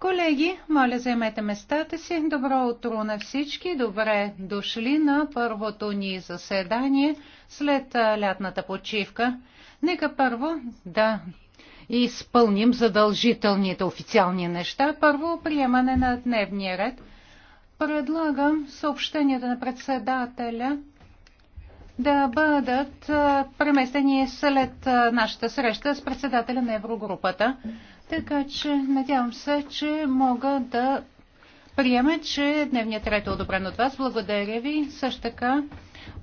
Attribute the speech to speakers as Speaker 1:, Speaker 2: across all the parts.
Speaker 1: Колеги, моля заемете местата си. Добро утро на всички. Добре дошли на първото ни заседание след лятната почивка. Нека първо да изпълним задължителните официални неща. Първо приемане на дневния ред. Предлагам съобщенията на председателя да бъдат преместени след нашата среща с председателя на Еврогрупата. Така че надявам се, че мога да приема, че дневният ред е одобрен от вас. Благодаря ви. Също така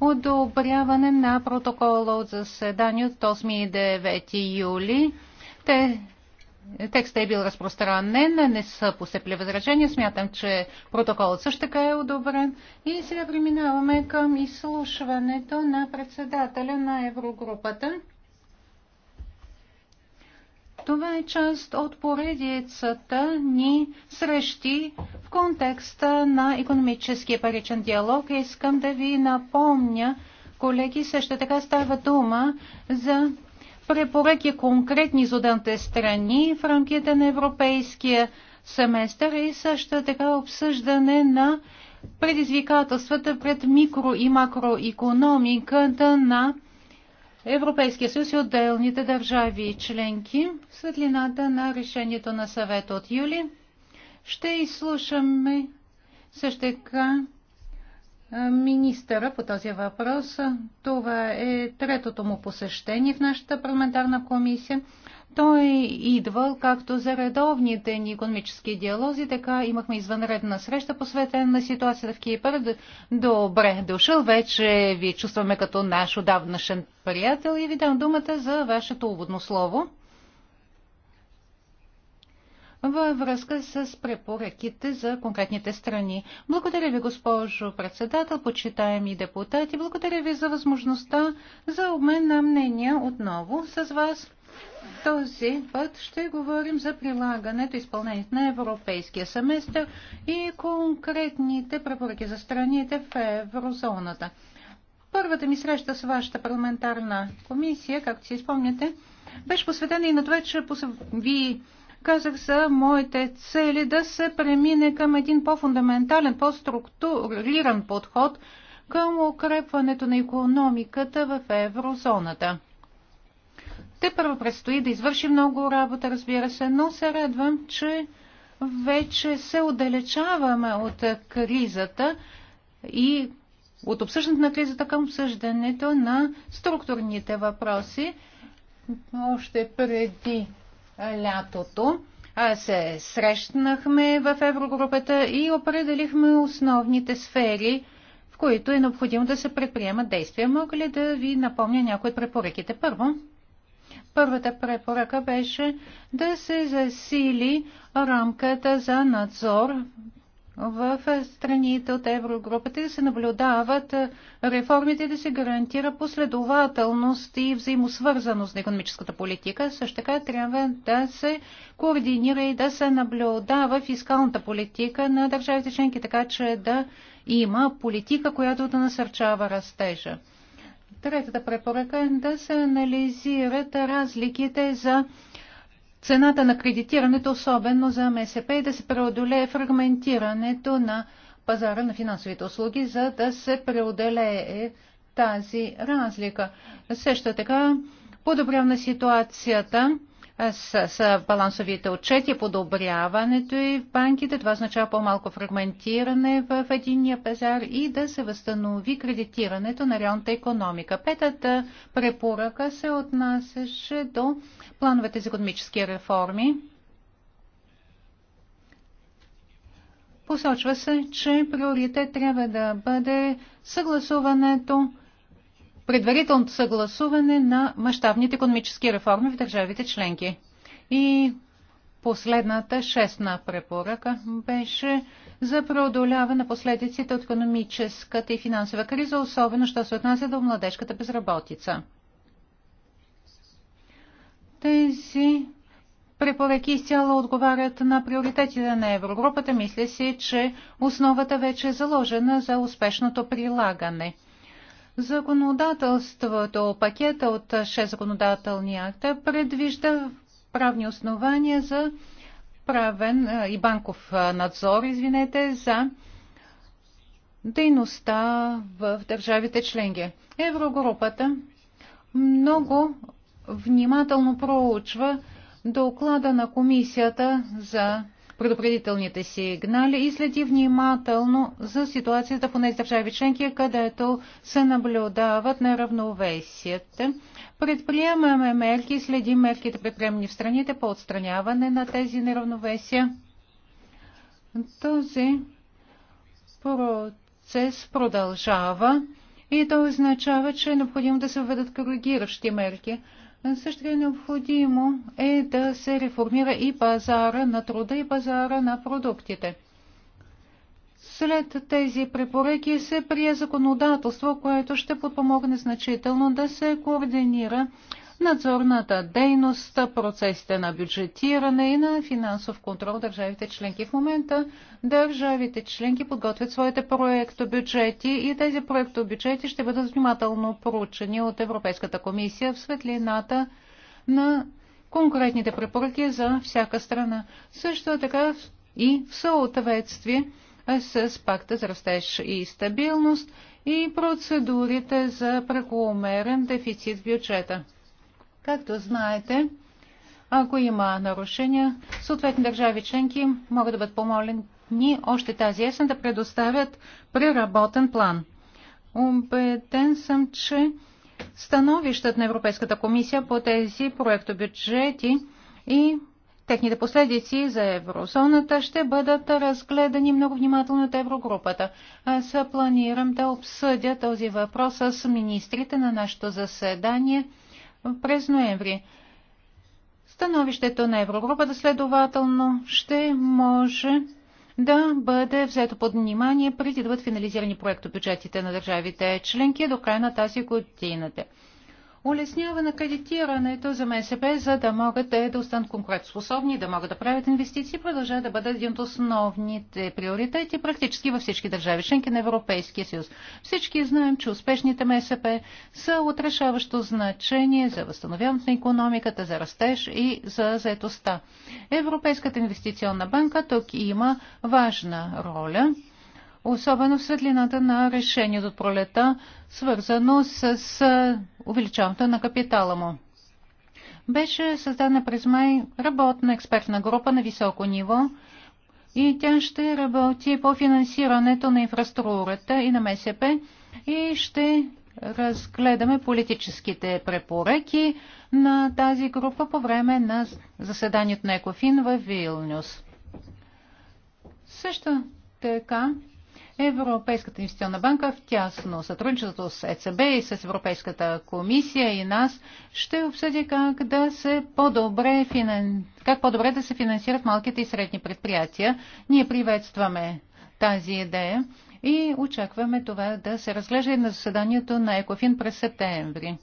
Speaker 1: одобряване на протокола от заседание от 8 и 9 юли. Те Текстът е бил разпространен, не са постъпили възражения. Смятам, че протоколът също така е одобрен. И сега преминаваме към изслушването на председателя на Еврогрупата. Това е част от поредицата ни срещи в контекста на економическия паричен диалог. Искам да ви напомня, колеги, също така става дума за препоръки конкретни за отделните страни в рамките на европейския семестър и също така обсъждане на предизвикателствата пред микро и макроекономиката на Европейския съюз и отделните държави и членки. светлината на решението на съвета от юли ще изслушаме също така е, министъра по този въпрос. Това е третото му посещение в нашата парламентарна комисия. Той идвал както за редовните ни економически диалози, така имахме извънредна среща, посветена на ситуацията в Кипър. Добре, дошъл вече, ви чувстваме като наш отдавнашен приятел и ви дам думата за вашето уводно слово във връзка с препоръките за конкретните страни. Благодаря ви, госпожо председател, почитаеми депутати. Благодаря ви за възможността за обмен на мнения отново с вас. Този път ще говорим за прилагането и изпълнението на европейския семестър и конкретните препоръки за страните в еврозоната. Първата ми среща с вашата парламентарна комисия, както си спомняте, беше посветена и на това, че ви казах за моите цели да се премине към един по-фундаментален, по-структуриран подход към укрепването на економиката в еврозоната. Те първо предстои да извърши много работа, разбира се, но се радвам, че вече се отдалечаваме от кризата и от обсъждането на кризата към обсъждането на структурните въпроси. Още преди лятото се срещнахме в Еврогрупата и определихме основните сфери, в които е необходимо да се предприемат действия. Мога ли да ви напомня някои от препоръките? Първо, първата препоръка беше да се засили рамката за надзор в страните от еврогрупата да се наблюдават е, реформите да се гарантира последователност и взаимосвързаност на економическата политика. Също така трябва да се координира и да се наблюдава фискалната политика на държавите членки, така че да има политика, която да насърчава растежа. Третата препоръка е да се анализират разликите за цената на кредитирането, особено за МСП, и да се преодолее фрагментирането на пазара на финансовите услуги, за да се преодолее тази разлика. Също така, подобряване ситуацията с, с балансовите отчети, подобряването и в банките. Това означава по-малко фрагментиране в единния пазар и да се възстанови кредитирането на реалната економика. Петата препоръка се отнасяше до плановете за економически реформи. Посочва се, че приоритет трябва да бъде съгласуването предварителното съгласуване на мащабните економически реформи в държавите членки. И последната шестна препоръка беше за преодоляване на последиците от економическата и финансова криза, особено що се отнася до младежката безработица. Тези препоръки изцяло отговарят на приоритетите на Еврогрупата. Мисля си, че основата вече е заложена за успешното прилагане – Законодателството, пакета от 6 законодателни акта предвижда правни основания за правен и банков надзор, извинете, за дейността в държавите членки. Еврогрупата много внимателно проучва доклада на комисията за предупредителните сигнали и следи внимателно за ситуацията в тези държави членки, където се наблюдават неравновесията. Предприемаме мерки и следим мерките предприемани в страните по отстраняване на тези неравновесия. Този процес продължава и то означава, че е необходимо да се введат коригиращи мерки. Също така е необходимо е да се реформира и пазара на труда и пазара на продуктите. След тези препоръки се прие законодателство, което ще подпомогне значително да се координира надзорната дейност, процесите на бюджетиране и на финансов контрол държавите членки. В момента държавите членки подготвят своите проектобюджети и тези проектобюджети ще бъдат внимателно проучени от Европейската комисия в светлината на конкретните препоръки за всяка страна. Също така и в съответствие с пакта за растеж и стабилност и процедурите за прекомерен дефицит в бюджета. Както знаете, ако има нарушения, съответни държави членки могат да бъдат помолени още тази есен да предоставят преработен план. Убеден съм, че становищът на Европейската комисия по тези проектобюджети и техните последици за еврозоната ще бъдат разгледани много внимателно от еврогрупата. Аз планирам да обсъдя този въпрос с министрите на нашето заседание – през ноември. Становището на Еврогрупата следователно ще може да бъде взето под внимание преди да бъдат финализирани проектобюджетите на държавите членки до края на тази годината улеснява на кредитирането за МСП, за да могат те да останат конкурентоспособни, да могат да правят инвестиции, продължава да бъде един от основните приоритети практически във всички държави, членки на Европейския съюз. Всички знаем, че успешните МСП са отрешаващо значение за възстановяването на економиката, за растеж и за заетостта. Европейската инвестиционна банка тук има важна роля особено в светлината на решението от пролета, свързано с увеличаването на капитала му. Беше създана през май работна експертна група на високо ниво и тя ще работи по финансирането на инфраструктурата и на МСП и ще разгледаме политическите препоръки на тази група по време на заседанието на Екофин в Вилнюс. Също така Европейската инвестиционна банка в тясно сътрудничество с ЕЦБ и с Европейската комисия и нас ще обсъди как да се по-добре финан... как по-добре да се финансират малките и средни предприятия. Ние приветстваме тази идея и очакваме това да се разглежда и на заседанието на ЕКОФИН през септември.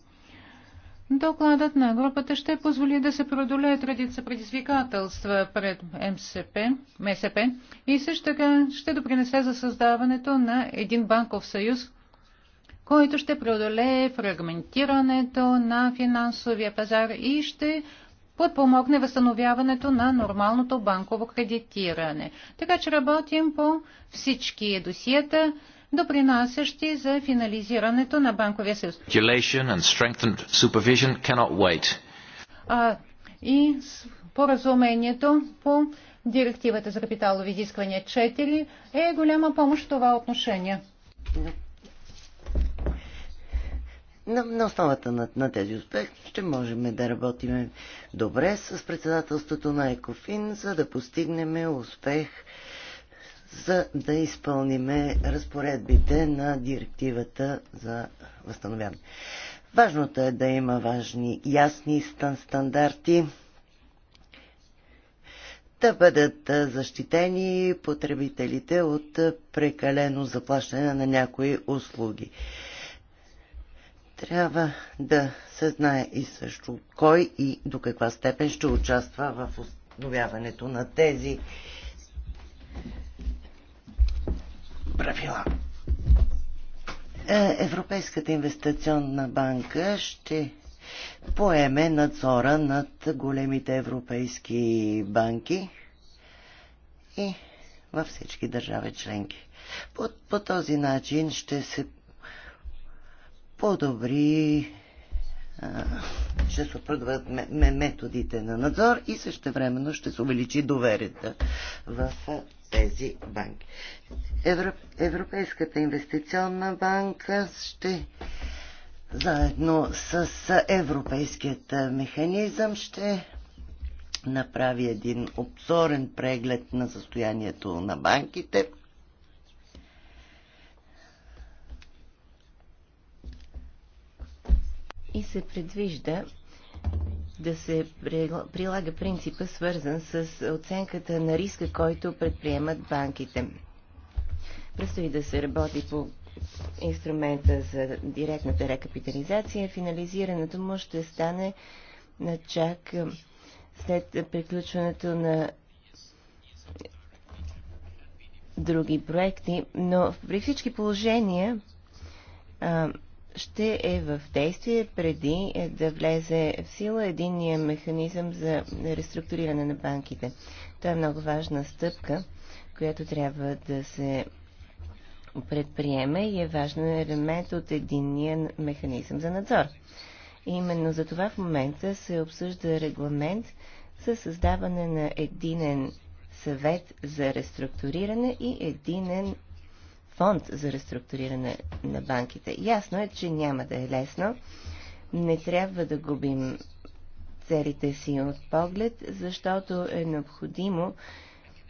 Speaker 1: Докладът на групата ще позволи да се преодолеят редица предизвикателства пред МСП, МСП и също така ще допринесе за създаването на един банков съюз, който ще преодолее фрагментирането на финансовия пазар и ще подпомогне възстановяването на нормалното банково кредитиране. Така че работим по всички досиета допринасящи за финализирането на банковия съюз. А, и поразумението по директивата за капиталови изисквания 4 е голяма помощ в това отношение.
Speaker 2: На, на основата на, на тези успехи ще можем да работим добре с председателството на Екофин, за да постигнем успех за да изпълниме разпоредбите на директивата за възстановяване. Важното е да има важни, ясни стандарти, да бъдат защитени потребителите от прекалено заплащане на някои услуги. Трябва да се знае и също кой и до каква степен ще участва в установяването на тези правила. Е, Европейската инвестиционна банка ще поеме надзора над големите европейски банки и във всички държави членки. По, по този начин ще се подобри ще се подобрят методите на надзор и също времено ще се увеличи доверието в тези банки. Европейската инвестиционна банка ще заедно с Европейският механизъм ще направи един обзорен преглед на състоянието на банките.
Speaker 3: И се предвижда да се прилага принципа, свързан с оценката на риска, който предприемат банките. Предстои да се работи по инструмента за директната рекапитализация. Финализирането му ще стане на чак след приключването на други проекти, но при всички положения ще е в действие преди е, да влезе в сила единния механизъм за реструктуриране на банките. Това е много важна стъпка, която трябва да се предприеме и е важен елемент от единния механизъм за надзор. Именно за това в момента се обсъжда регламент за създаване на единен съвет за реструктуриране и единен фонд за реструктуриране на банките. Ясно е, че няма да е лесно. Не трябва да губим целите си от поглед, защото е необходимо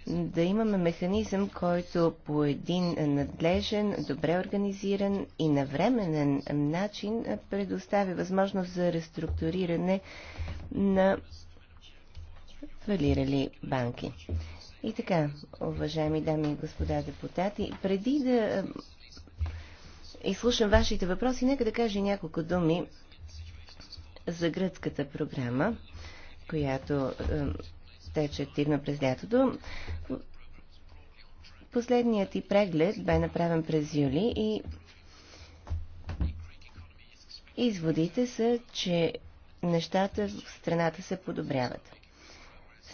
Speaker 3: да имаме механизъм, който по един надлежен, добре организиран и навременен начин предоставя възможност за реструктуриране на фалирали банки. И така, уважаеми дами и господа депутати, преди да изслушам вашите въпроси, нека да кажа няколко думи за гръцката програма, която е, тече активно през лятото. Последният ти преглед бе направен през юли и изводите са, че нещата в страната се подобряват.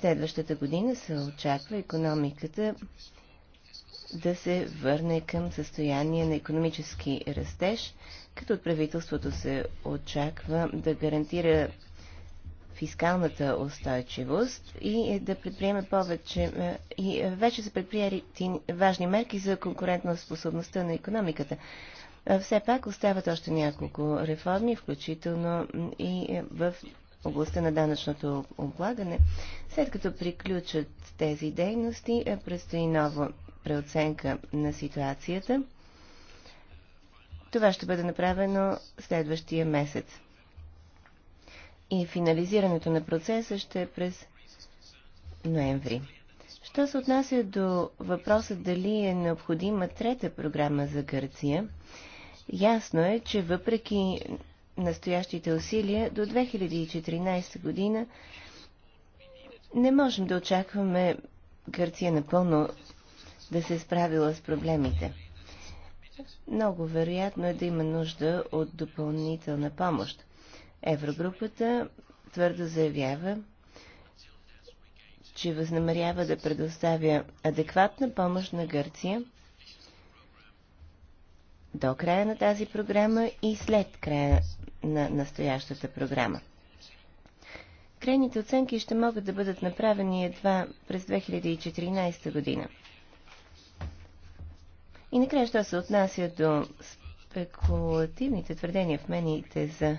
Speaker 3: Следващата година се очаква економиката да се върне към състояние на економически растеж, като от правителството се очаква да гарантира фискалната устойчивост и е да предприеме повече. Е, и вече са предприяти важни мерки за конкурентна способността на економиката. Е, все пак остават още няколко реформи, включително и в областта на данъчното облагане. След като приключат тези дейности, е, предстои нова преоценка на ситуацията. Това ще бъде направено следващия месец. И финализирането на процеса ще е през ноември. Що се отнася до въпроса дали е необходима трета програма за Гърция, ясно е, че въпреки настоящите усилия до 2014 година не можем да очакваме Гърция напълно да се е справила с проблемите. Много вероятно е да има нужда от допълнителна помощ. Еврогрупата твърдо заявява, че възнамерява да предоставя адекватна помощ на Гърция – до края на тази програма и след края на настоящата програма. Крайните оценки ще могат да бъдат направени едва през 2014 година. И накрая, що се отнася до спекулативните твърдения в мените за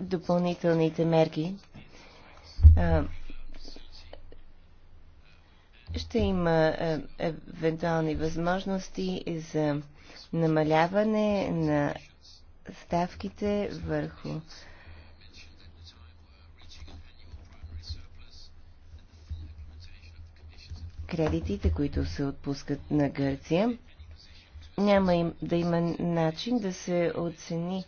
Speaker 3: допълнителните мерки, ще има е, евентуални възможности за намаляване на ставките върху кредитите, които се отпускат на Гърция. Няма да има начин да се оцени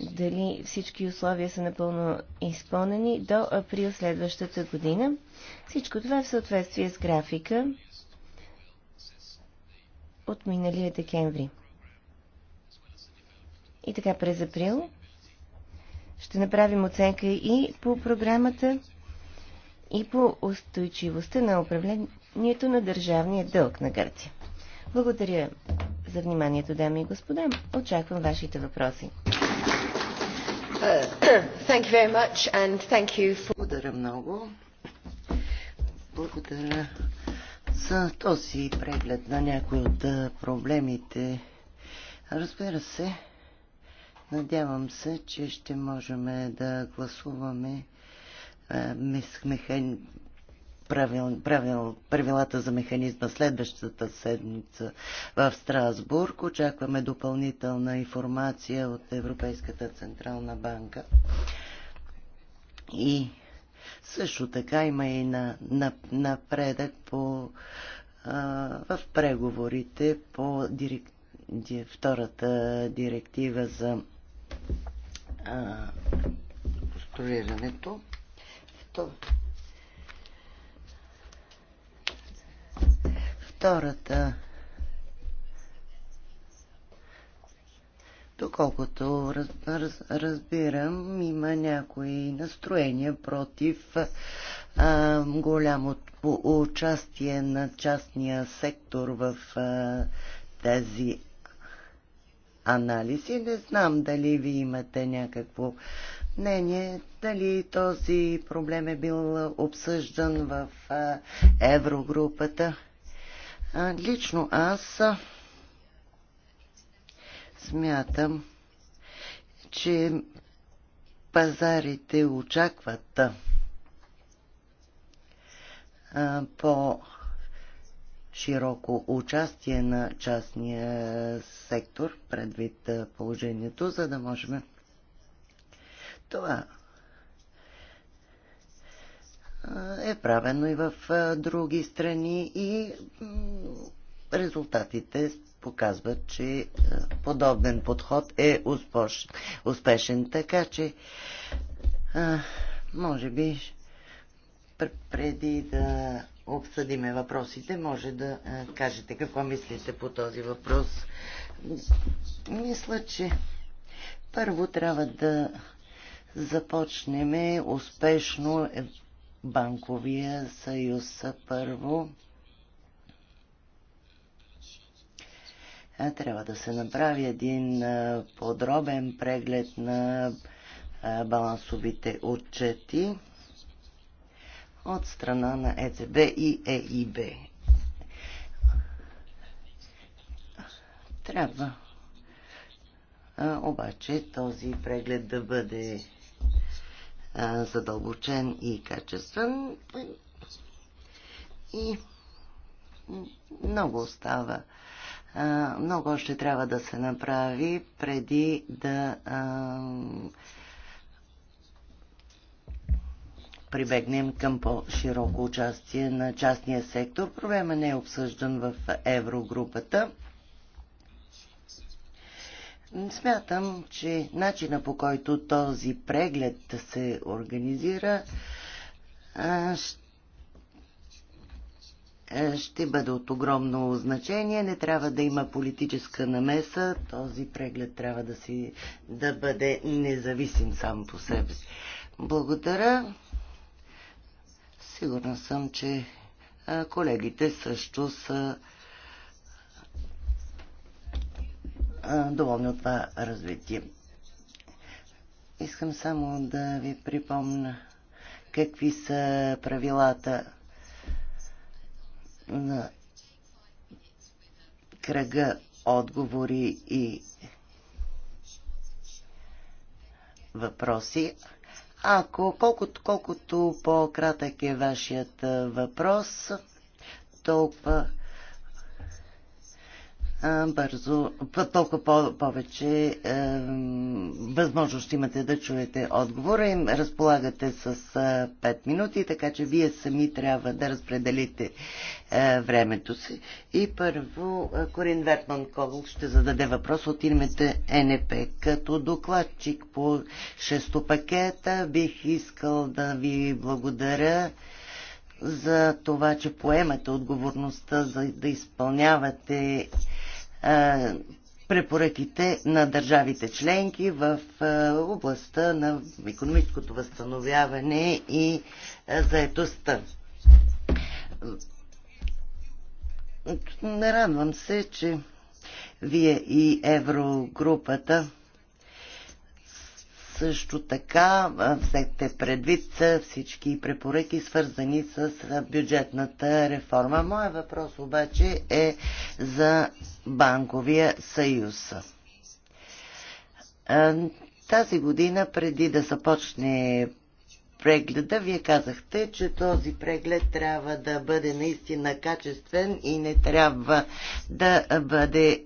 Speaker 3: дали всички условия са напълно изпълнени до април следващата година. Всичко това е в съответствие с графика от миналия декември. И така през април ще направим оценка и по програмата, и по устойчивостта на управлението на държавния дълг на Гърция. Благодаря за вниманието, дами и господа. Очаквам вашите въпроси.
Speaker 2: Uh, Благодаря много. Благодаря за този преглед на някои от проблемите. Разбира се, надявам се, че ще можем да гласуваме правил, правил, правилата за механизма следващата седмица в Страсбург. Очакваме допълнителна информация от Европейската Централна банка. И също така има и на, на, напредък по, а, в преговорите по дирек, ди, втората директива за а, Втората Доколкото раз, раз, разбирам, има някои настроения против а, голямото участие на частния сектор в а, тези анализи. Не знам дали ви имате някакво мнение, дали този проблем е бил обсъждан в а, Еврогрупата. Лично аз смятам, че пазарите очакват по широко участие на частния сектор предвид положението, за да можем това е правено и в други страни и резултатите показват, че подобен подход е успешен. така че, може би, преди да обсъдиме въпросите, може да кажете какво мислите по този въпрос. Мисля, че първо трябва да започнем успешно е, банковия съюз първо. Трябва да се направи един подробен преглед на балансовите отчети от страна на ЕЦБ и ЕИБ. Трябва обаче този преглед да бъде задълбочен и качествен. И много остава. Много още трябва да се направи преди да прибегнем към по-широко участие на частния сектор. Проблема не е обсъждан в еврогрупата. Смятам, че начина по който този преглед се организира ще бъде от огромно значение. Не трябва да има политическа намеса. Този преглед трябва да, си, да бъде независим сам по себе си. Благодаря. Сигурна съм, че колегите също са доволни от това развитие. Искам само да ви припомня какви са правилата на кръга отговори и въпроси. Ако колкото, колкото по-кратък е вашият въпрос, толкова бързо, толкова по- повече е, възможност имате да чуете отговора им. Разполагате с е, 5 минути, така че вие сами трябва да разпределите е, времето си. И първо е, Корин Вертман Когл ще зададе въпрос от името НП. Като докладчик по 6 пакета бих искал да ви благодаря за това, че поемате отговорността за да изпълнявате е, препоръките на държавите членки в е, областта на економическото възстановяване и е, заетостта. Радвам се, че вие и Еврогрупата също така взехте предвид всички препоръки, свързани с бюджетната реформа. Моя въпрос обаче е за банковия съюз. Тази година, преди да започне прегледа, вие казахте, че този преглед трябва да бъде наистина качествен и не трябва да бъде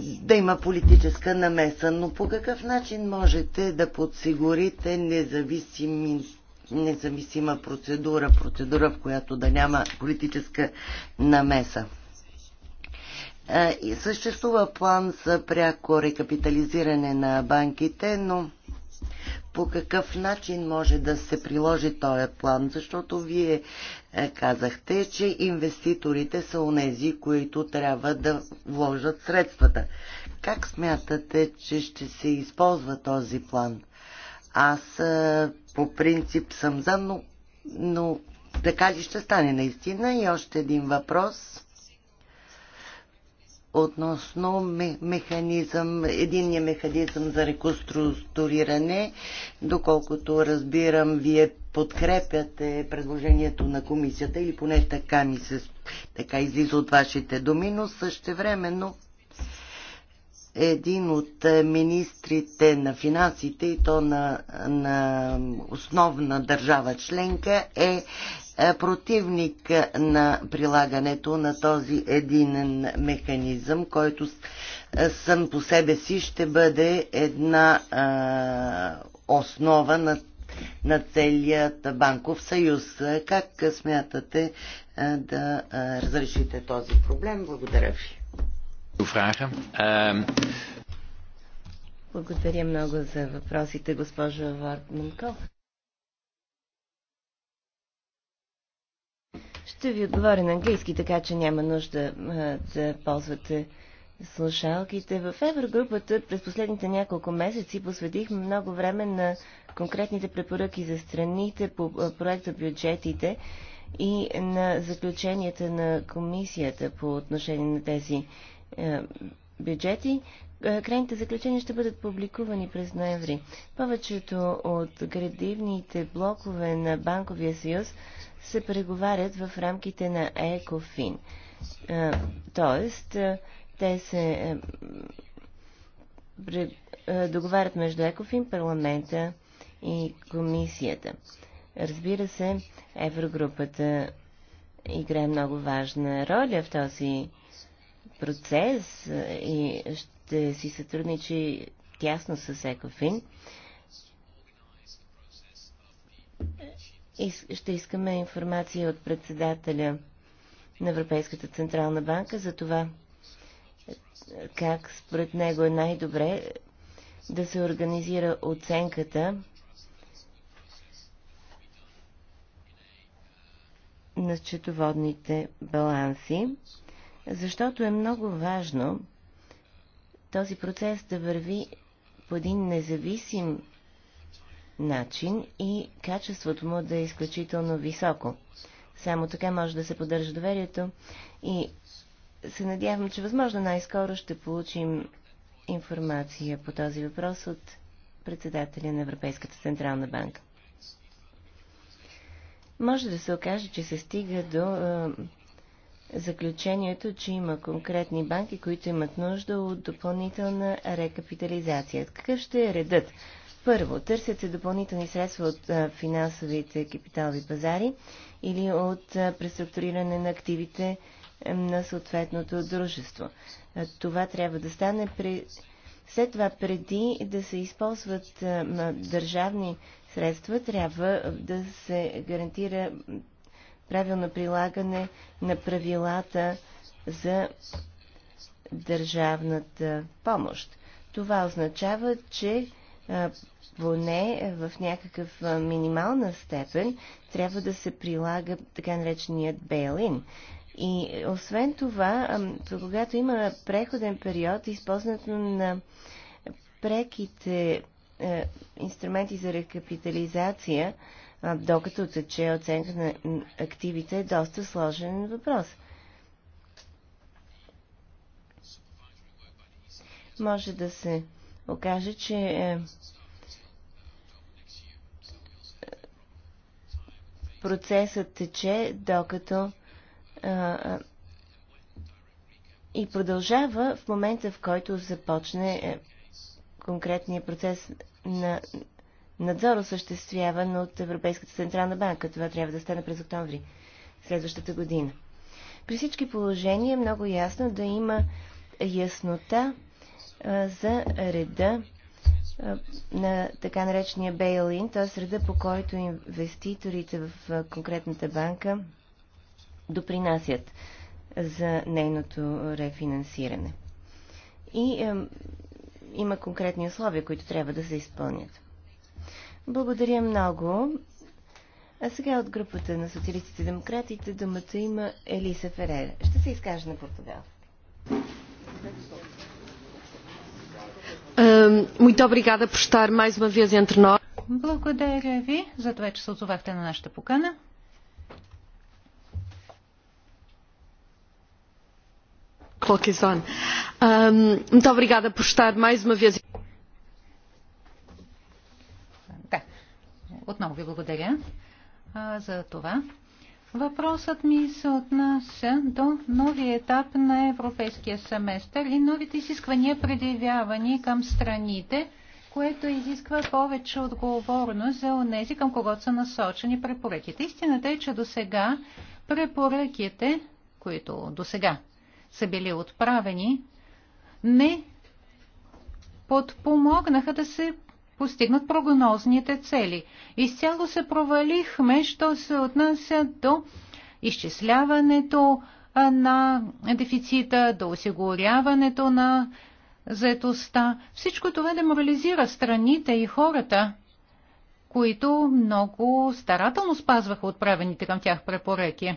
Speaker 2: да има политическа намеса, но по какъв начин можете да подсигурите независим, независима процедура, процедура в която да няма политическа намеса? Е, съществува план за пряко рекапитализиране на банките, но по какъв начин може да се приложи този план, защото вие е, казахте, че инвеститорите са онези, които трябва да вложат средствата. Как смятате, че ще се използва този план? Аз е, по принцип съм за, но, но така ли ще стане наистина? И още един въпрос относно механизъм, единния механизъм за реконструктуриране. Доколкото разбирам, вие подкрепяте предложението на комисията или поне така ми се така излиза от вашите думи, но също времено, един от министрите на финансите и то на, на основна държава членка е е, противник на прилагането на този единен механизъм, който съм е, по себе си ще бъде една е, основа на, на целият банков съюз. Как смятате да разрешите този проблем? Благодаря ви.
Speaker 3: Благодаря много за въпросите, госпожа Вартманков. Ще ви отговоря на английски, така че няма нужда да ползвате слушалките. В Еврогрупата през последните няколко месеци посветихме много време на конкретните препоръки за страните по проекта бюджетите и на заключенията на комисията по отношение на тези бюджети. Е, крайните заключения ще бъдат публикувани през ноември. Повечето от градивните блокове на Банковия съюз се преговарят в рамките на ЕКОФИН. Е, тоест, е, те се договарят между ЕКОФИН, парламента и комисията. Разбира се, Еврогрупата играе много важна роля в този процес и ще ще си сътрудничи тясно с Екофин. Ще искаме информация от председателя на Европейската Централна банка за това как според него е най-добре да се организира оценката на счетоводните баланси, защото е много важно този процес да върви по един независим начин и качеството му да е изключително високо. Само така може да се поддържа доверието и се надявам, че възможно най-скоро ще получим информация по този въпрос от председателя на Европейската Централна банка. Може да се окаже, че се стига до е, заключението, че има конкретни банки, които имат нужда от допълнителна рекапитализация. Какъв ще е редът? Първо, търсят се допълнителни средства от финансовите капиталови пазари или от преструктуриране на активите на съответното дружество. Това трябва да стане при... след това, преди да се използват държавни средства, трябва да се гарантира правилно прилагане на правилата за държавната помощ. Това означава, че поне в някакъв минимална степен трябва да се прилага така нареченият бейлин. И освен това, когато има преходен период, използването на преките инструменти за рекапитализация докато тече оценка на активите, е доста сложен въпрос. Може да се окаже, че е, процесът тече, докато и продължава в момента, в който започне е, конкретния процес на надзор осъществяван от Европейската централна банка. Това трябва да стане през октомври следващата година. При всички положения е много ясно да има яснота а, за реда а, на така наречения бейлин, т.е. реда по който инвеститорите в а, конкретната банка допринасят за нейното рефинансиране. И има конкретни условия, които трябва да се изпълнят. Благодаря много. А сега от групата на социалистите демократите думата има Елиса Ферера. Ще се изкаже на португалски.
Speaker 1: Muito obrigada por estar mais uma vez entre nós. Благодаря ви за това, че се отзовахте на нашата покана. Clock is on. Um, muito obrigada por estar mais uma vez. Отново ви благодаря а, за това. Въпросът ми се отнася до новия етап на европейския семестър и новите изисквания, предявявани към страните, което изисква повече отговорност за онези, към когото са насочени препоръките. Истината е, че до сега препоръките, които до сега са били отправени, не подпомогнаха да се постигнат прогнозните цели. Изцяло се провалихме, що се отнася до изчисляването на дефицита, до осигуряването на заетостта. Всичко това деморализира страните и хората, които много старателно спазваха отправените към тях препоръки.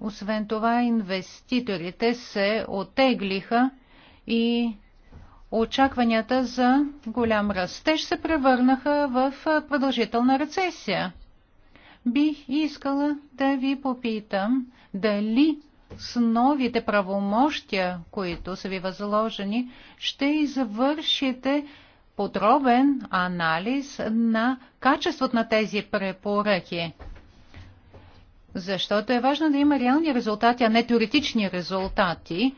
Speaker 1: Освен това, инвеститорите се отеглиха и очакванията за голям растеж се превърнаха в продължителна рецесия. Бих искала да ви попитам дали с новите правомощия, които са ви възложени, ще извършите подробен анализ на качеството на тези препоръки. Защото е важно да има реални резултати, а не теоретични резултати,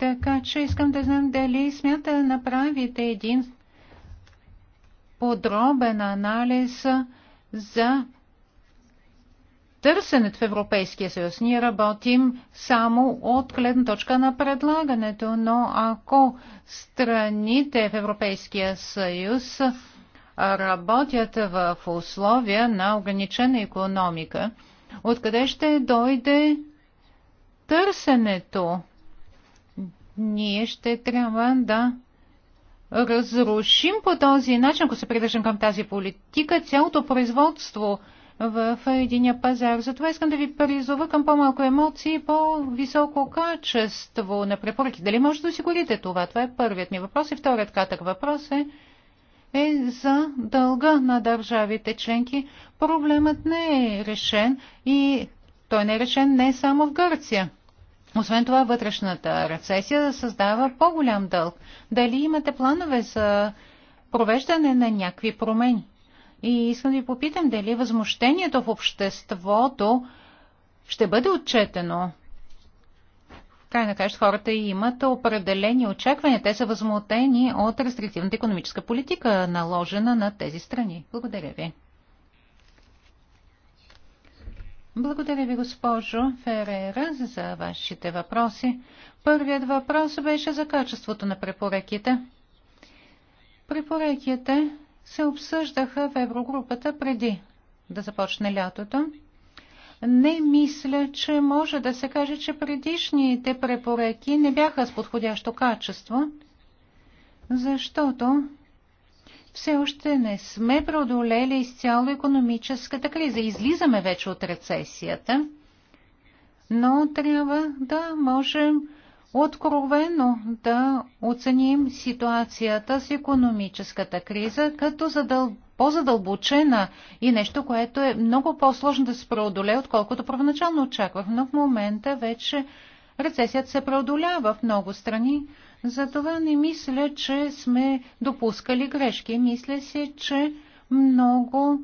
Speaker 1: така че искам да знам дали смята да направите един подробен анализ за търсенето в Европейския съюз. Ние работим само от гледна точка на предлагането, но ако страните в Европейския съюз работят в условия на ограничена економика, откъде ще дойде търсенето ние ще трябва да разрушим по този начин, ако се придържам към тази политика, цялото производство в единия пазар. Затова искам да ви призова към по-малко емоции и по-високо качество на препоръки. Дали може да осигурите това? Това е първият ми въпрос. И вторият кратък въпрос е, е за дълга на държавите членки. Проблемът не е решен и той не е решен не само в Гърция. Освен това, вътрешната рецесия създава по-голям дълг. Дали имате планове за провеждане на някакви промени? И искам да ви попитам дали възмущението в обществото ще бъде отчетено. Край на кажа, хората имат определени очаквания. Те са възмутени от рестриктивната економическа политика, наложена на тези страни. Благодаря ви. Благодаря ви, госпожо Ферера, за вашите въпроси. Първият въпрос беше за качеството на препоръките. Препоръките се обсъждаха в Еврогрупата преди да започне лятото. Не мисля, че може да се каже, че предишните препоръки не бяха с подходящо качество, защото все още не сме преодолели изцяло економическата криза. Излизаме вече от рецесията, но трябва да можем откровено да оценим ситуацията с економическата криза като задъл... по-задълбочена и нещо, което е много по-сложно да се преодолее, отколкото първоначално очаквах. Но в момента вече рецесията се преодолява в много страни. Затова не мисля, че сме допускали грешки. Мисля се, че много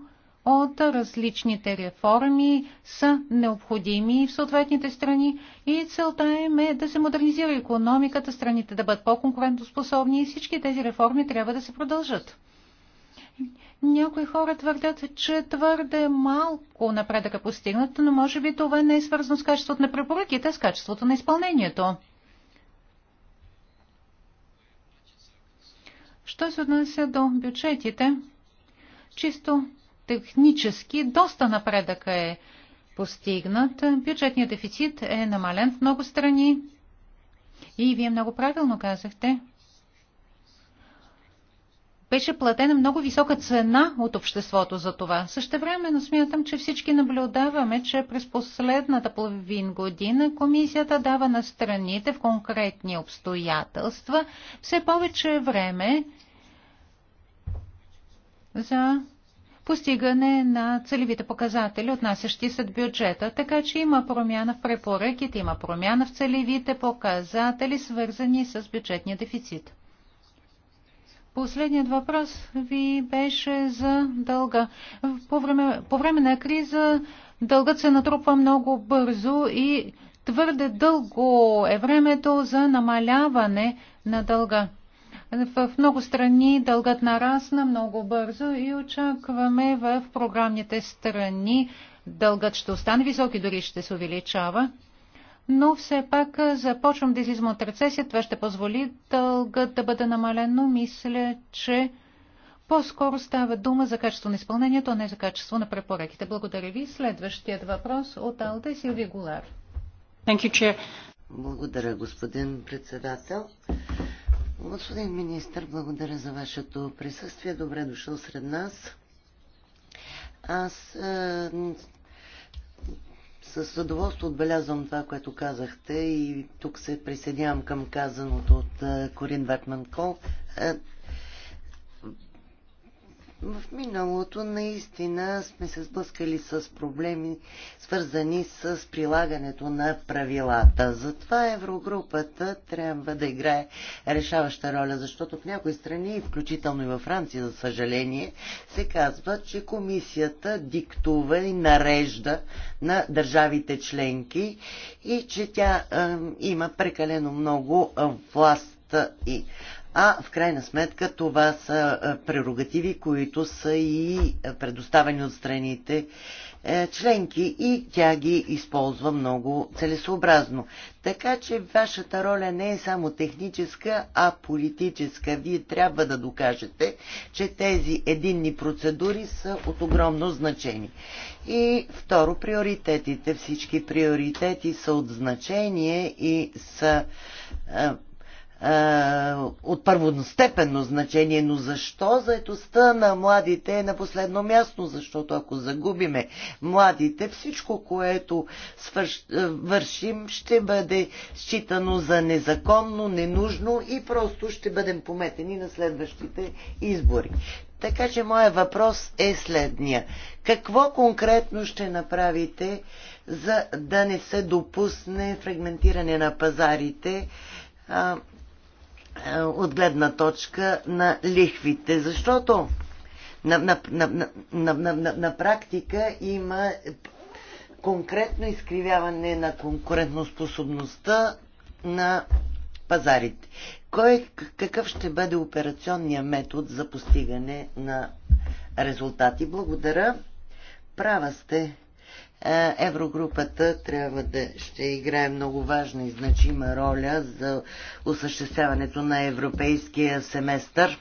Speaker 1: от различните реформи са необходими в съответните страни и целта им е да се модернизира економиката, страните да бъдат по-конкурентоспособни и всички тези реформи трябва да се продължат. Някои хора твърдят, че твърде малко напредък е постигнат, но може би това не е свързано с качеството на препоръките, а с качеството на изпълнението. Що се отнася до бюджетите, чисто технически доста напредък е постигнат. Бюджетният дефицит е намален в много страни. И вие много правилно казахте, беше платена много висока цена от обществото за това. Същевременно смятам, че всички наблюдаваме, че през последната половин година комисията дава на страните в конкретни обстоятелства все повече време за постигане на целевите показатели, отнасящи се от бюджета. Така че има промяна в препоръките, има промяна в целевите показатели, свързани с бюджетния дефицит. Последният въпрос ви беше за дълга. По време, по време на криза дългът се натрупва много бързо и твърде дълго е времето за намаляване на дълга. В много страни дългът нарасна много бързо и очакваме в програмните страни дългът ще остане висок и дори ще се увеличава но все пак започвам да излизам от рецесия. Това ще позволи дългът да бъде намален, но мисля, че по-скоро става дума за качество на изпълнението, а не за качество на препоръките. Благодаря ви. Следващият въпрос от Алда Силви Голар.
Speaker 2: Благодаря, господин председател. Господин министр, благодаря за вашето присъствие. Добре дошъл сред нас. Аз с удоволствие отбелязвам това, което казахте и тук се присъединявам към казаното от е, Корин Вакман Кол. Е, в миналото наистина сме се сблъскали с проблеми, свързани с прилагането на правилата. Затова еврогрупата трябва да играе решаваща роля, защото в някои страни, включително и във Франция, за съжаление, се казва, че комисията диктува и нарежда на държавите членки и че тя е, има прекалено много е, власт и а в крайна сметка това са прерогативи, които са и предоставени от страните е, членки и тя ги използва много целесообразно. Така че вашата роля не е само техническа, а политическа. Вие трябва да докажете, че тези единни процедури са от огромно значение. И второ, приоритетите. Всички приоритети са от значение и са е, е, от първостепенно значение, но защо заедостта на младите е на последно място? Защото ако загубиме младите, всичко, което свърш, е, вършим, ще бъде считано за незаконно, ненужно и просто ще бъдем пометени на следващите избори. Така че моят въпрос е следния. Какво конкретно ще направите, за да не се допусне фрагментиране на пазарите? Е, от гледна точка на лихвите, защото на, на, на, на, на, на, на практика има конкретно изкривяване на конкурентоспособността на пазарите. Кой, какъв ще бъде операционният метод за постигане на резултати? Благодаря. Права сте, е, Еврогрупата трябва да ще играе много важна и значима роля за осъществяването на европейския семестър,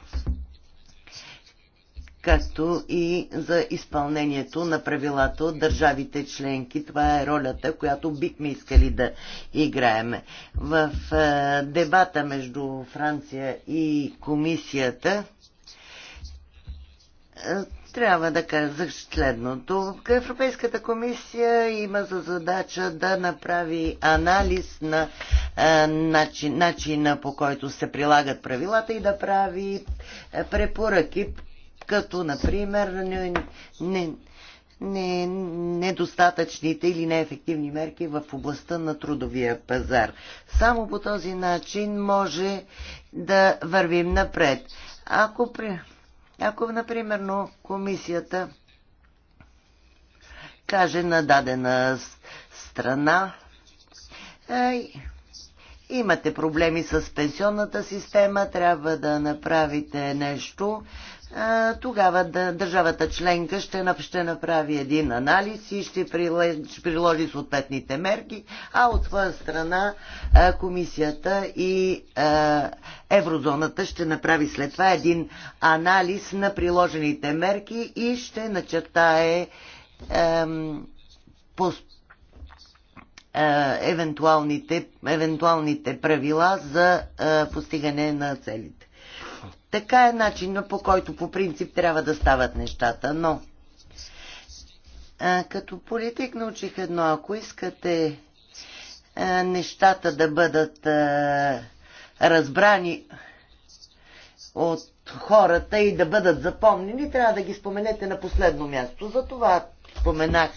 Speaker 2: както и за изпълнението на правилата от държавите членки. Това е ролята, която бихме искали да играеме. В е, дебата между Франция и комисията е, трябва да казах следното. Европейската комисия има за задача да направи анализ на е, начин, начина по който се прилагат правилата и да прави е, препоръки, като например не, не, не, недостатъчните или неефективни мерки в областта на трудовия пазар. Само по този начин може да вървим напред. Ако при ако, например, комисията каже на дадена страна, ей, имате проблеми с пенсионната система, трябва да направите нещо, тогава да, държавата членка ще, ще направи един анализ и ще приложи, приложи съответните мерки, а от своя страна комисията и еврозоната ще направи след това един анализ на приложените мерки и ще начертае по, евентуалните, евентуалните правила за постигане на целите. Така е начинът по който по принцип трябва да стават нещата, но а, като политик научих едно, ако искате а, нещата да бъдат а, разбрани от хората и да бъдат запомнени, трябва да ги споменете на последно място. Затова споменах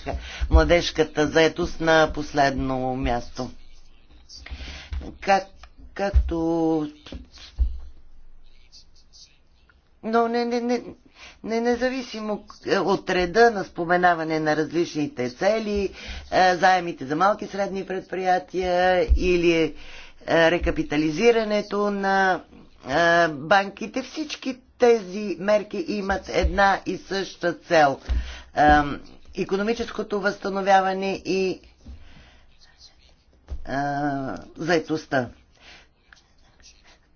Speaker 2: младежката заетост на последно място. Как, както но не, не, не, не независимо е, от реда на споменаване на различните цели, е, заемите за малки и средни предприятия или е, рекапитализирането на банките, всички тези мерки имат една и съща цел. Економическото възстановяване и заетостта.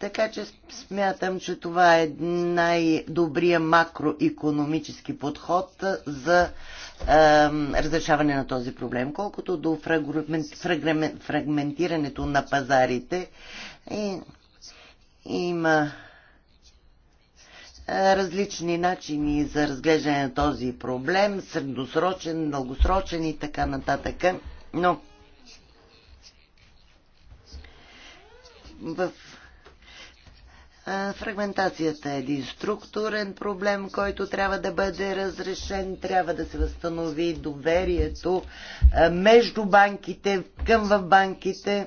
Speaker 2: Така че смятам, че това е най-добрия макроекономически подход за е, разрешаване на този проблем. Колкото до фрагментирането на пазарите, и, има различни начини за разглеждане на този проблем, средносрочен, дългосрочен и така нататък. Но в Фрагментацията е един структурен проблем, който трябва да бъде разрешен. Трябва да се възстанови доверието между банките, към в банките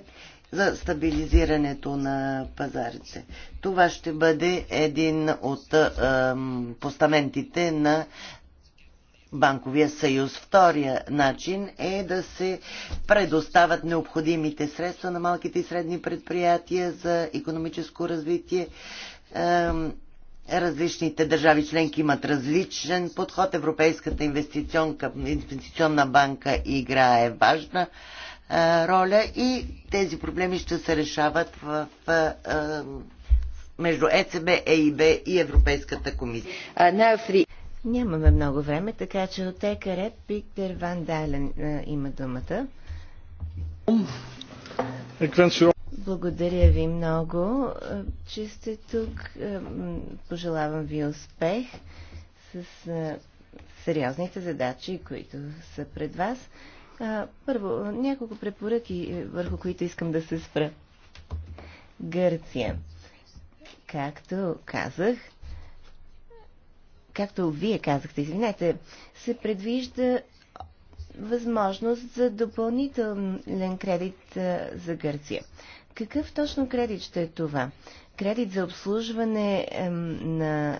Speaker 2: за стабилизирането на пазарите. Това ще бъде един от постаментите на банковия съюз. Втория начин е да се предоставят необходимите средства на малките и средни предприятия за економическо развитие. Различните държави членки имат различен подход. Европейската инвестиционна банка играе важна роля и тези проблеми ще се решават в, в, между ЕЦБ, ЕИБ и Европейската комисия.
Speaker 3: Нямаме много време, така че от екаре Пиктер Ван Дайлен е, има думата. Благодаря ви много, е, че сте тук. Е, пожелавам ви успех с сериозните задачи, които са пред вас. Първо, няколко препоръки, върху които искам да се спра. Гърция. Както казах, както вие казахте, извинете, се предвижда възможност за допълнителен кредит за Гърция. Какъв точно кредит ще е това? Кредит за обслужване на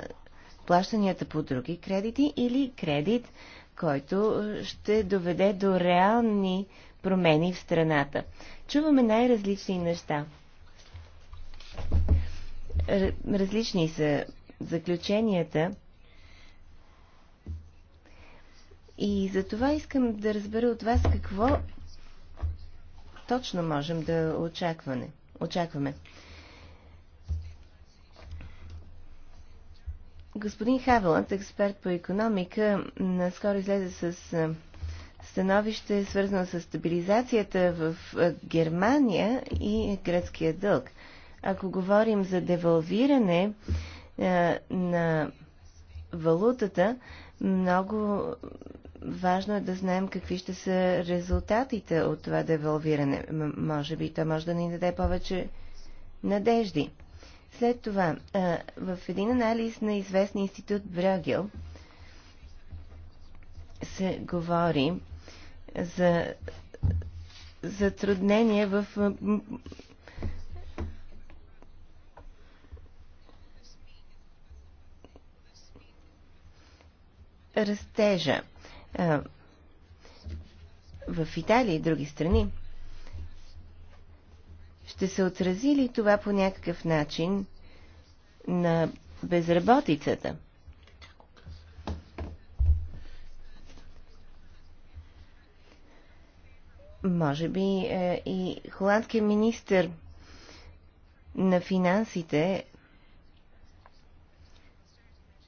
Speaker 3: плащанията по други кредити или кредит, който ще доведе до реални промени в страната? Чуваме най-различни неща. Различни са заключенията И за това искам да разбера от вас какво точно можем да очакване, очакваме. Господин Хавелът, експерт по економика, наскоро излезе с становище, свързано с стабилизацията в Германия и гръцкия дълг. Ако говорим за девалвиране на валутата, много важно е да знаем какви ще са резултатите от това девалвиране. Може би то може да ни даде повече надежди. След това, в един анализ на известния институт Брюгел се говори за затруднения в растежа в Италия и други страни. Ще се отрази ли това по някакъв начин на безработицата? Може би е, и холандският министр на финансите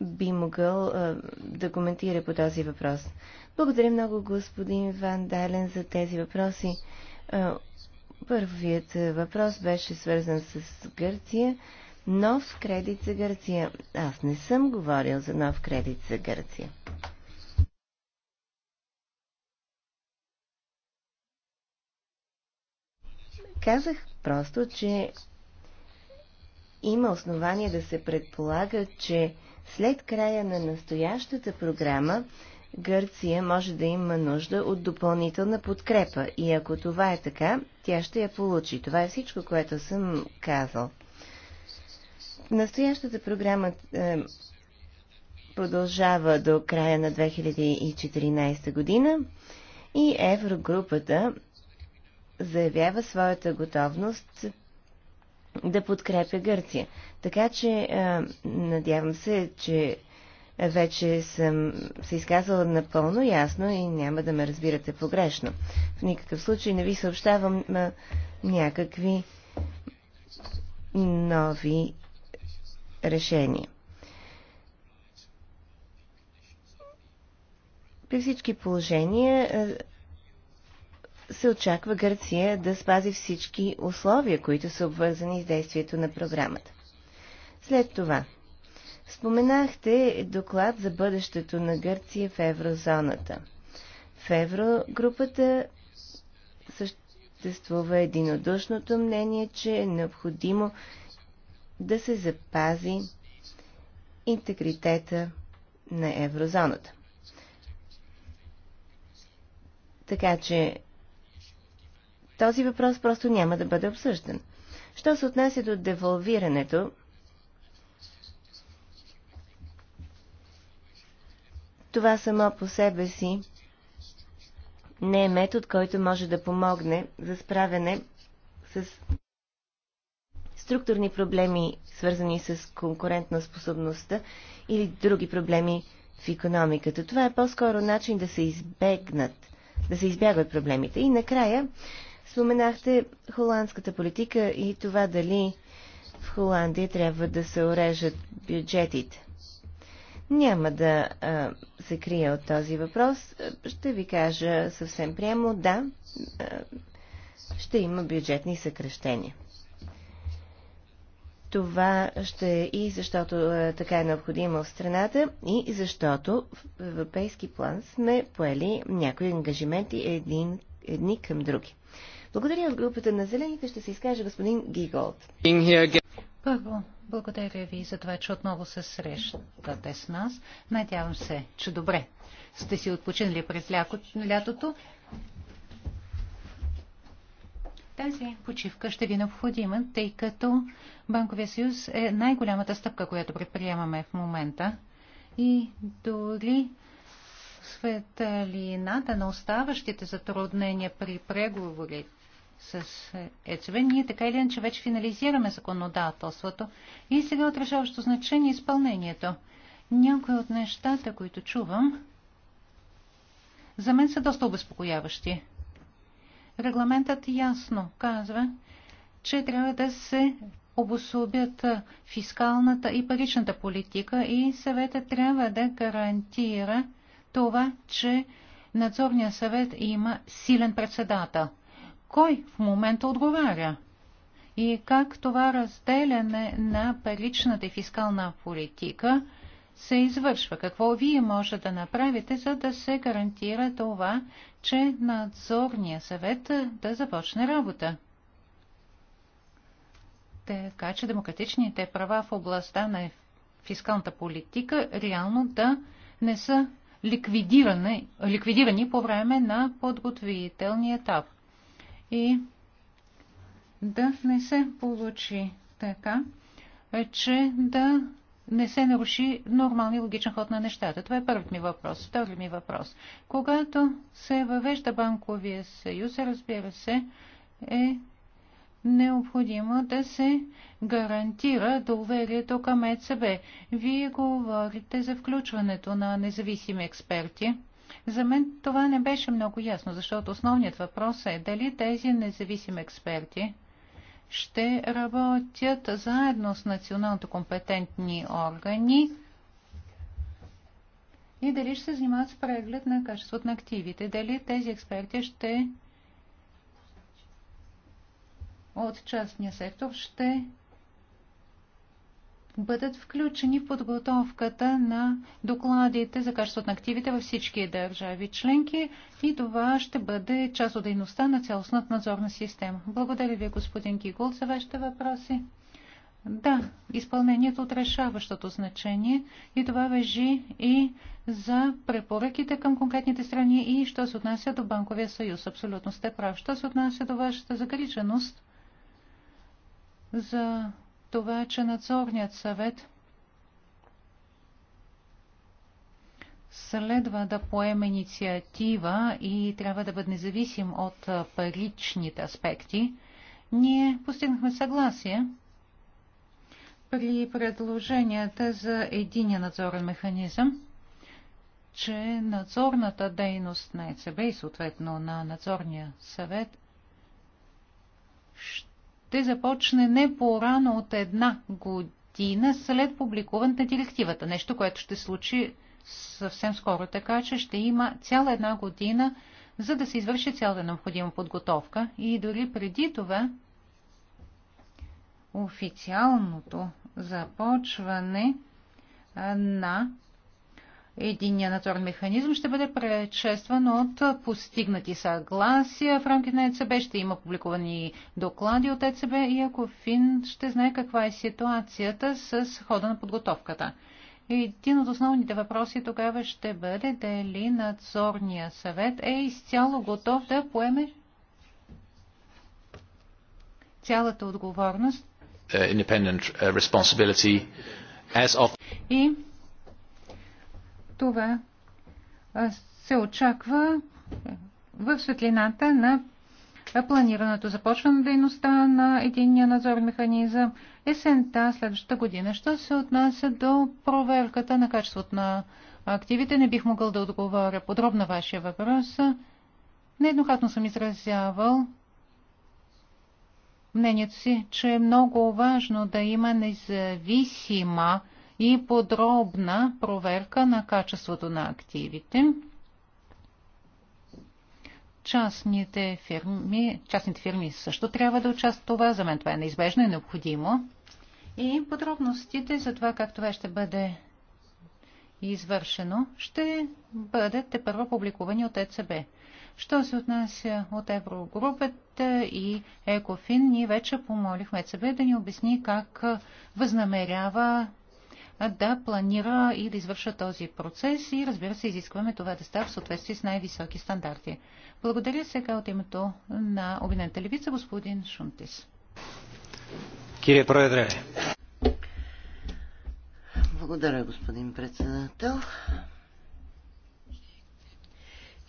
Speaker 3: би могъл а, да коментира по този въпрос. Благодаря много, господин Ван Дален, за тези въпроси. А, първият въпрос беше свързан с Гърция. Нов кредит за Гърция. Аз не съм говорил за нов кредит за Гърция. Казах просто, че има основания да се предполага, че след края на настоящата програма Гърция може да има нужда от допълнителна подкрепа и ако това е така, тя ще я получи. Това е всичко, което съм казал. Настоящата програма е, продължава до края на 2014 година и Еврогрупата заявява своята готовност да подкрепя Гърция. Така че надявам се, че вече съм се изказала напълно ясно и няма да ме разбирате погрешно. В никакъв случай не ви съобщавам а, някакви нови решения. При всички положения се очаква Гърция да спази всички условия, които са обвързани с действието на програмата. След това, споменахте доклад за бъдещето на Гърция в еврозоната. В еврогрупата съществува единодушното мнение, че е необходимо да се запази интегритета на еврозоната. Така че този въпрос просто няма да бъде обсъждан. Що се отнася до девалвирането, това само по себе си не е метод, който може да помогне за справяне с структурни проблеми, свързани с конкурентна способността или други проблеми в економиката. Това е по-скоро начин да се избегнат, да се избягват проблемите. И накрая, Споменахте холандската политика и това дали в Холандия трябва да се орежат бюджетите. Няма да а, се крия от този въпрос. Ще ви кажа съвсем прямо, да, а, ще има бюджетни съкрещения. Това ще е и защото а, така е необходимо в страната и защото в европейски план сме поели някои ангажименти един, едни към други.
Speaker 1: Благодаря от групата на зелените. Ще се изкаже господин Гиголд. Първо, благодаря ви за това, че отново се срещате с нас. Надявам се, че добре сте си отпочинали през лятото. Тази почивка ще ви е необходима, тъй като Банковия съюз е най-голямата стъпка, която предприемаме в момента. И дори светлината на оставащите затруднения при преговорите с е, ЕЦВ, ние така или иначе вече финализираме законодателството и сега отражаващо значение изпълнението. Някои от нещата, които чувам, за мен са доста обезпокояващи. Регламентът ясно казва, че трябва да се обособят фискалната и паричната политика и съветът трябва да гарантира това, че надзорният съвет има силен председател – кой в момента отговаря и как това разделяне на паричната и фискална политика се извършва. Какво вие може да направите, за да се гарантира това, че надзорния съвет да започне работа? Така че демократичните права в областта на фискалната политика реално да не са ликвидирани, ликвидирани по време на подготвителния етап и да не се получи така, че да не се наруши нормалния логичен ход на нещата. Това е първият ми въпрос. Втори ми въпрос. Когато се въвежда банковия съюз, разбира се, е необходимо да се гарантира доверието към ЕЦБ. Вие говорите за включването на независими експерти. За мен това не беше много ясно, защото основният въпрос е дали тези независими експерти ще работят заедно с националното компетентни органи и дали ще се занимават с преглед на качеството на активите, дали тези експерти ще от частния сектор ще бъдат включени в подготовката на докладите за качеството на активите във всички държави членки и това ще бъде част от дейността на цялостната надзорна система. Благодаря ви, господин Гигул, за вашите въпроси. Да, изпълнението от решаващото значение и това въжи и за препоръките към конкретните страни и що се отнася до Банковия съюз. Абсолютно сте прав. Що се отнася до вашата загриженост за това, е, че надзорният съвет следва да поеме инициатива и трябва да бъде независим от паричните аспекти, ние постигнахме съгласие при предложенията за единия надзорен механизъм, че надзорната дейност на ЕЦБ и съответно на надзорния съвет ще ще започне не по-рано от една година след публикуване на директивата. Нещо, което ще случи съвсем скоро, така че ще има цяла една година, за да се извърши цялата необходима подготовка и дори преди това официалното започване на Единният надзорен механизъм ще бъде предшестван от постигнати съгласия в рамките на ЕЦБ. Ще има публикувани доклади от ЕЦБ и ако ФИН ще знае каква е ситуацията с хода на подготовката. Един от основните въпроси тогава ще бъде дали надзорния съвет е изцяло готов да поеме цялата отговорност.
Speaker 4: Uh, independent uh, responsibility as of...
Speaker 1: И това се очаква в светлината на планирането започване дейността на единния надзорен механизъм есента следващата година. Що се отнася до проверката на качеството на активите, не бих могъл да отговоря подробно вашия въпрос. Нееднократно съм изразявал мнението си, че е много важно да има независима и подробна проверка на качеството на активите. Частните фирми, частните фирми също трябва да участват в това. За мен това е неизбежно и необходимо. И подробностите за това как това ще бъде извършено, ще бъдат те първо публикувани от ЕЦБ. Що се отнася от Еврогрупата и Екофин, ние вече помолихме ЕЦБ да ни обясни как възнамерява да планира и да извърша този процес и разбира се изискваме това да става в съответствие с най-високи стандарти. Благодаря сега от името на обвинената левица господин Шунтис. Кирие Проедре.
Speaker 2: Благодаря, господин председател.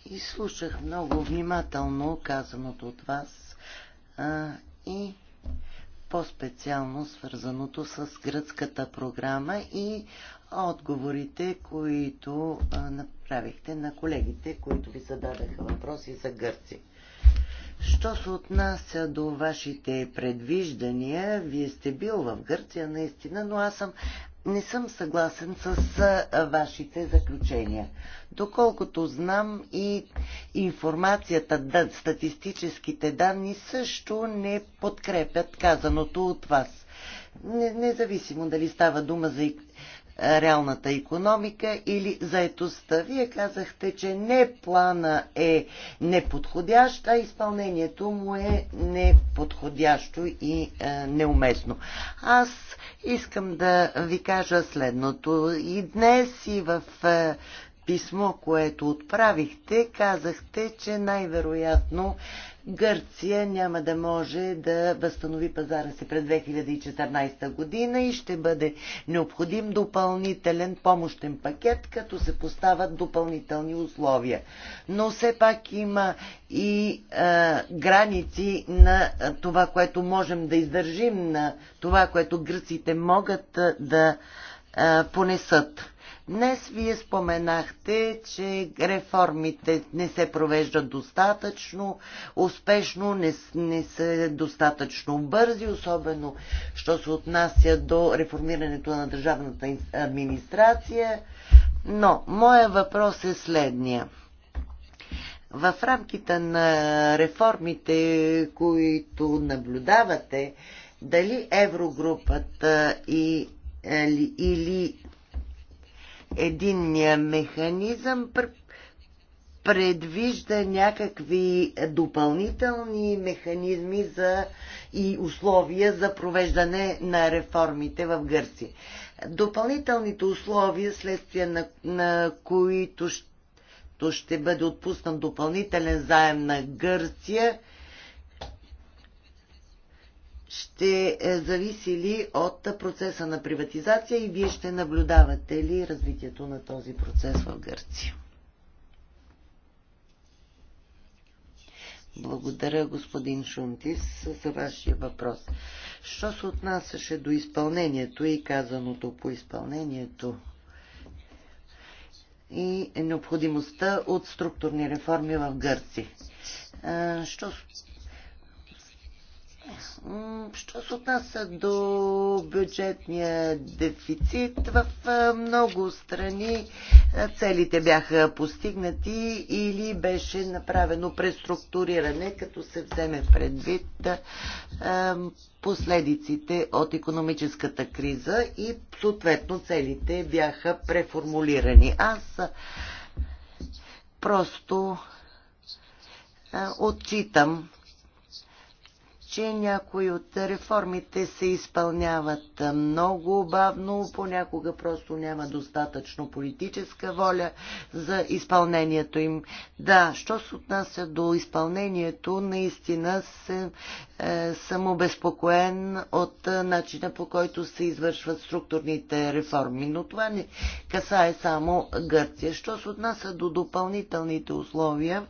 Speaker 2: И слушах много внимателно казаното от вас а, и по-специално свързаното с гръцката програма и отговорите, които направихте на колегите, които ви зададаха въпроси за Гърци. Що се отнася до вашите предвиждания, вие сте бил в Гърция наистина, но аз съм не съм съгласен с вашите заключения. Доколкото знам и информацията, статистическите данни също не подкрепят казаното от вас. Независимо дали става дума за реалната економика или заетостта. Вие казахте, че не плана е неподходящ, а изпълнението му е неподходящо и е, неуместно. Аз Искам да ви кажа следното. И днес, и в е, писмо, което отправихте, казахте, че най-вероятно Гърция няма да може да възстанови пазара си през 2014 година и ще бъде необходим допълнителен помощен пакет, като се поставят допълнителни условия. Но все пак има и а, граници на това, което можем да издържим, на това, което гърците могат да а, понесат. Днес вие споменахте, че реформите не се провеждат достатъчно, успешно, не, не са достатъчно бързи, особено що се отнася до реформирането на държавната администрация. Но, моя въпрос е следния. В рамките на реформите, които наблюдавате, дали Еврогрупата и, е, или единния механизъм предвижда някакви допълнителни механизми за и условия за провеждане на реформите в Гърция. Допълнителните условия, следствие на, на които ще бъде отпуснат допълнителен заем на Гърция, ще е, зависи ли от процеса на приватизация и вие ще наблюдавате ли развитието на този процес в Гърция? Благодаря, господин Шунтис, за вашия въпрос. Що се отнасяше до изпълнението и казаното по изпълнението и необходимостта от структурни реформи в Гърци? Що Що се отнася до бюджетния дефицит, в много страни целите бяха постигнати или беше направено преструктуриране, като се вземе предвид последиците от економическата криза и съответно целите бяха преформулирани. Аз просто отчитам че някои от реформите се изпълняват много бавно, понякога просто няма достатъчно политическа воля за изпълнението им. Да, що се отнася до изпълнението, наистина се, е, съм обезпокоен от е, начина по който се извършват структурните реформи, но това не касае само Гърция. Що се отнася до допълнителните условия,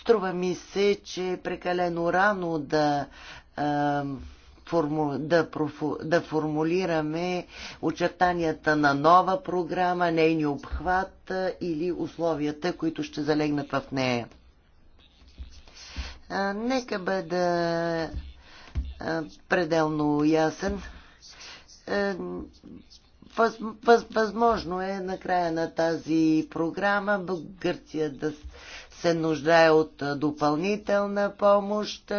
Speaker 2: Струва ми се, че е прекалено рано да, а, форму, да, профу, да формулираме очертанията на нова програма, нейни обхват или условията, които ще залегнат в нея. А, нека бъда а, пределно ясен. А, въз, въз, възможно е на края на тази програма Гърция да се нуждае от допълнителна помощ,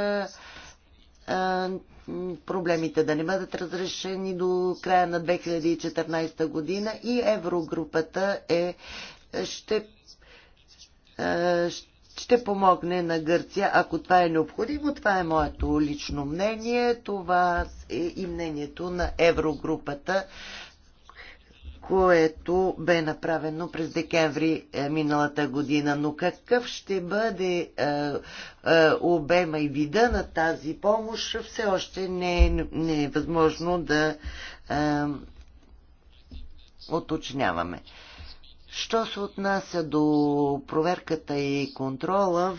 Speaker 2: проблемите да не бъдат разрешени до края на 2014 година и Еврогрупата е, ще, ще помогне на Гърция, ако това е необходимо. Това е моето лично мнение, това е и мнението на Еврогрупата което бе направено през декември е, миналата година. Но какъв ще бъде е, е, обема и вида на тази помощ, все още не е, не е възможно да уточняваме. Що се отнася до проверката и контрола,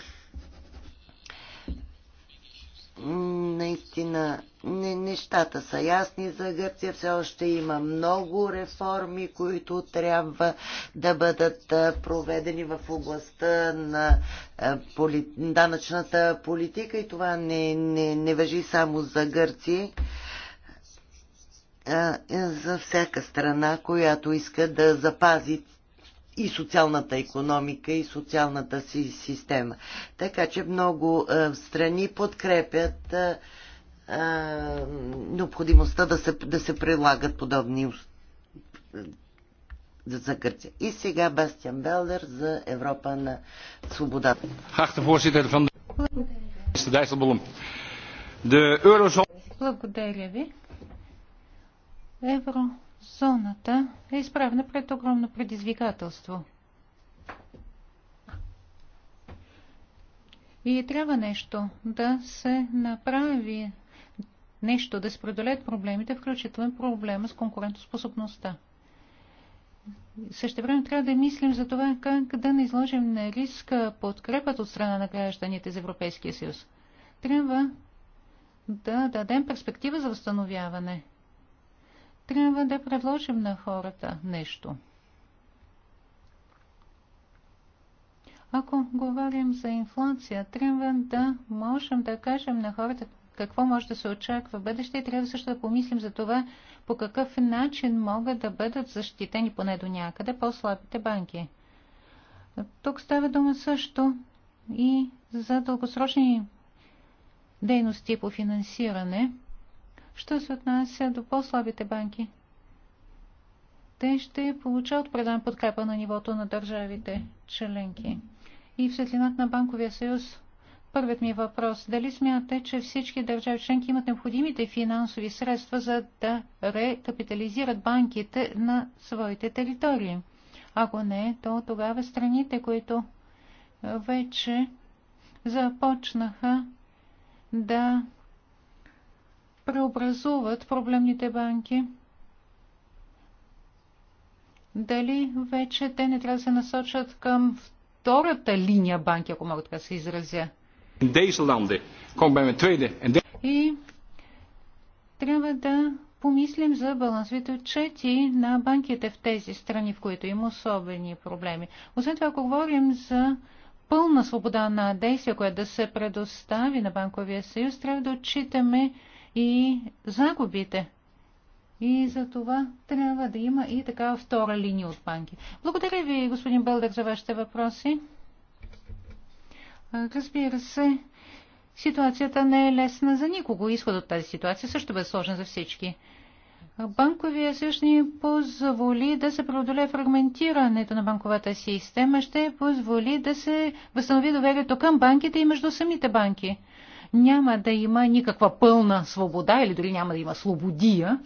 Speaker 2: наистина не, нещата са ясни за Гърция. Все още има много реформи, които трябва да бъдат проведени в областта на поли, данъчната политика и това не, не, не въжи само за Гърция за всяка страна, която иска да запази и социалната економика и социалната си система. Така че много а, е, страни подкрепят а, е, а, е, необходимостта да се, да се прилагат подобни за Гърция. И сега Бастиан Белдер за Европа на свободата.
Speaker 1: Благодаря ви. Евро зоната е изправена пред огромно предизвикателство. И трябва нещо да се направи, нещо да се преодолеят проблемите, включително проблема с конкурентоспособността. Също време трябва да мислим за това как да не изложим на риск подкрепата от страна на гражданите за Европейския съюз. Трябва да дадем перспектива за възстановяване – трябва да предложим на хората нещо. Ако говорим за инфлация, трябва да можем да кажем на хората какво може да се очаква в бъдеще и трябва също да помислим за това по какъв начин могат да бъдат защитени поне до някъде по-слабите банки. Тук става дума също и за дългосрочни дейности по финансиране – Що се отнася до по-слабите банки? Те ще получават предан подкрепа на нивото на държавите членки. И в светлината на Банковия съюз Първият ми въпрос. Дали смятате, че всички държави членки имат необходимите финансови средства, за да рекапитализират банките на своите територии? Ако не, то тогава страните, които вече започнаха да преобразуват проблемните банки? Дали вече те не трябва да се насочат към втората линия банки, ако мога така се изразя? И трябва да помислим за балансовите отчети на банките в тези страни, в които има особени проблеми. Освен това, ако говорим за пълна свобода на действие, която да се предостави на Банковия съюз, трябва да отчитаме и загубите. И за това трябва да има и такава втора линия от банки. Благодаря ви, господин Бълдър, за вашите въпроси. Разбира се, ситуацията не е лесна за никого. Изход от тази ситуация също бе сложен за всички. Банковия съюз ни позволи да се преодолее фрагментирането на банковата система, ще позволи да се възстанови доверието към банките и между самите банки няма да има никаква пълна свобода или дори няма да има свободия.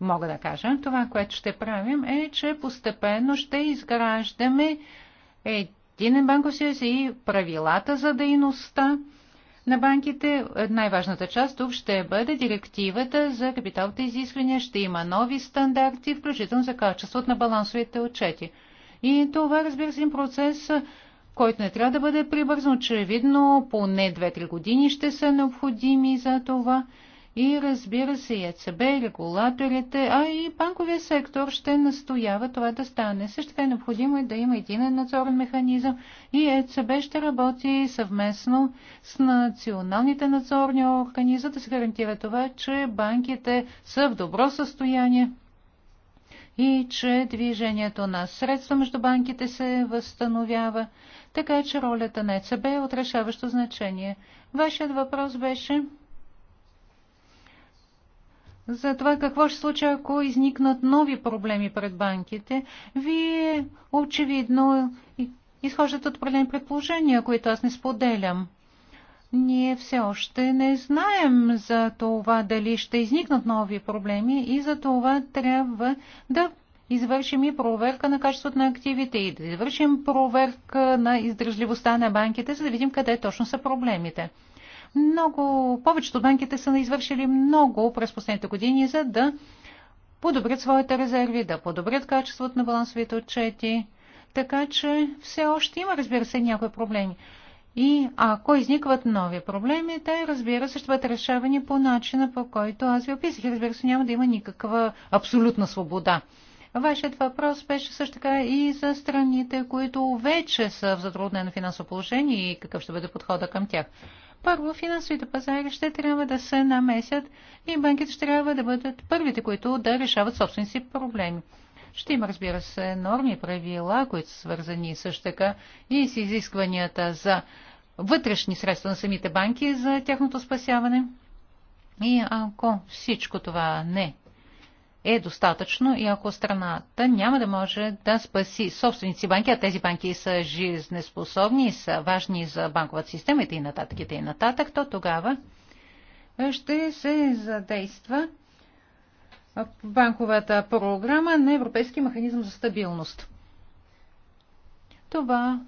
Speaker 1: мога да кажа. Това, което ще правим е, че постепенно ще изграждаме единен банков съюз и правилата за дейността на банките. Най-важната част тук ще бъде директивата за капиталните изисквания. Ще има нови стандарти, включително за качеството на балансовите отчети. И това, разбира се, е процес, който не трябва да бъде прибързан. Очевидно, поне 2-3 години ще са необходими за това. И разбира се, ЕЦБ, регулаторите, а и банковия сектор ще настоява това да стане. Също така е необходимо и да има един надзорен механизъм и ЕЦБ ще работи съвместно с националните надзорни органи, за да се гарантира това, че банките са в добро състояние и че движението на средства между банките се възстановява. Така е, че ролята на ЕЦБ е от решаващо значение. Вашият въпрос беше за това какво ще случи, ако изникнат нови проблеми пред банките. Вие очевидно изхождат от определени предположения, които аз не споделям. Ние все още не знаем за това дали ще изникнат нови проблеми и за това трябва да извършим и проверка на качеството на активите и да извършим проверка на издържливостта на банките, за да видим къде точно са проблемите. Много, повечето банките са извършили много през последните години, за да подобрят своите резерви, да подобрят качеството на балансовите отчети. Така че все още има, разбира се, някои проблеми. И ако изникват нови проблеми, те, разбира се, ще бъдат решавани по начина, по който аз ви описах. Разбира се, няма да има никаква абсолютна свобода. Вашият въпрос беше също така и за страните, които вече са в затруднено финансово положение и какъв ще бъде подхода към тях. Първо, финансовите пазари ще трябва да се намесят и банките ще трябва да бъдат първите, които да решават собствените си проблеми. Ще има, разбира се, норми, правила, които са свързани също така и с изискванията за вътрешни средства на самите банки за тяхното спасяване. И ако всичко това не е достатъчно и ако страната няма да може да спаси собственици банки, а тези банки са жизнеспособни и са важни за банковата система и нататък, и нататък, то тогава ще се задейства банковата програма на Европейски механизъм за стабилност. Това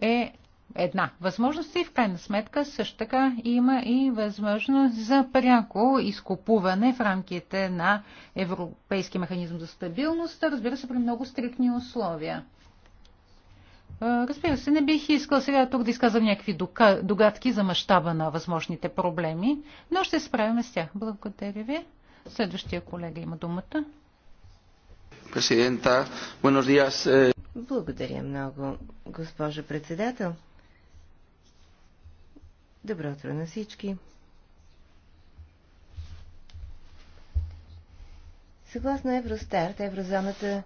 Speaker 1: е една възможност и в крайна сметка също така има и възможност за пряко изкупуване в рамките на Европейски механизъм за стабилност, разбира се, при много стрикни условия. Разбира се, не бих искал сега тук да изказвам някакви догадки за мащаба на възможните проблеми, но ще справим с тях. Благодаря ви. Следващия колега има думата.
Speaker 4: Президента, buenos días. Е.
Speaker 1: Благодаря много, госпожо председател.
Speaker 3: Добро утро на всички! Съгласно Евростарт, еврозоната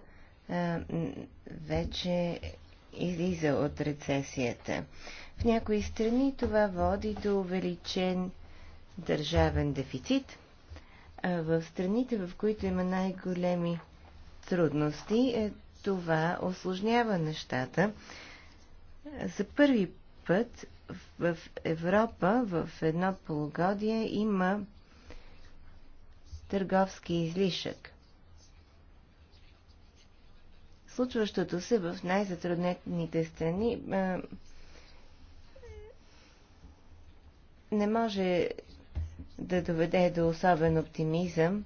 Speaker 3: а, вече излиза от рецесията. В някои страни това води до увеличен държавен дефицит, а в страните, в които има най-големи трудности, е, това осложнява нещата. За първи път в Европа в едно полугодие има търговски излишък. Случващото се в най-затруднените страни не може да доведе до особен оптимизъм.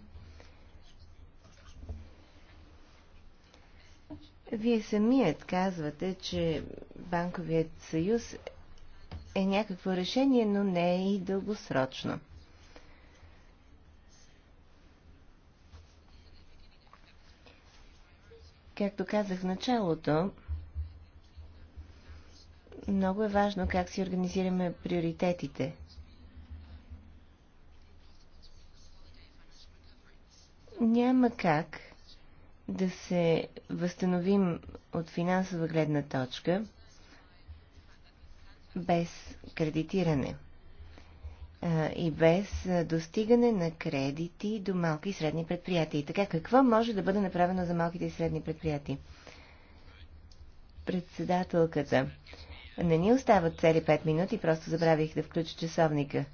Speaker 3: Вие самият казвате, че Банковият съюз е някакво решение, но не е и дългосрочно. Както казах в началото, много е важно как си организираме приоритетите. Няма как да се възстановим от финансова гледна точка, без кредитиране и без достигане на кредити до малки и средни предприятия. И така, какво може да бъде направено за малките и средни предприятия? Председателката. Не ни остават цели 5 минути, просто забравих да включа часовника.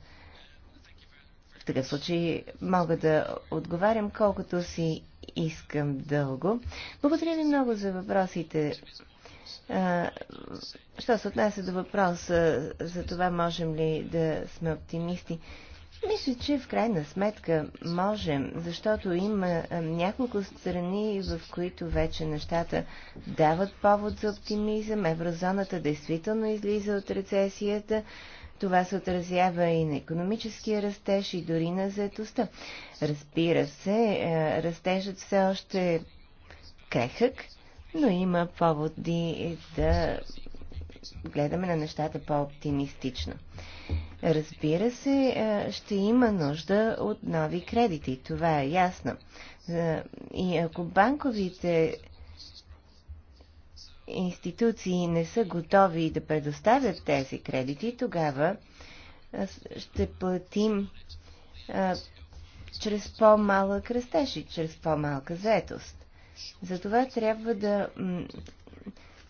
Speaker 3: В такъв случай мога да отговарям колкото си искам дълго. Благодаря ви много за въпросите, Що се отнася до въпроса за това можем ли да сме оптимисти, мисля, че в крайна сметка можем, защото има няколко страни, в които вече нещата дават повод за оптимизъм. Еврозоната действително излиза от рецесията. Това се отразява и на економическия растеж, и дори на заетостта. Разбира се, растежът все още е крехък, но има поводи да гледаме на нещата по-оптимистично. Разбира се, ще има нужда от нови кредити, това е ясно. И ако банковите институции не са готови да предоставят тези кредити, тогава ще платим чрез по-малък растеж и чрез по-малка заетост. Затова трябва да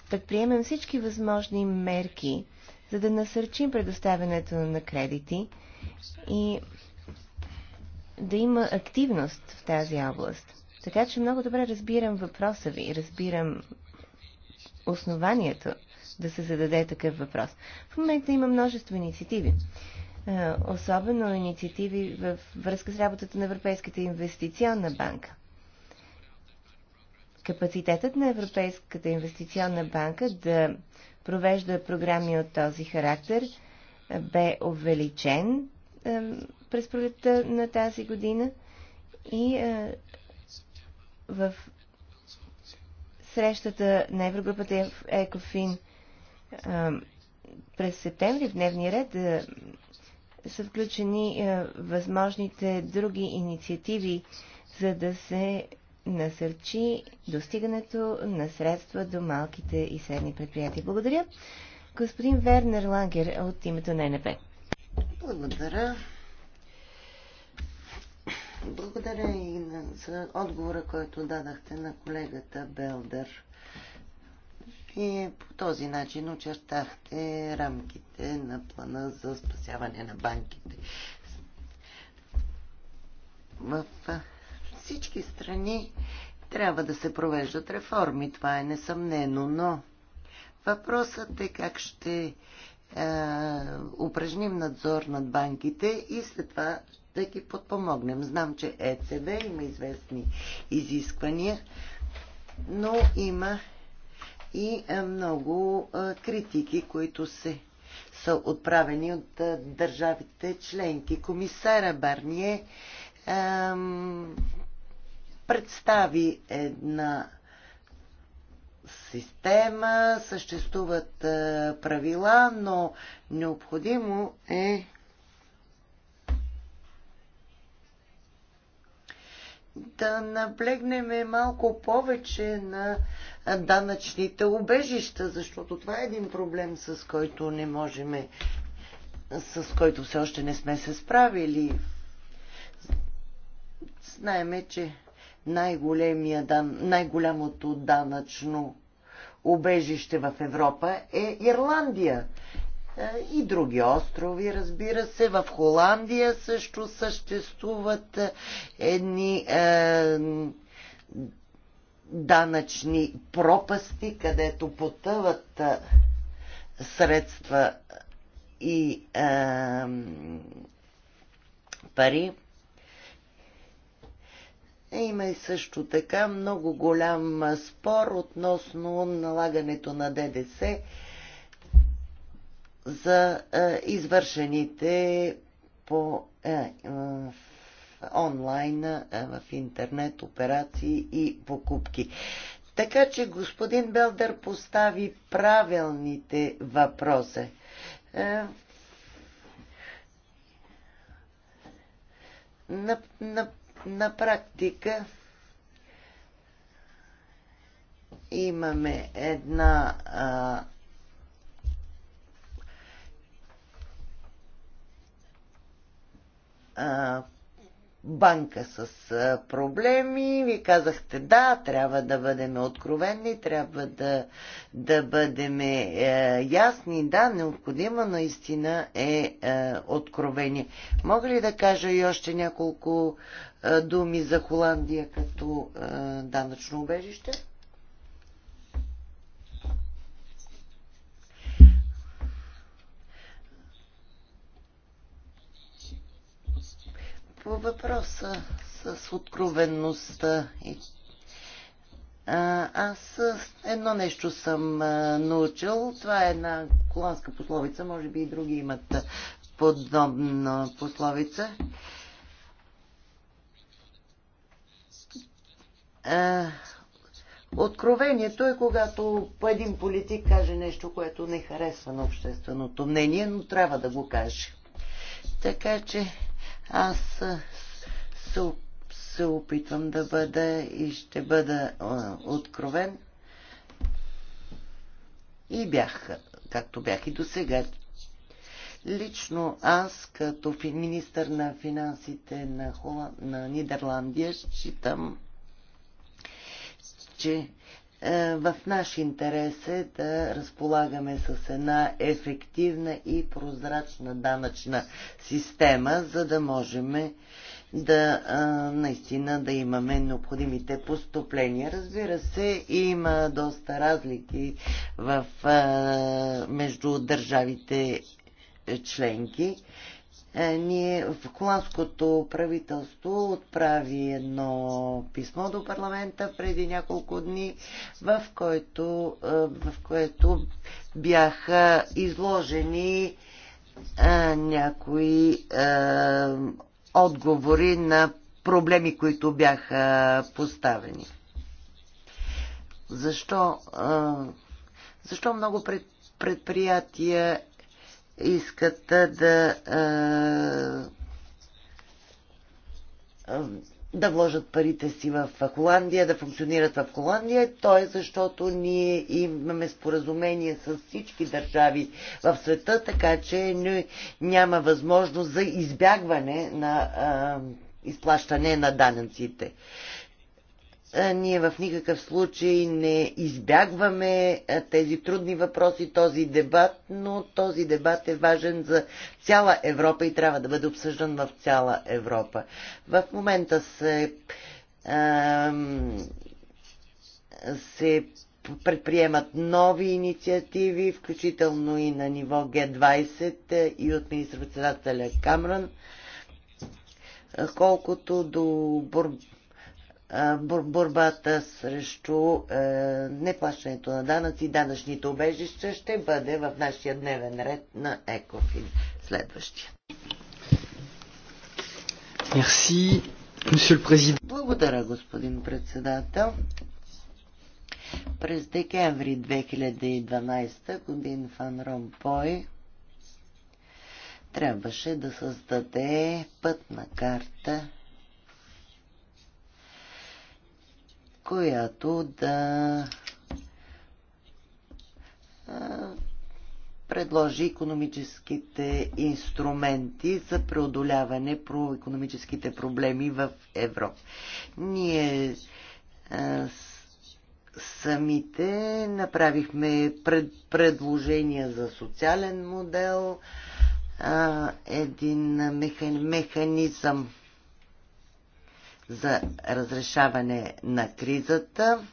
Speaker 3: предприемем всички възможни мерки, за да насърчим предоставянето на кредити и да има активност в тази област. Така че много добре разбирам въпроса ви, разбирам основанието да се зададе такъв въпрос. В момента има множество инициативи. Е, особено инициативи в връзка с работата на Европейската инвестиционна банка капацитетът на Европейската инвестиционна банка да провежда програми от този характер бе увеличен през пролетта на тази година и в срещата на Еврогрупата Екофин през септември в дневния ред са включени възможните други инициативи, за да се насърчи достигането на средства до малките и средни предприятия. Благодаря. Господин Вернер Лангер от името на НП.
Speaker 2: Благодаря. Благодаря и за отговора, който дадахте на колегата Белдер. И по този начин очертахте рамките на плана за спасяване на банките. В всички страни трябва да се провеждат реформи, това е несъмнено, но въпросът е как ще е, упражним надзор над банките и след това да ги подпомогнем. Знам, че ЕЦБ има известни изисквания, но има и е, много е, критики, които се са отправени от държавите членки. Комисара Барние представи една система, съществуват е, правила, но необходимо е да наблегнем малко повече на данъчните убежища, защото това е един проблем, с който не можем, с който все още не сме се справили. Знаеме, че дан, най-голямото данъчно убежище в Европа е Ирландия. Е, и други острови, разбира се. В Холандия също съществуват е, едни е, данъчни пропасти, където потъват е, средства и е, пари. Е, има и също така много голям спор относно налагането на ДДС за е, извършените по е, онлайн, в интернет операции и покупки. Така че господин Белдър постави правилните въпроси. На, на, на практика имаме една а, а, банка с проблеми. Ви казахте да, трябва да бъдем откровенни, трябва да, да бъдем е, ясни. Да, необходимо наистина е, е откровение. Мога ли да кажа и още няколко е, думи за Холандия като е, данъчно убежище? По въпроса с откровенността аз едно нещо съм научил. Това е една холандска пословица. Може би и други имат подобна пословица. Откровението е когато един политик каже нещо, което не харесва на общественото мнение, но трябва да го каже. Така че аз се, се опитвам да бъда и ще бъда откровен. И бях, както бях и до сега. Лично аз, като министър на финансите на, Холан... на Нидерландия, считам, че е, в наш интерес е да разполагаме с една ефективна и прозрачна данъчна система, за да можем да е, наистина да имаме необходимите поступления. Разбира се, има доста разлики в, е, между държавите членки е, ние в холандското правителство отправи едно писмо до парламента преди няколко дни, в което, е, в което бяха изложени е, някои отговори на проблеми, които бяха поставени. Защо, защо много предприятия искат да да вложат парите си в Холандия, да функционират в Холандия. То е защото ние имаме споразумение с всички държави в света, така че няма възможност за избягване на а, изплащане на данъците. Ние в никакъв случай не избягваме тези трудни въпроси, този дебат, но този дебат е важен за цяла Европа и трябва да бъде обсъждан в цяла Европа. В момента се, се предприемат нови инициативи, включително и на ниво Г20 и от министр-председателя Камран. Колкото до борбата борбата срещу неплащането на данъци и данъчните обежища ще бъде в нашия дневен ред на ЕКОФИН следващия. Мерси, Благодаря, господин председател. През декември 2012 годин Фан Ромпой трябваше да създаде пътна карта която да предложи економическите инструменти за преодоляване про економическите проблеми в Европа. Ние а, самите направихме пред, предложения за социален модел, а, един механизъм за разрешаване на кризата,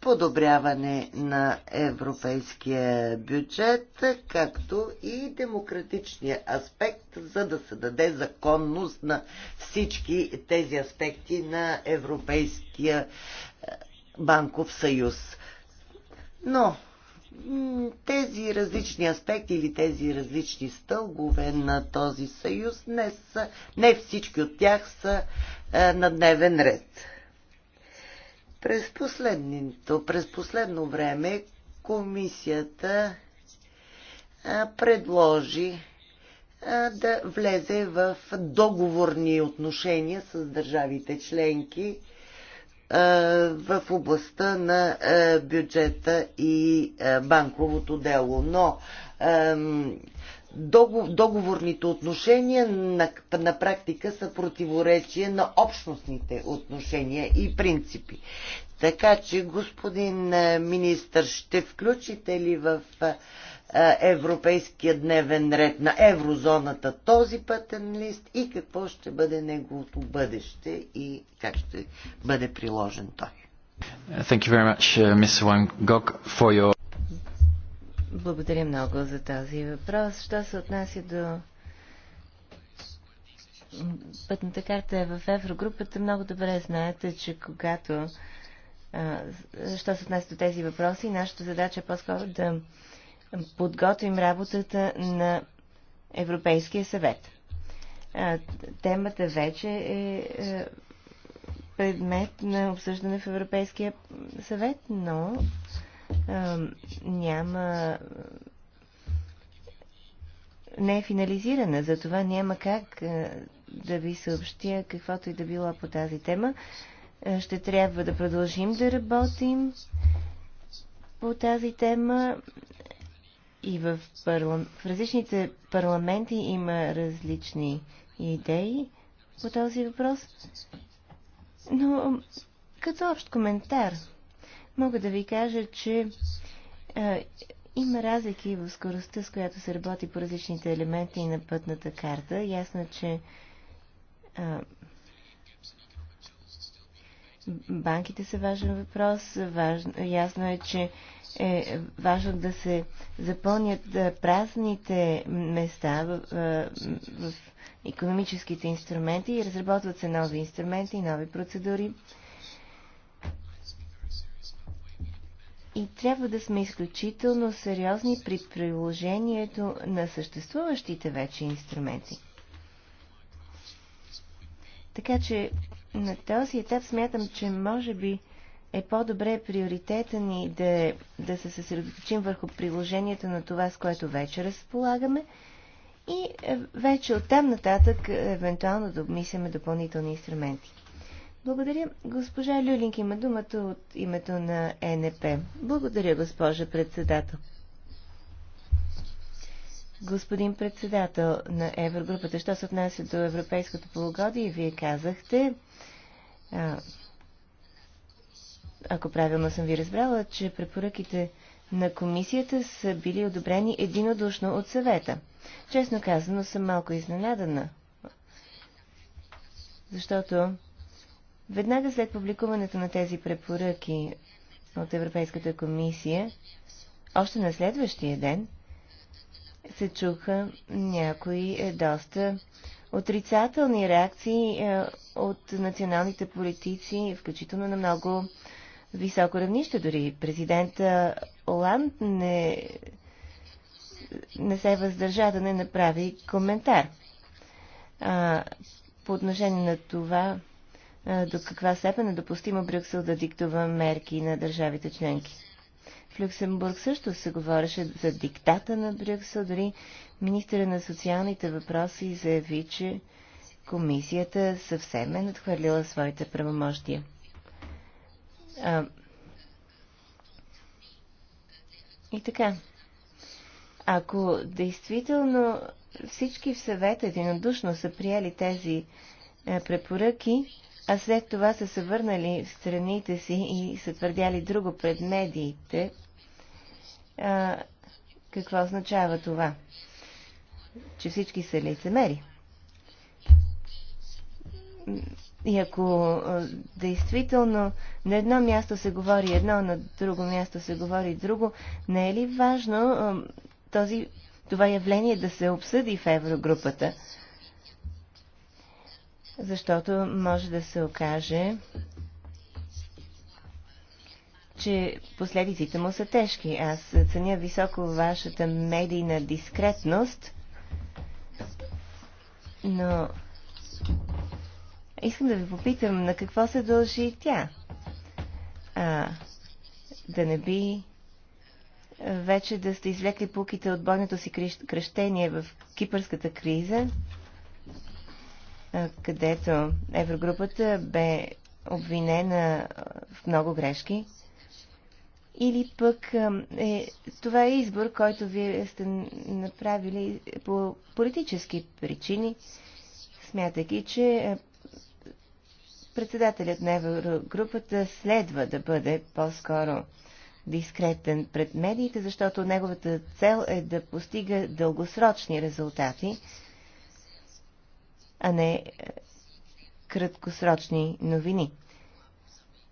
Speaker 2: подобряване на европейския бюджет, както и демократичния аспект, за да се даде законност на всички тези аспекти на Европейския е, банков съюз. Но тези различни аспекти или тези различни стълбове на този съюз не, са, не всички от тях са е, на дневен ред. През, през последно време комисията е, предложи е, да влезе в договорни отношения с държавите членки в областта на бюджета и банковото дело. Но договорните отношения на, на практика са противоречие на общностните отношения и принципи. Така че, господин министр, ще включите ли в е, европейския дневен ред на еврозоната този пътен лист и какво ще бъде неговото бъдеще и как ще бъде приложен той.
Speaker 4: Thank you very much, uh, Ms. Wangok, for your...
Speaker 3: Благодаря много за този въпрос. Що се отнася до пътната карта е в Еврогрупата, много добре знаете, че когато що се отнася до тези въпроси, нашата задача е по-скоро да подготвим работата на Европейския съвет. Темата вече е, е предмет на обсъждане в Европейския съвет, но няма не е финализирана, затова няма как да ви съобщя каквото и да било по тази тема. Ще трябва да продължим да работим по тази тема и в, парла... в различните парламенти има различни идеи по този въпрос. Но като общ коментар мога да ви кажа, че а, има разлики в скоростта, с която се работи по различните елементи на пътната карта. Ясно, е, че а, банките са важен въпрос. Важно, ясно е, че е важно да се запълнят празните места в, в економическите инструменти и разработват се нови инструменти и нови процедури. И трябва да сме изключително сериозни при приложението на съществуващите вече инструменти. Така че на този етап смятам, че може би е по-добре приоритета ни да, да се съсредоточим върху приложението на това, с което вече разполагаме и е, вече оттам нататък е, евентуално да обмисляме допълнителни инструменти. Благодаря. Госпожа Люлинг има думата от името на ЕНП. Благодаря, госпожа председател. Господин председател на Еврогрупата, що се отнася до европейското полугодие, вие казахте, ако правилно съм ви разбрала, че препоръките на комисията са били одобрени единодушно от съвета. Честно казано, съм малко изненадана, защото веднага след публикуването на тези препоръки от Европейската комисия, още на следващия ден, се чуха някои е, доста отрицателни реакции е, от националните политици, включително на много високо равнище. Дори президента Оланд не, не се въздържа да не направи коментар. А, по отношение на това, а, до каква степен е допустимо Брюксел да диктува мерки на държавите членки. В Люксембург също се говореше за диктата на Брюксел. Дори министъра на социалните въпроси заяви, че комисията съвсем е надхвърлила своите правомощия. А, и така. Ако действително всички в съвета единодушно са приели тези препоръки, а след това са се върнали в страните си и са твърдяли друго пред медиите, а, какво означава това? Че всички са лицемери. И ако действително на едно място се говори едно, на друго място се говори друго, не е ли важно този, това явление да се обсъди в еврогрупата? Защото може да се окаже, че последиците му са тежки. Аз ценя високо вашата медийна дискретност, но Искам да ви попитам на какво се дължи тя. А, да не би вече да сте извлекли пуките от бойното си кръщение в кипърската криза, където Еврогрупата бе обвинена в много грешки. Или пък е, това е избор, който вие сте направили по политически причини, смятайки, че Председателят на Еврогрупата следва да бъде по-скоро дискретен пред медиите, защото неговата цел е да постига дългосрочни резултати, а не е, краткосрочни новини.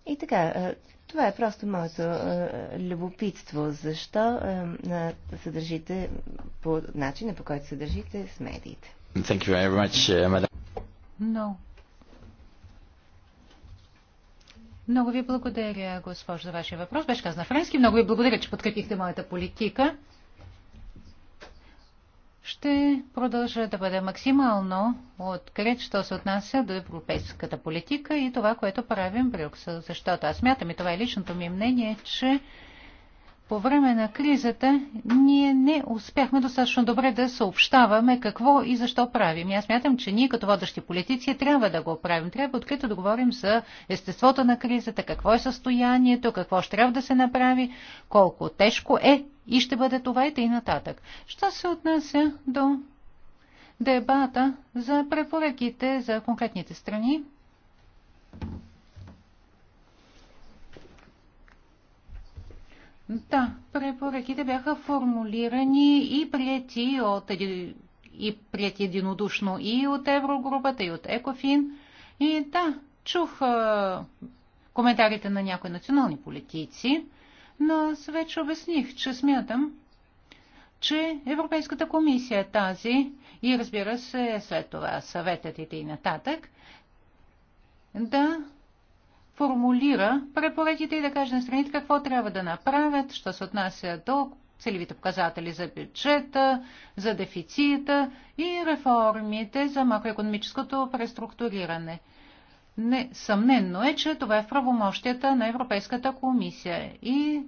Speaker 3: И така, е, това е просто моето е, любопитство. Защо се държите по начина, по който се държите с медиите?
Speaker 4: Thank you very much, uh,
Speaker 1: madam. No. Много ви благодаря, госпожо, за вашия въпрос. Беше казан на френски. Много ви благодаря, че подкрепихте моята политика. Ще продължа да бъда максимално открит, що се отнася до европейската политика и това, което правим в Брюксел. Защото аз мятам и това е личното ми мнение, че по време на кризата ние не успяхме достатъчно добре да съобщаваме какво и защо правим. аз мятам, че ние като водещи политици трябва да го правим. Трябва открито да говорим за естеството на кризата, какво е състоянието, какво ще трябва да се направи, колко тежко е и ще бъде това и тъй нататък. Що се отнася до дебата за препоръките за конкретните страни? Да, препоръките бяха формулирани и прияти, от, и прияти единодушно и от Еврогрупата, и от Екофин. И да, чух а, коментарите на някои национални политици, но аз вече обясних, че смятам, че Европейската комисия е тази и разбира се след това съветът и нататък да формулира препоръките и да каже на страните какво трябва да направят, що се отнася до целевите показатели за бюджета, за дефицита и реформите за макроекономическото преструктуриране. Несъмненно е, че това е в правомощията на Европейската комисия и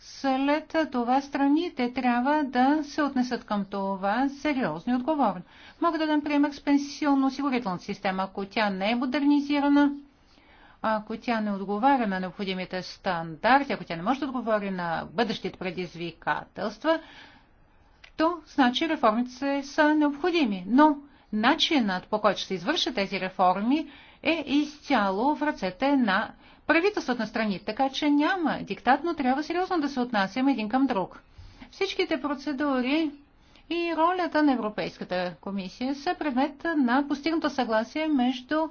Speaker 1: след това страните трябва да се отнесат към това сериозно и отговорно. Мога да дам пример с пенсионно-осигурителната система. Ако тя не е модернизирана, ако тя не отговаря на необходимите стандарти, ако тя не може да отговори на бъдещите предизвикателства, то значи реформите са необходими. Но начинът по който ще се извършат тези реформи е изцяло в ръцете на правителството на страни, така че няма диктат, но трябва сериозно да се отнасяме един към друг. Всичките процедури и ролята на Европейската комисия са предмет на постигнато съгласие между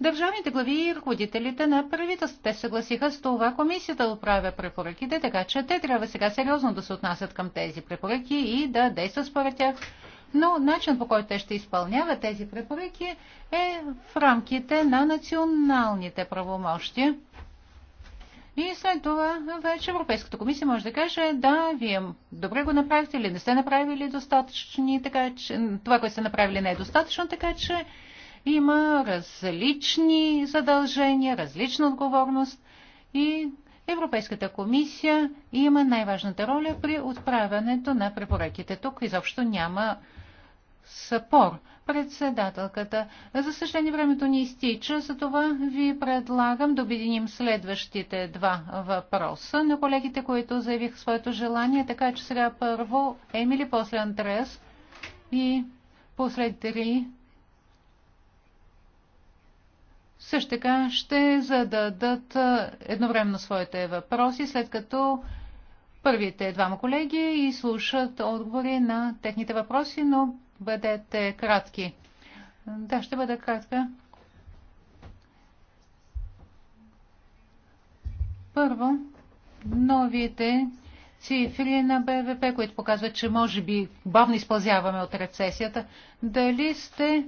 Speaker 1: Държавните глави и ръководителите на правителствата съгласиха с това комисията да отправя препоръките, така че те трябва сега сериозно да се отнасят към тези препоръки и да действат според тях. Но начин по който те ще изпълняват тези препоръки е в рамките на националните правомощия. И след това вече Европейската комисия може да каже, да, вие добре го направихте или не сте направили достатъчни, така че това, което сте направили не е достатъчно, така че има различни задължения, различна отговорност и Европейската комисия има най-важната роля при отправянето на препоръките. Тук изобщо няма съпор. Председателката. За съжаление времето ни изтича, затова ви предлагам да обединим следващите два въпроса на колегите, които заявих своето желание. Така че сега първо Емили, после Андреас и после три Също така ще зададат едновременно своите въпроси, след като първите двама колеги и слушат отговори на техните въпроси, но бъдете кратки. Да, ще бъда кратка. Първо, новите цифри на БВП, които показват, че може би бавно изпълзяваме от рецесията. Дали сте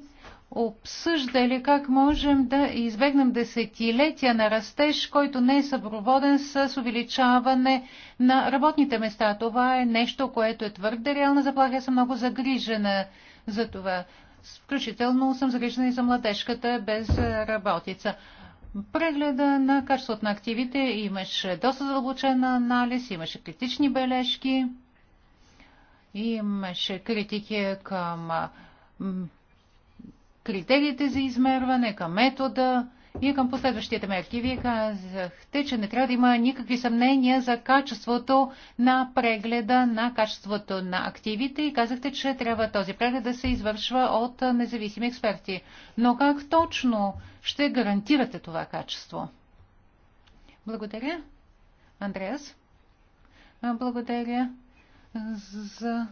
Speaker 1: обсъждали как можем да избегнем десетилетия на растеж, който не е съпроводен с увеличаване на работните места. Това е нещо, което е твърде реална заплаха. Аз съм много загрижена за това. Включително съм загрижена и за младежката без работица. Прегледа на качеството на активите имаше доста задълбочен анализ, имаше критични бележки, имаше критики към критериите за измерване, към метода и към последващите мерки. Вие казахте, че не трябва да има никакви съмнения за качеството на прегледа, на качеството на активите и казахте, че трябва този преглед да се извършва от независими експерти. Но как точно ще гарантирате това качество? Благодаря. Андреас? Благодаря за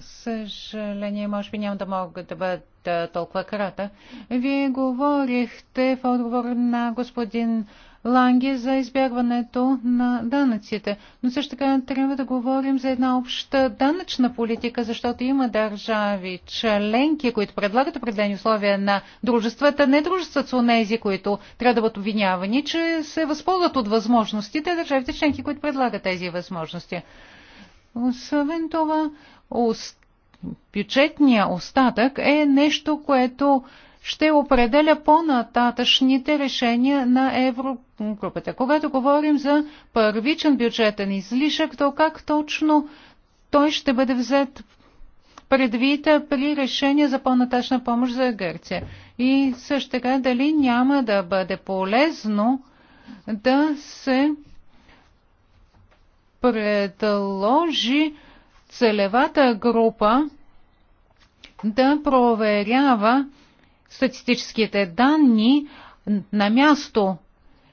Speaker 1: съжаление, може би няма да мога да бъда толкова крата. Вие говорихте в отговор на господин Ланги за избягването на данъците. Но също така трябва да говорим за една обща данъчна политика, защото има държави членки, които предлагат определени условия на дружествата, не дружества с онези, които трябва да бъдат обвинявани, че се възползват от възможностите, държавите членки, които предлагат тези възможности. Освен това, бюджетния остатък е нещо, което ще определя по-нататъчните решения на Еврогрупата. Когато говорим за първичен бюджетен излишък, то как точно той ще бъде взет предвид при решение за по натачна помощ за Гърция? И също така дали няма да бъде полезно да се предложи целевата група да проверява статистическите данни на място,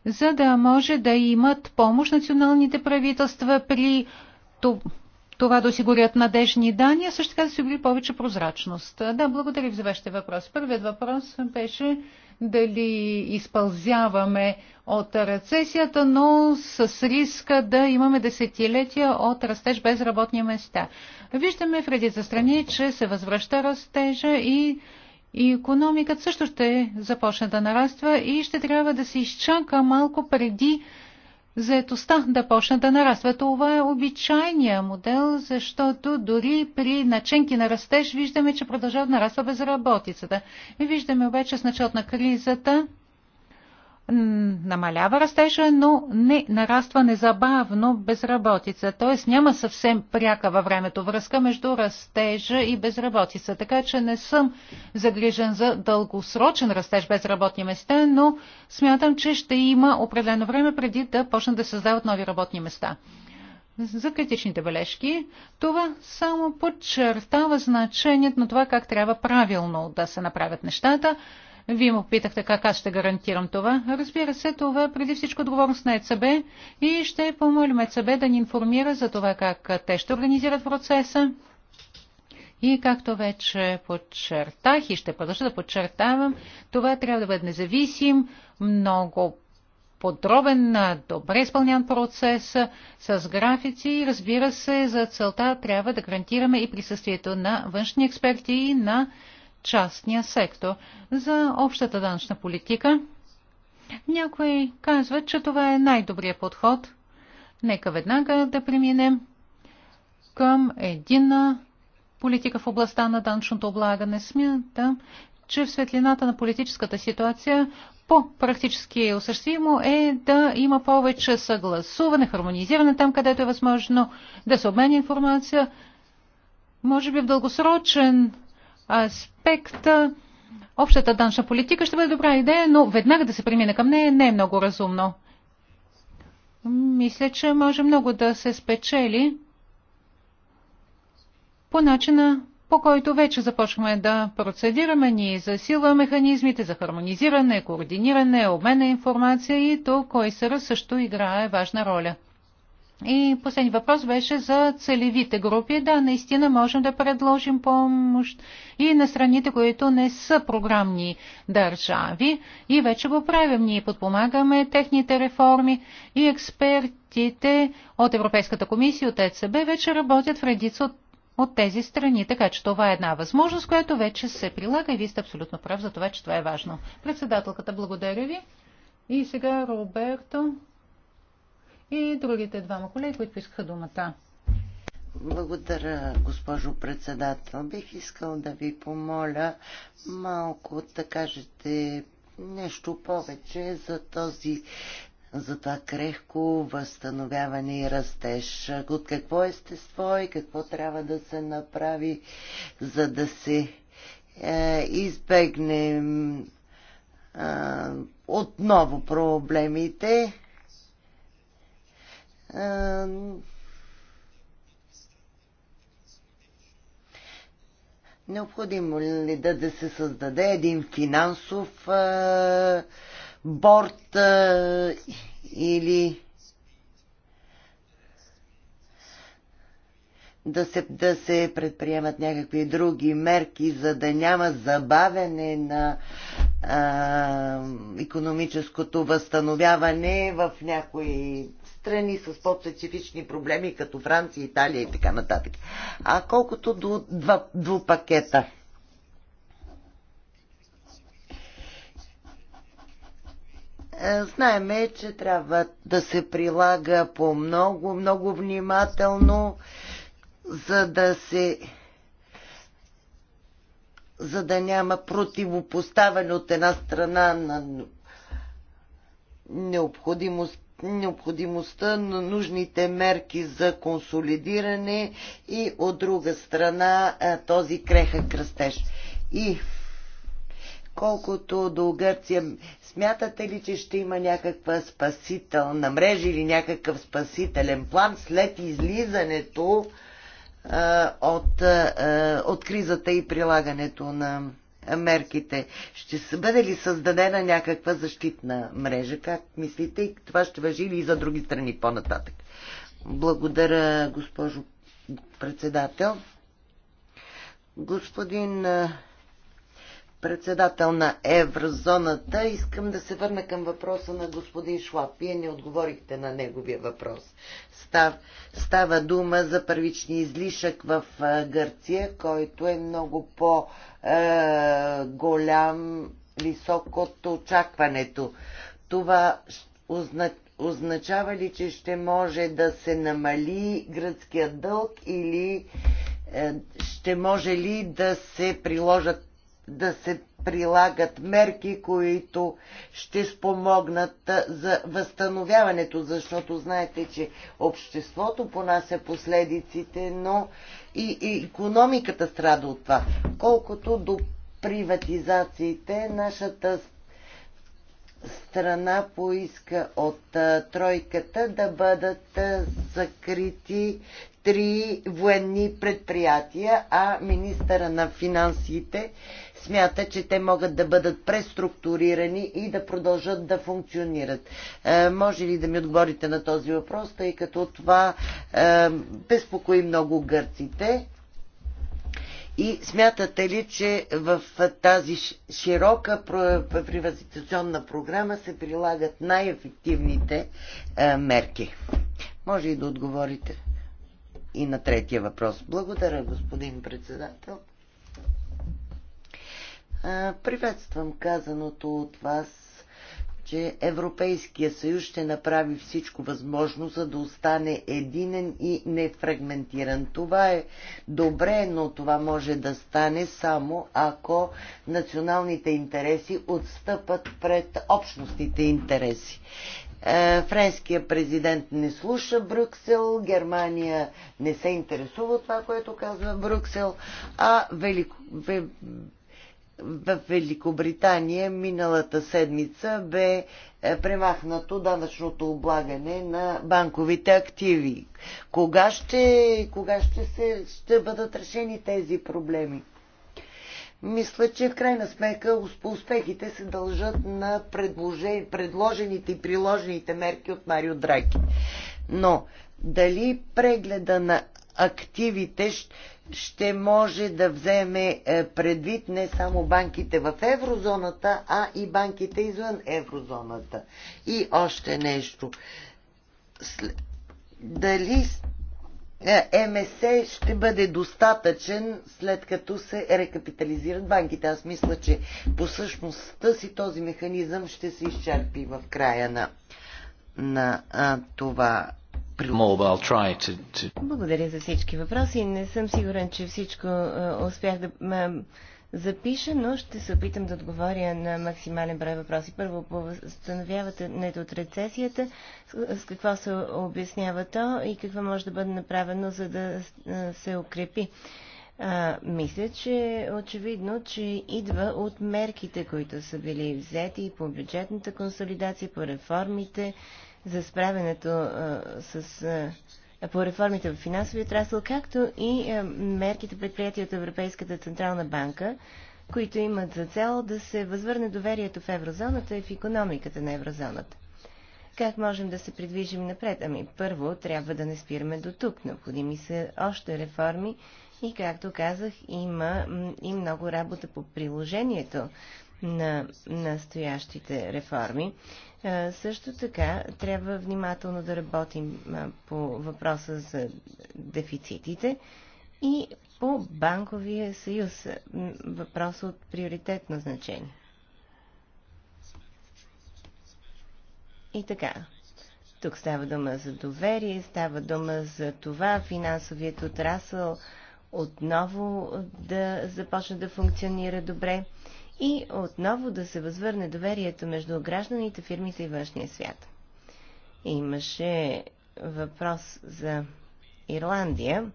Speaker 1: за да може да имат помощ националните правителства при това да осигурят надежни данни, а също така да осигури повече прозрачност. Да, благодаря ви за вашите въпроси. Първият въпрос беше дали изпълзяваме от рецесията, но с риска да имаме десетилетия от растеж без работни места. Виждаме в редица страни, че се възвръща растежа и и економиката също ще започне да нараства и ще трябва да се изчака малко преди заетостта да почне да нараства. Това е обичайният модел, защото дори при начинки на растеж виждаме, че продължава да нараства безработицата. И виждаме обаче с началото на кризата намалява растежа, но не нараства незабавно безработица. Т.е. няма съвсем пряка във времето връзка между растежа и безработица. Така че не съм загрижен за дългосрочен растеж безработни места, но смятам, че ще има определено време преди да почнат да създават нови работни места. За критичните бележки, това само подчертава значението на това как трябва правилно да се направят нещата – вие му питахте как аз ще гарантирам това. Разбира се, това е преди всичко отговорност на ЕЦБ и ще помолим ЕЦБ да ни информира за това как те ще организират процеса. И както вече подчертах и ще продължа да подчертавам, това трябва да бъде независим, много подробен, добре изпълнян процес с графици и разбира се, за целта трябва да гарантираме и присъствието на външни експерти и на частния сектор. За общата данъчна политика някои казват, че това е най-добрият подход. Нека веднага да преминем към едина политика в областта на данъчното облагане. Смятам, че в светлината на политическата ситуация по-практически осъществимо е да има повече съгласуване, хармонизиране там, където е възможно да се обменя информация. Може би в дългосрочен аспект общата данша политика ще бъде добра идея, но веднага да се премине към нея не е много разумно. Мисля, че може много да се спечели по начина, по който вече започваме да процедираме. Ние засилва механизмите за хармонизиране, координиране, обмен на информация и то, кой съра също играе важна роля. И последният въпрос беше за целевите групи. Да, наистина можем да предложим помощ и на страните, които не са програмни държави. И вече го правим. Ние подпомагаме техните реформи и експертите от Европейската комисия, от ЕЦБ, вече работят в редица от от тези страни. Така че това е една възможност, която вече се прилага и вие сте абсолютно прав за това, че това е важно. Председателката, благодаря ви. И сега Роберто и другите двама колеги, които искаха думата.
Speaker 2: Благодаря, госпожо председател. Бих искал да ви помоля малко да кажете нещо повече за този за това крехко възстановяване и растеж. От какво естество и какво трябва да се направи, за да се е, избегне е, отново проблемите? Необходимо ли да, да се създаде един финансов а, борт а, или да се, да се предприемат някакви други мерки, за да няма забавяне на а, економическото възстановяване в някои страни с по-специфични проблеми, като Франция, Италия и така нататък. А колкото до два, два пакета. Е, знаеме, че трябва да се прилага по много, много внимателно за да се за да няма противопоставяне от една страна на необходимост, необходимостта на нужните мерки за консолидиране и от друга страна е, този крехък кръстеж. И колкото до Гърция, смятате ли, че ще има някаква спасителна мрежа или някакъв спасителен план след излизането от, от кризата и прилагането на мерките. Ще бъде ли създадена някаква защитна мрежа? Как мислите? И това ще въжи ли и за други страни по-нататък? Благодаря, госпожо председател. Господин председател на еврозоната, искам да се върна към въпроса на господин Шлап. Вие не отговорихте на неговия въпрос. Став, става дума за първични излишък в Гърция, който е много по-голям, висок от очакването. Това означава ли, че ще може да се намали гръцкият дълг или е, ще може ли да се приложат да се прилагат мерки, които ще спомогнат за възстановяването, защото знаете, че обществото понася последиците, но и, и економиката страда от това. Колкото до приватизациите, нашата страна поиска от а, тройката да бъдат а, закрити три военни предприятия, а министъра на финансите смята, че те могат да бъдат преструктурирани и да продължат да функционират. Е, може ли да ми отговорите на този въпрос, тъй като това е, безпокои много гърците? И смятате ли, че в тази широка приватизационна програма се прилагат най-ефективните е, мерки? Може и да отговорите и на третия въпрос. Благодаря, господин председател. Приветствам казаното от вас, че Европейския съюз ще направи всичко възможно, за да остане единен и нефрагментиран. Това е добре, но това може да стане само ако националните интереси отстъпат пред общностните интереси. Е, френският президент не слуша Брюксел, Германия не се интересува от това, което казва Брюксел, а Велико в Великобритания миналата седмица бе е, премахнато данъчното облагане на банковите активи. Кога ще, кога ще, се, ще бъдат решени тези проблеми? Мисля, че в крайна сметка успехите се дължат на предложените и приложените мерки от Марио Драки. Но дали прегледа на активите ще може да вземе е, предвид не само банките в еврозоната, а и банките извън еврозоната. И още нещо. Дали е, МС ще бъде достатъчен след като се рекапитализират банките. Аз мисля, че по същността си този механизъм ще се изчерпи в края на, на а, това благодаря за всички
Speaker 3: въпроси. Не съм сигурен, че всичко е, успях да запиша, но ще се опитам да отговоря на максимален брой въпроси. Първо, възстановяването от рецесията, с какво се обяснява то и какво може да бъде направено, за да е, се укрепи. А, мисля, че е очевидно, че идва от мерките, които са били взети по бюджетната консолидация, по реформите, за справянето с, а, по реформите в финансовия отрасъл, както и а, мерките предприятия от Европейската Централна банка, които имат за цел да се възвърне доверието в еврозоната и в економиката на еврозоната. Как можем да се придвижим напред? Ами първо трябва да не спираме до тук. Необходими са още реформи и, както казах, има и много работа по приложението на настоящите реформи. Е, също така трябва внимателно да работим е, по въпроса за дефицитите и по банковия съюз. Е, въпрос от приоритетно значение. И така. Тук става дума за доверие, става дума за това финансовият отрасъл отново да започне да функционира добре и отново да се възвърне доверието между гражданите, фирмите и външния свят. Имаше въпрос за Ирландия.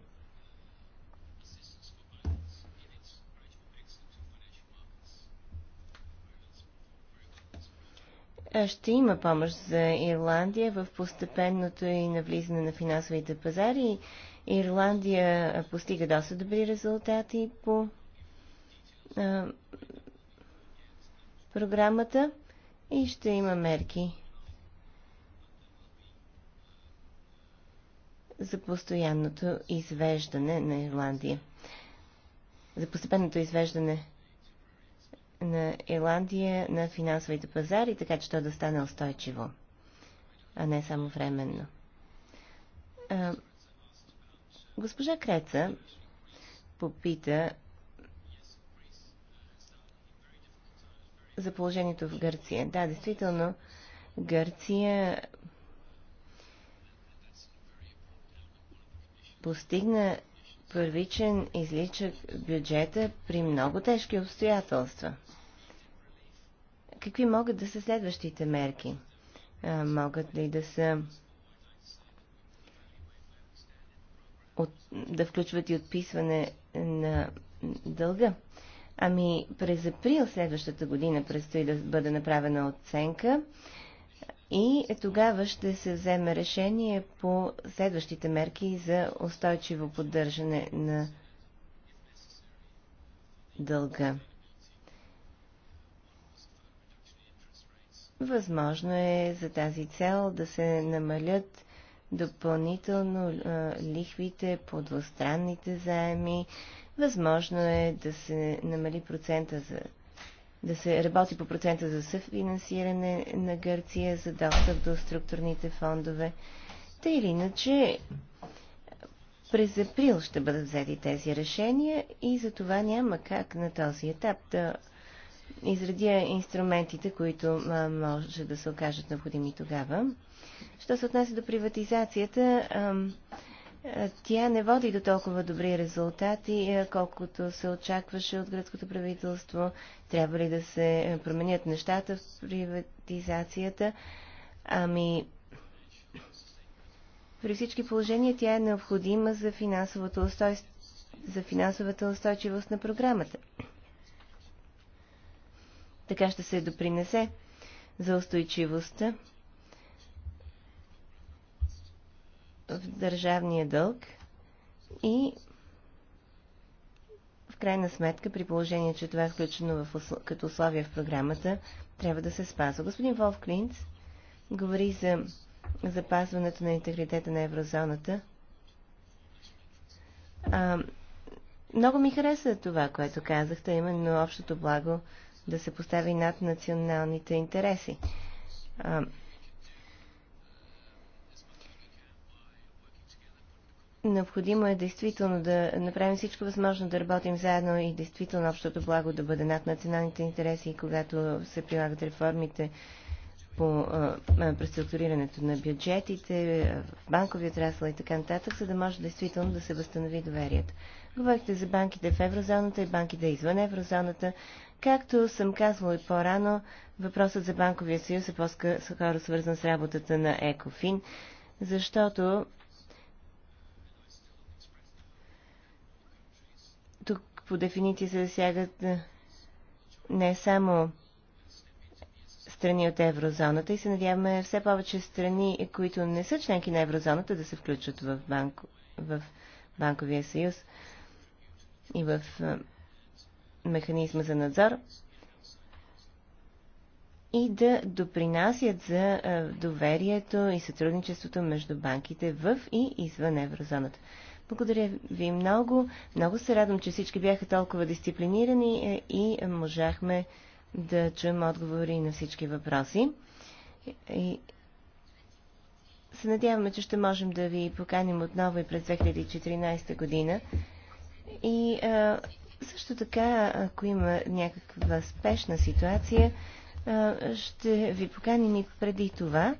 Speaker 3: ще има помощ за Ирландия в постепенното и навлизане на финансовите пазари. Ирландия постига доста добри резултати по програмата и ще има мерки за постоянното извеждане на Ирландия. За постепенното извеждане на Ирландия на финансовите пазари, така че то да стане устойчиво, а не само временно. А, госпожа Креца попита за положението в Гърция. Да, действително, Гърция постигна първичен изличък бюджета при много тежки обстоятелства. Какви могат да са следващите мерки? А, могат ли да са от, да включват и отписване на дълга? Ами през април следващата година предстои да бъде направена оценка и тогава ще се вземе решение по следващите мерки за устойчиво поддържане на дълга. Възможно е за тази цел да се намалят допълнително лихвите по двустранните заеми, Възможно е да се намали процента за да се работи по процента за съфинансиране на Гърция, за достъп до структурните фондове. Та или иначе, през април ще бъдат взети тези решения и за това няма как на този етап да изредя инструментите, които може да се окажат необходими тогава. Що се отнася до приватизацията, тя не води до толкова добри резултати, е, колкото се очакваше от гръцкото правителство. Трябва ли да се променят нещата в приватизацията? Ами, при всички положения тя е необходима за, устой... за финансовата устойчивост на програмата. Така ще се допринесе за устойчивостта в държавния дълг и в крайна сметка, при положение, че това е включено в, като условие в програмата, трябва да се спазва. Господин Волф Клинц говори за запазването на интегритета на еврозоната. А, много ми хареса това, което казахте, именно общото благо да се постави над националните интереси. А, Необходимо е действително да направим всичко възможно да работим заедно и действително общото благо да бъде над националните интереси, когато се прилагат реформите по преструктурирането на бюджетите, в банкови отрасла и така нататък, за да може действително да се възстанови доверието. Говорихте за банките в еврозоната и банките извън еврозоната. Както съм казвала и по-рано, въпросът за банковия съюз е по-скоро свързан с работата на ЕКОФИН, защото по дефиниция се засягат не само страни от еврозоната и се надяваме все повече страни, които не са членки на еврозоната, да се включат в, банко, в банковия съюз и в механизма за надзор и да допринасят за доверието и сътрудничеството между банките в и извън еврозоната. Благодаря ви много. Много се радвам, че всички бяха толкова дисциплинирани е, и е, можахме да чуем отговори на всички въпроси. И се надяваме, че ще можем да ви поканим отново и през 2014 година. И а, е, също така, ако има някаква спешна ситуация, а, ще ви поканим и преди това.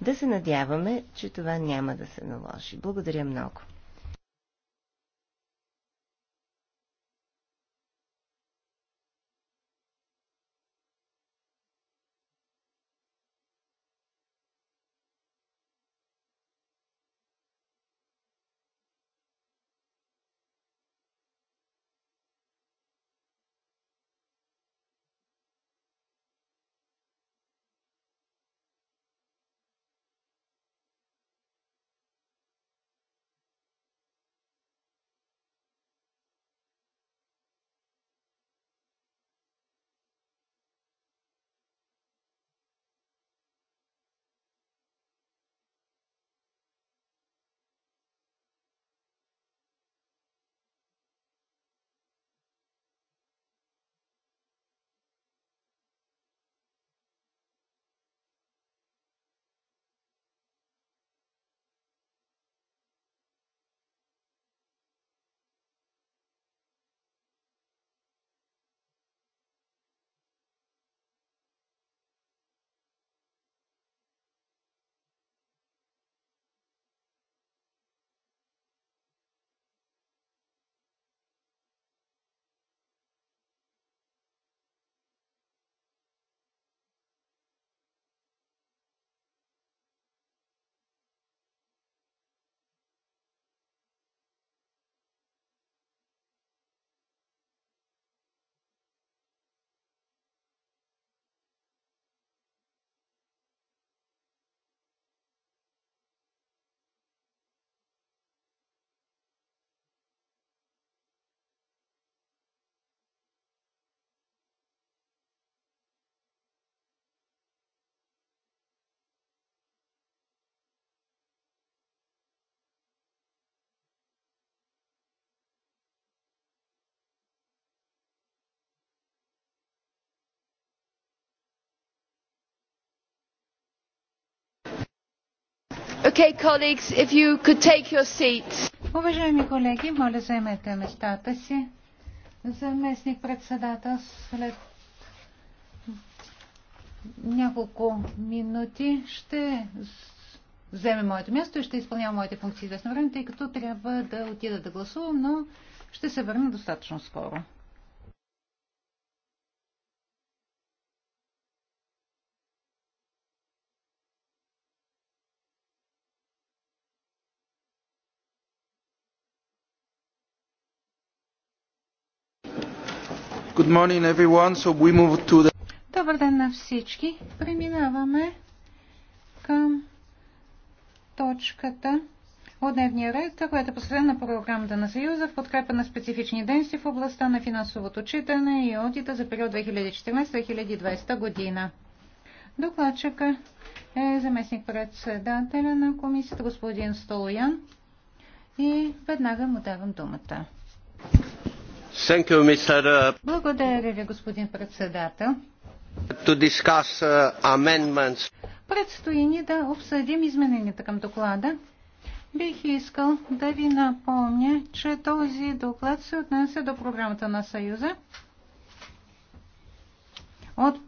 Speaker 3: Да се надяваме, че това няма да се наложи. Благодаря много.
Speaker 1: Okay, colleagues, if you could take your seats. Уважаеми колеги, моля заемете местата си. Заместник председател след няколко минути ще вземе моето място и ще изпълнявам моите функции известно време, тъй като трябва да отида да гласувам, но ще се върна достатъчно скоро.
Speaker 4: So
Speaker 1: Добър ден на всички. Преминаваме към точката от дневния ред, която е последна програмата на Съюза в подкрепа на специфични дейности в областта на финансовото читане и аудита за период 2014-2020 година. Докладчика е заместник председателя на комисията господин Столоян и веднага му давам думата.
Speaker 2: Uh,
Speaker 1: Благодаря ви, господин председател.
Speaker 4: Uh,
Speaker 1: Предстои ни да обсъдим измененията към доклада. Бих искал да ви напомня, че този доклад се отнася до програмата на Съюза от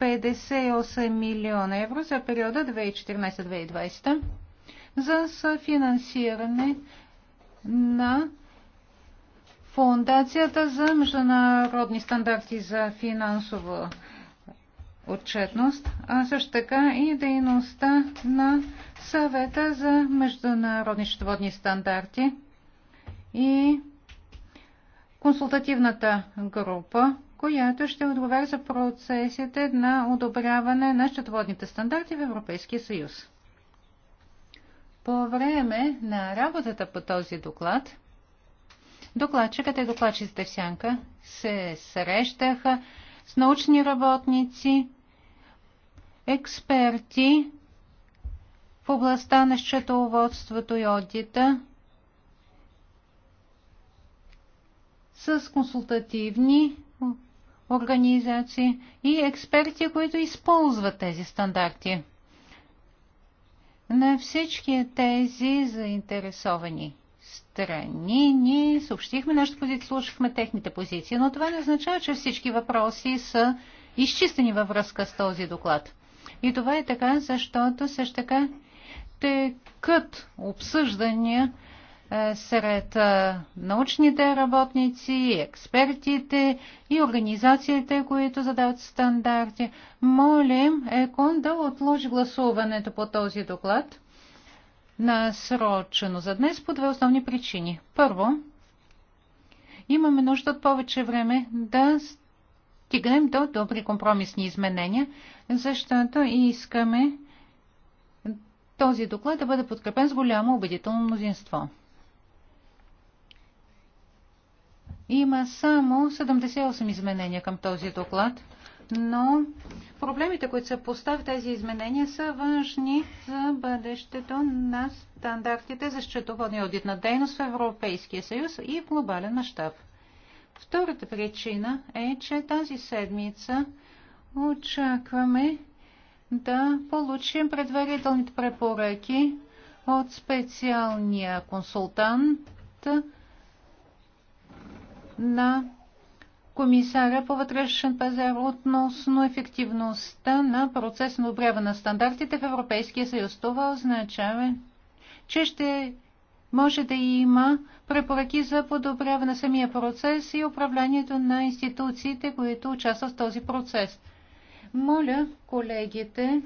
Speaker 1: 58 милиона евро за периода 2014-2020 за съфинансиране на Фундацията за международни стандарти за финансова отчетност, а също така и дейността на съвета за международни счетоводни стандарти и консултативната група, която ще отговаря за процесите на одобряване на счетоводните стандарти в Европейския съюз. По време на работата по този доклад Докладчикът и докладчицата в сянка се срещаха с научни работници, експерти в областта на счетоводството и одита, с консултативни организации и експерти, които използват тези стандарти. На всички тези заинтересовани страни. Ние съобщихме нашата позиция, слушахме техните позиции, но това не означава, че всички въпроси са изчистени във връзка с този доклад. И това е така, защото също така те кът обсъждания е, сред е, научните работници, експертите и организациите, които задават стандарти. Молим ЕКОН да отложи гласуването по този доклад насрочено за днес по две основни причини. Първо, имаме нужда от повече време да стигнем до добри компромисни изменения, защото искаме този доклад да бъде подкрепен с голямо убедително мнозинство. Има само 78 изменения към този доклад – но проблемите, които се поставят тези изменения, са външни за бъдещето на стандартите за счетоводни одит на дейност в Европейския съюз и в глобален мащаб. Втората причина е, че тази седмица очакваме да получим предварителните препоръки от специалния консултант на комисара по вътрешен пазар относно ефективността на процес на обрява на стандартите в Европейския съюз. Това означава, че ще може да има препоръки за подобряване на самия процес и управлението на институциите, които участват в този процес. Моля колегите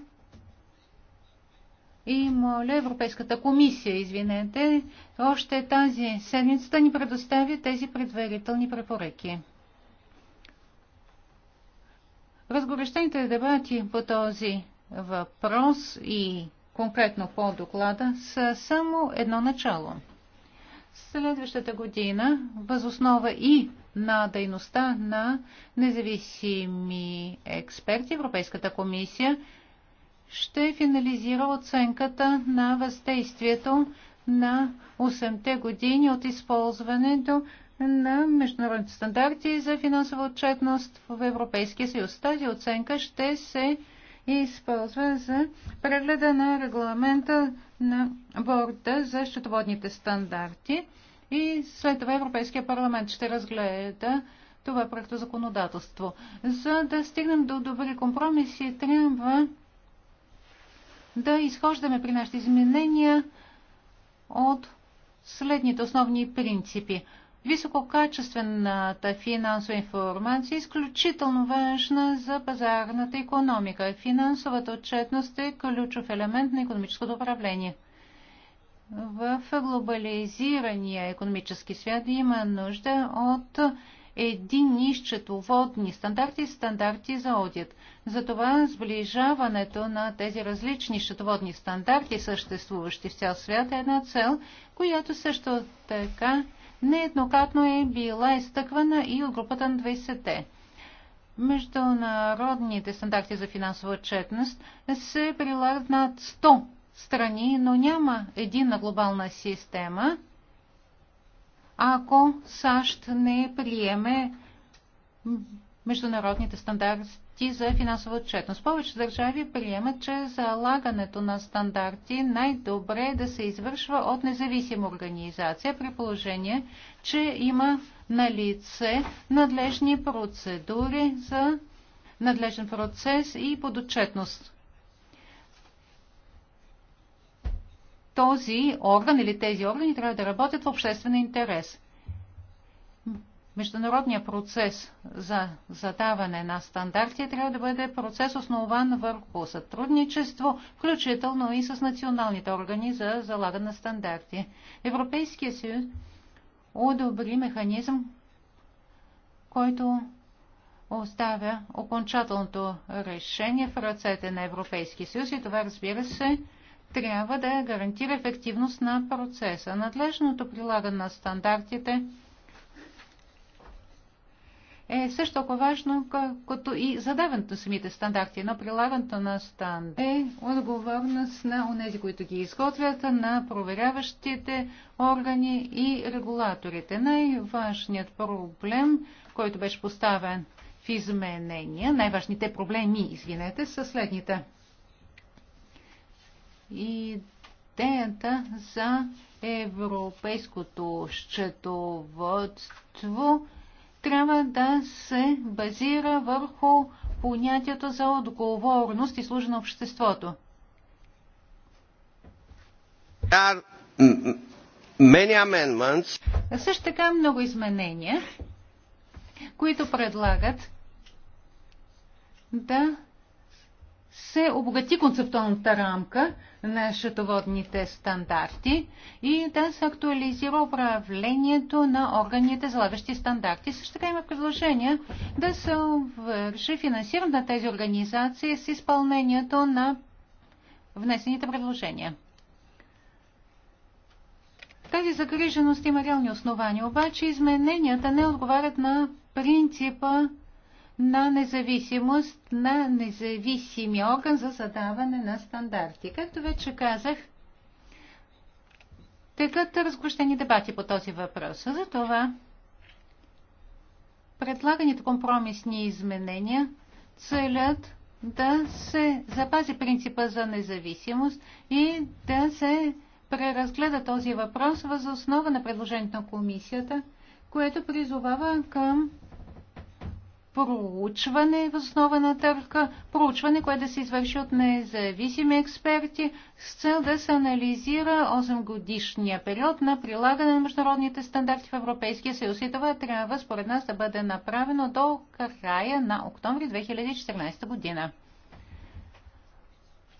Speaker 1: и моля Европейската комисия, извинете, още тази седмица да ни предостави тези предварителни препоръки. Разгорещените дебати по този въпрос и конкретно по доклада са само едно начало. Следващата година, възоснова и на дейността на независими експерти, Европейската комисия ще финализира оценката на въздействието на 8-те години от използването на международните стандарти за финансова отчетност в Европейския съюз. Тази оценка ще се използва за прегледа на регламента на борда за счетоводните стандарти и след това Европейския парламент ще разгледа това проекто законодателство. За да стигнем до добри компромиси, трябва да изхождаме при нашите изменения от следните основни принципи. Висококачествената финансова информация е изключително важна за пазарната економика. Финансовата отчетност е ключов елемент на економическото управление. В глобализирания економически свят има нужда от единни счетоводни стандарти и стандарти за одит. Затова сближаването на тези различни счетоводни стандарти, съществуващи в цял свят, е една цел, която също така нееднократно е била изтъквана и от групата на 20-те. Международните стандарти за финансова отчетност се прилагат над 100 страни, но няма единна глобална система, ако САЩ не приеме международните стандарти стандарти за финансова отчетност. Повече държави приемат, че залагането на стандарти най-добре е да се извършва от независима организация при положение, че има на лице надлежни процедури за надлежен процес и подотчетност. Този орган или тези органи трябва да работят в обществен интерес. Международният процес за задаване на стандарти трябва да бъде процес основан върху сътрудничество, включително и с националните органи за залагане на стандарти. Европейския съюз одобри механизъм, който оставя окончателното решение в ръцете на Европейския съюз и това, разбира се, трябва да гарантира ефективност на процеса. Надлежното прилагане на стандартите – е също толкова важно, като и задаването на самите стандарти, но прилагането на стандарт е отговорност на онези, които ги изготвят, на проверяващите органи и регулаторите. Най-важният проблем, който беше поставен в изменения, най-важните проблеми, извинете, са следните. Идеята за европейското счетоводство трябва да се базира върху понятието за отговорност и служа на обществото. Също така много изменения, които предлагат да се обогати концептуалната рамка, на счетоводните стандарти и да се актуализира управлението на органите, залагащи стандарти. Също така има предложение да се върши финансирането на тези организации с изпълнението на внесените предложения. Тази загриженост има реални основания, обаче измененията не отговарят на принципа на независимост на независими орган за задаване на стандарти. Както вече казах, текат разгощени дебати по този въпрос. Затова предлаганите компромисни изменения целят да се запази принципа за независимост и да се преразгледа този въпрос въз основа на предложението на комисията, което призовава към проучване основа на търка, проучване, което да се извърши от независими експерти с цел да се анализира 8 годишния период на прилагане на международните стандарти в Европейския съюз. И това трябва според нас да бъде направено до края на октомври 2014 година.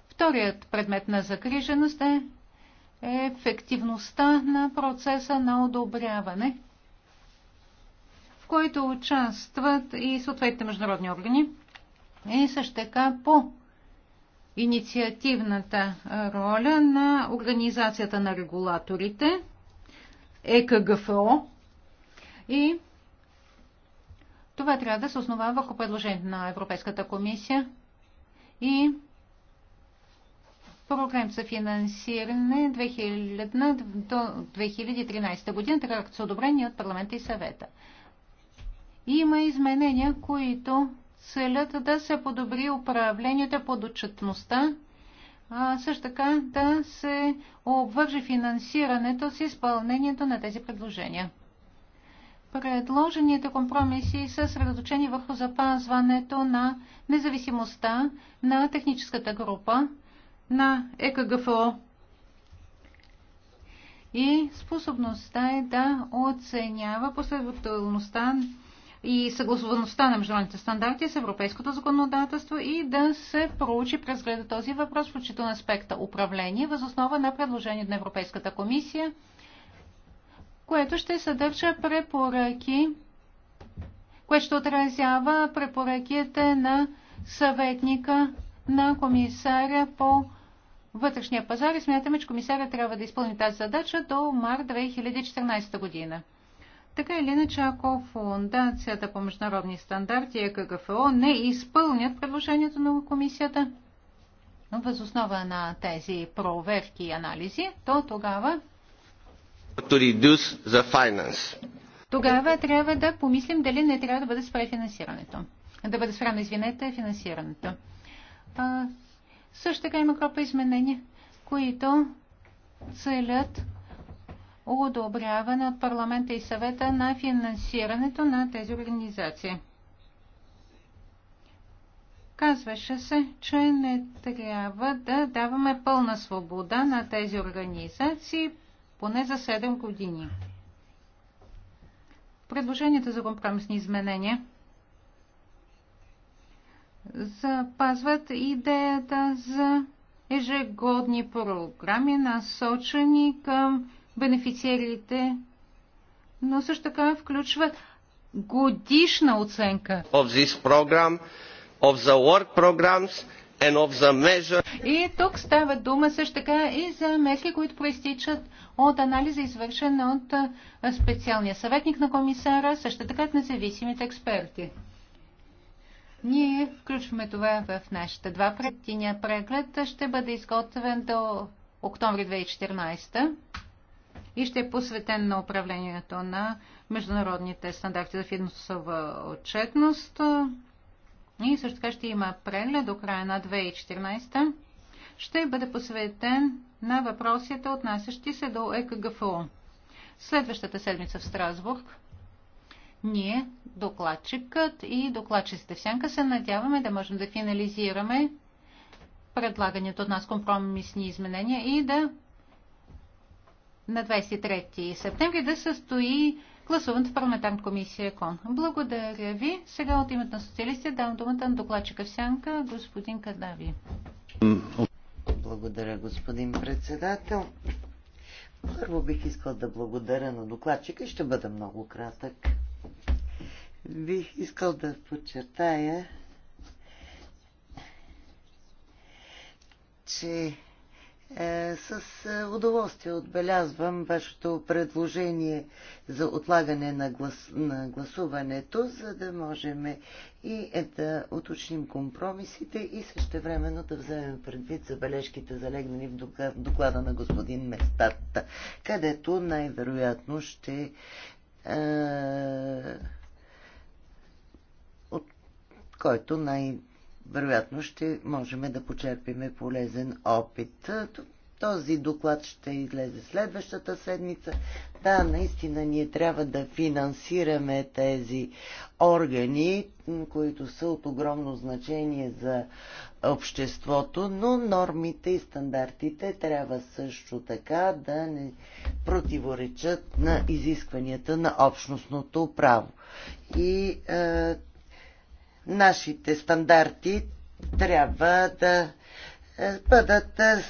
Speaker 1: Вторият предмет на загриженост е ефективността на процеса на одобряване в който участват и съответните международни органи. И също така по инициативната роля на Организацията на регулаторите, ЕКГФО. И това трябва да се основа върху предложението на Европейската комисия и програм за финансиране 2000 до 2013 година, така както са одобрени от парламента и съвета. Има изменения, които целят да се подобри управлението под отчетността, а също така да се обвърже финансирането с изпълнението на тези предложения. Предложените компромиси са средоточени върху запазването на независимостта на техническата група на ЕКГФО и способността е да оценява последователността и съгласуваността на международните стандарти с европейското законодателство и да се проучи през гледа този въпрос, включително аспекта управление, възоснова на предложение на Европейската комисия, което ще съдържа препоръки, което ще отразява препоръките на съветника на комисаря по вътрешния пазар и смятаме, че комисаря трябва да изпълни тази задача до март 2014 година. Така или иначе, ако Фундацията по международни стандарти и КГФО не изпълнят предложението на комисията, възоснова на тези проверки и анализи, то тогава тогава трябва да помислим дали не трябва да бъде спре финансирането. Да бъде спрямо, извинете, финансирането. А, също така има група изменения, които целят одобряване от парламента и съвета на финансирането на тези организации. Казваше се, че не трябва да даваме пълна свобода на тези организации поне за 7 години. Предложенията за компромисни изменения запазват идеята за ежегодни програми, насочени към бенефициерите, но също така включват годишна оценка.
Speaker 3: Of this program, of the work programs and of the measure...
Speaker 1: И тук става дума също така и за мерки, които проистичат от анализа, извършен от специалния съветник на комисара, също така от независимите експерти. Ние включваме това в нашите два предтиния преглед. Ще бъде изготвен до октомври 2014 и ще е посветен на управлението на международните стандарти за финансова отчетност. И също така ще има преглед до края на 2014. Ще бъде посветен на въпросите, отнасящи се до ЕКГФО. Следващата седмица в Страсбург ние, докладчикът и докладчиците в сянка, се надяваме да можем да финализираме предлагането от нас компромисни изменения и да на 23 септември да състои гласуването в парламентарната комисия КОН. Благодаря ви. Сега от името на социалистите давам думата на докладчика в сянка, господин Кадави.
Speaker 2: Благодаря, господин председател. Първо бих искал да благодаря на докладчика и ще бъда много кратък. Бих искал да подчертая, че е, с е, удоволствие отбелязвам вашето предложение за отлагане на, глас, на гласуването, за да можем и е да уточним компромисите и също времено да вземем предвид забележките залегнали в доклада на господин Местат, където най-вероятно ще е, от който най- вероятно ще можем да почерпиме полезен опит. Този доклад ще излезе следващата седмица. Да, наистина ние трябва да финансираме тези органи, които са от огромно значение за обществото, но нормите и стандартите трябва също така да не противоречат на изискванията на общностното право. И е, нашите стандарти трябва да е, бъдат е,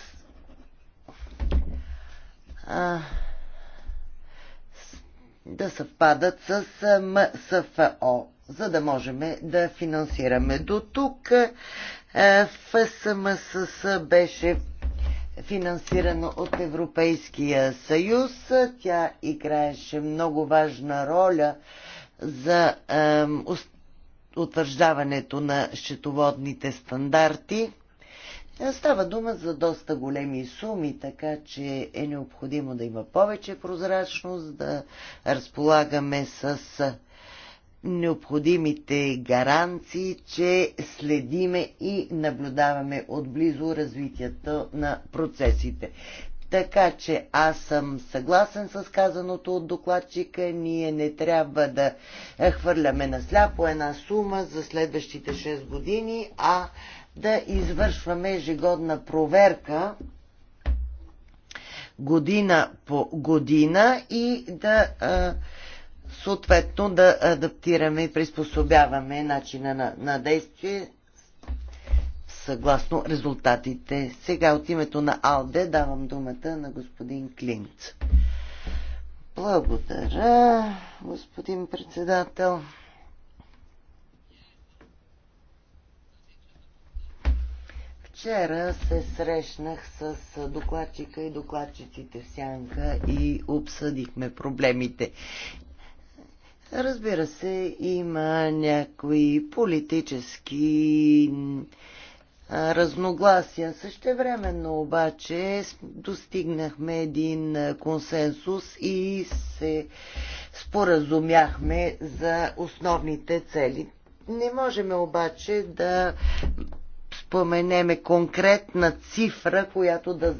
Speaker 2: да съвпадат с е, МСФО, за да можем да финансираме. До тук ФСМСС беше финансирано от Европейския съюз. Тя играеше много важна роля за утвърждаването на счетоводните стандарти. Става дума за доста големи суми, така че е необходимо да има повече прозрачност, да разполагаме с необходимите гаранции, че следиме и наблюдаваме отблизо развитието на процесите. Така че аз съм съгласен с казаното от докладчика. Ние не трябва да хвърляме на сляпо една сума за следващите 6 години, а да извършваме ежегодна проверка година по година и да съответно да адаптираме и приспособяваме начина на, на действие съгласно резултатите. Сега от името на АЛДЕ давам думата на господин Клинт. Благодаря, господин председател. Вчера се срещнах с докладчика и докладчиците в Сянка и обсъдихме проблемите. Разбира се, има някои политически разногласия. Същевременно обаче достигнахме един консенсус и се споразумяхме за основните цели. Не можем обаче да споменеме конкретна цифра, която да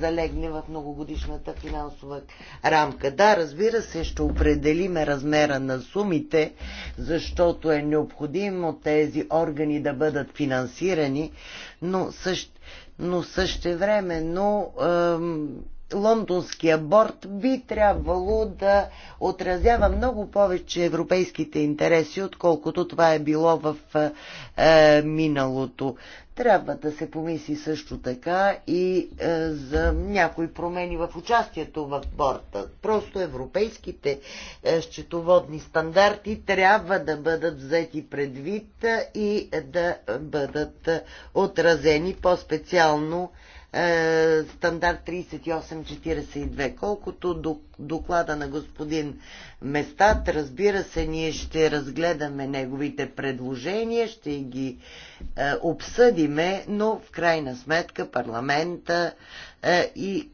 Speaker 2: залегне в многогодишната финансова рамка. Да, разбира се, ще определиме размера на сумите, защото е необходимо тези органи да бъдат финансирани, но също но лондонския борт би трябвало да отразява много повече европейските интереси, отколкото това е било в е, е, миналото. Трябва да се помисли също така и е, за някои промени в участието в борта. Просто европейските е, счетоводни стандарти трябва да бъдат взети предвид и да бъдат отразени по-специално е, е, стандарт 3842. Колкото до доклада на господин Местат, разбира се, ние ще разгледаме неговите предложения, ще ги е, обсъдиме, но в крайна сметка парламента е, и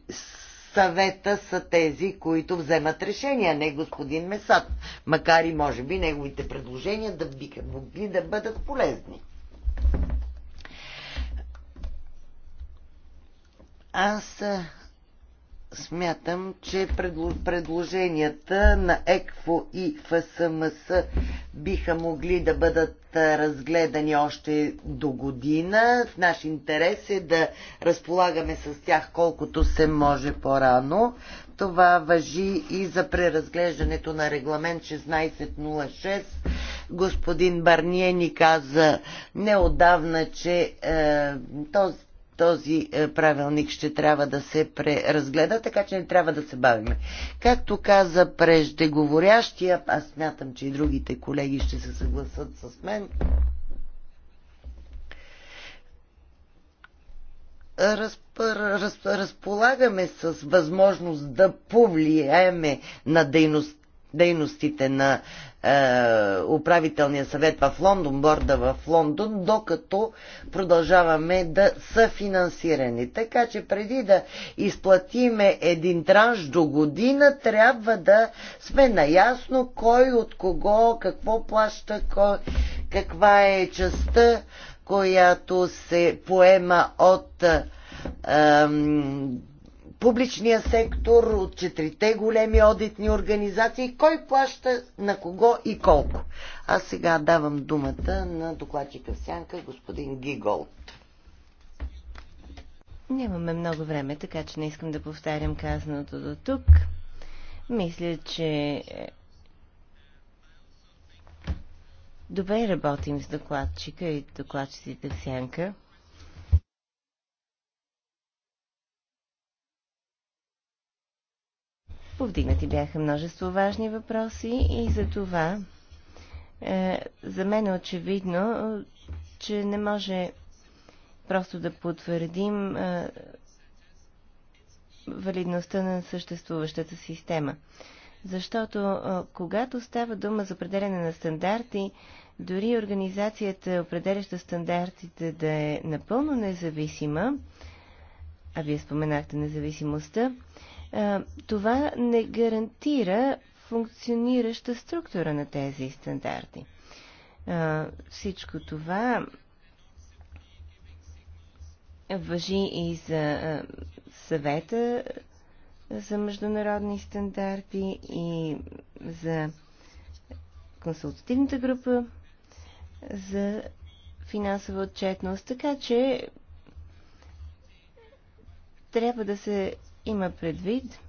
Speaker 2: съвета са тези, които вземат решения, не господин Месат, макар и може би неговите предложения да биха могли да бъдат полезни. Аз смятам, че предложенията на ЕКФО и ФСМС биха могли да бъдат разгледани още до година. В наш интерес е да разполагаме с тях колкото се може по-рано. Това въжи и за преразглеждането на регламент 1606. Господин Барние ни каза неодавна, че е, този този е, правилник ще трябва да се преразгледа, така че не трябва да се бавиме. Както каза преждеговорящия, аз смятам, че и другите колеги ще се съгласат с мен, Раз, раз... разполагаме с възможност да повлияеме на дейност... дейностите на е, управителния съвет в Лондон, борда в Лондон, докато продължаваме да са финансирани. Така че преди да изплатиме един транш до година, трябва да сме наясно кой от кого, какво плаща, кой, каква е частта, която се поема от публичния сектор, от четирите големи одитни организации, кой плаща на кого и колко. Аз сега давам думата на докладчика в сянка, господин Гиголт.
Speaker 3: Нямаме много време, така че не искам да повтарям казаното до тук. Мисля, че е, добре работим с докладчика и докладчиците в сянка. Повдигнати бяха множество важни въпроси и за това е, за мен е очевидно, че не може просто да потвърдим е, валидността на съществуващата система. Защото е, когато става дума за определене на стандарти, дори организацията, определяща стандартите да е напълно независима, а вие споменахте независимостта, това не гарантира функционираща структура на тези стандарти. Всичко това въжи и за съвета за международни стандарти и за консултативната група за финансова отчетност, така че трябва да се има предвид,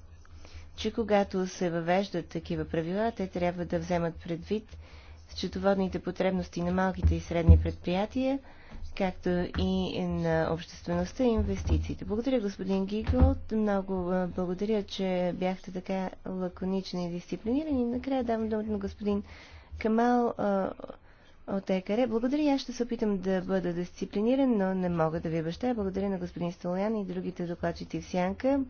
Speaker 3: че когато се въвеждат такива правила, те трябва да вземат предвид счетоводните потребности на малките и средни предприятия, както и на обществеността и инвестициите. Благодаря, господин Гиголд. Много благодаря, че бяхте така лаконични и дисциплинирани. Накрая давам думата на господин Камал от ЕКР. Благодаря, аз ще се опитам да бъда дисциплиниран, но не мога да ви обещая. Благодаря на господин Столян и другите докладчици в Сянка.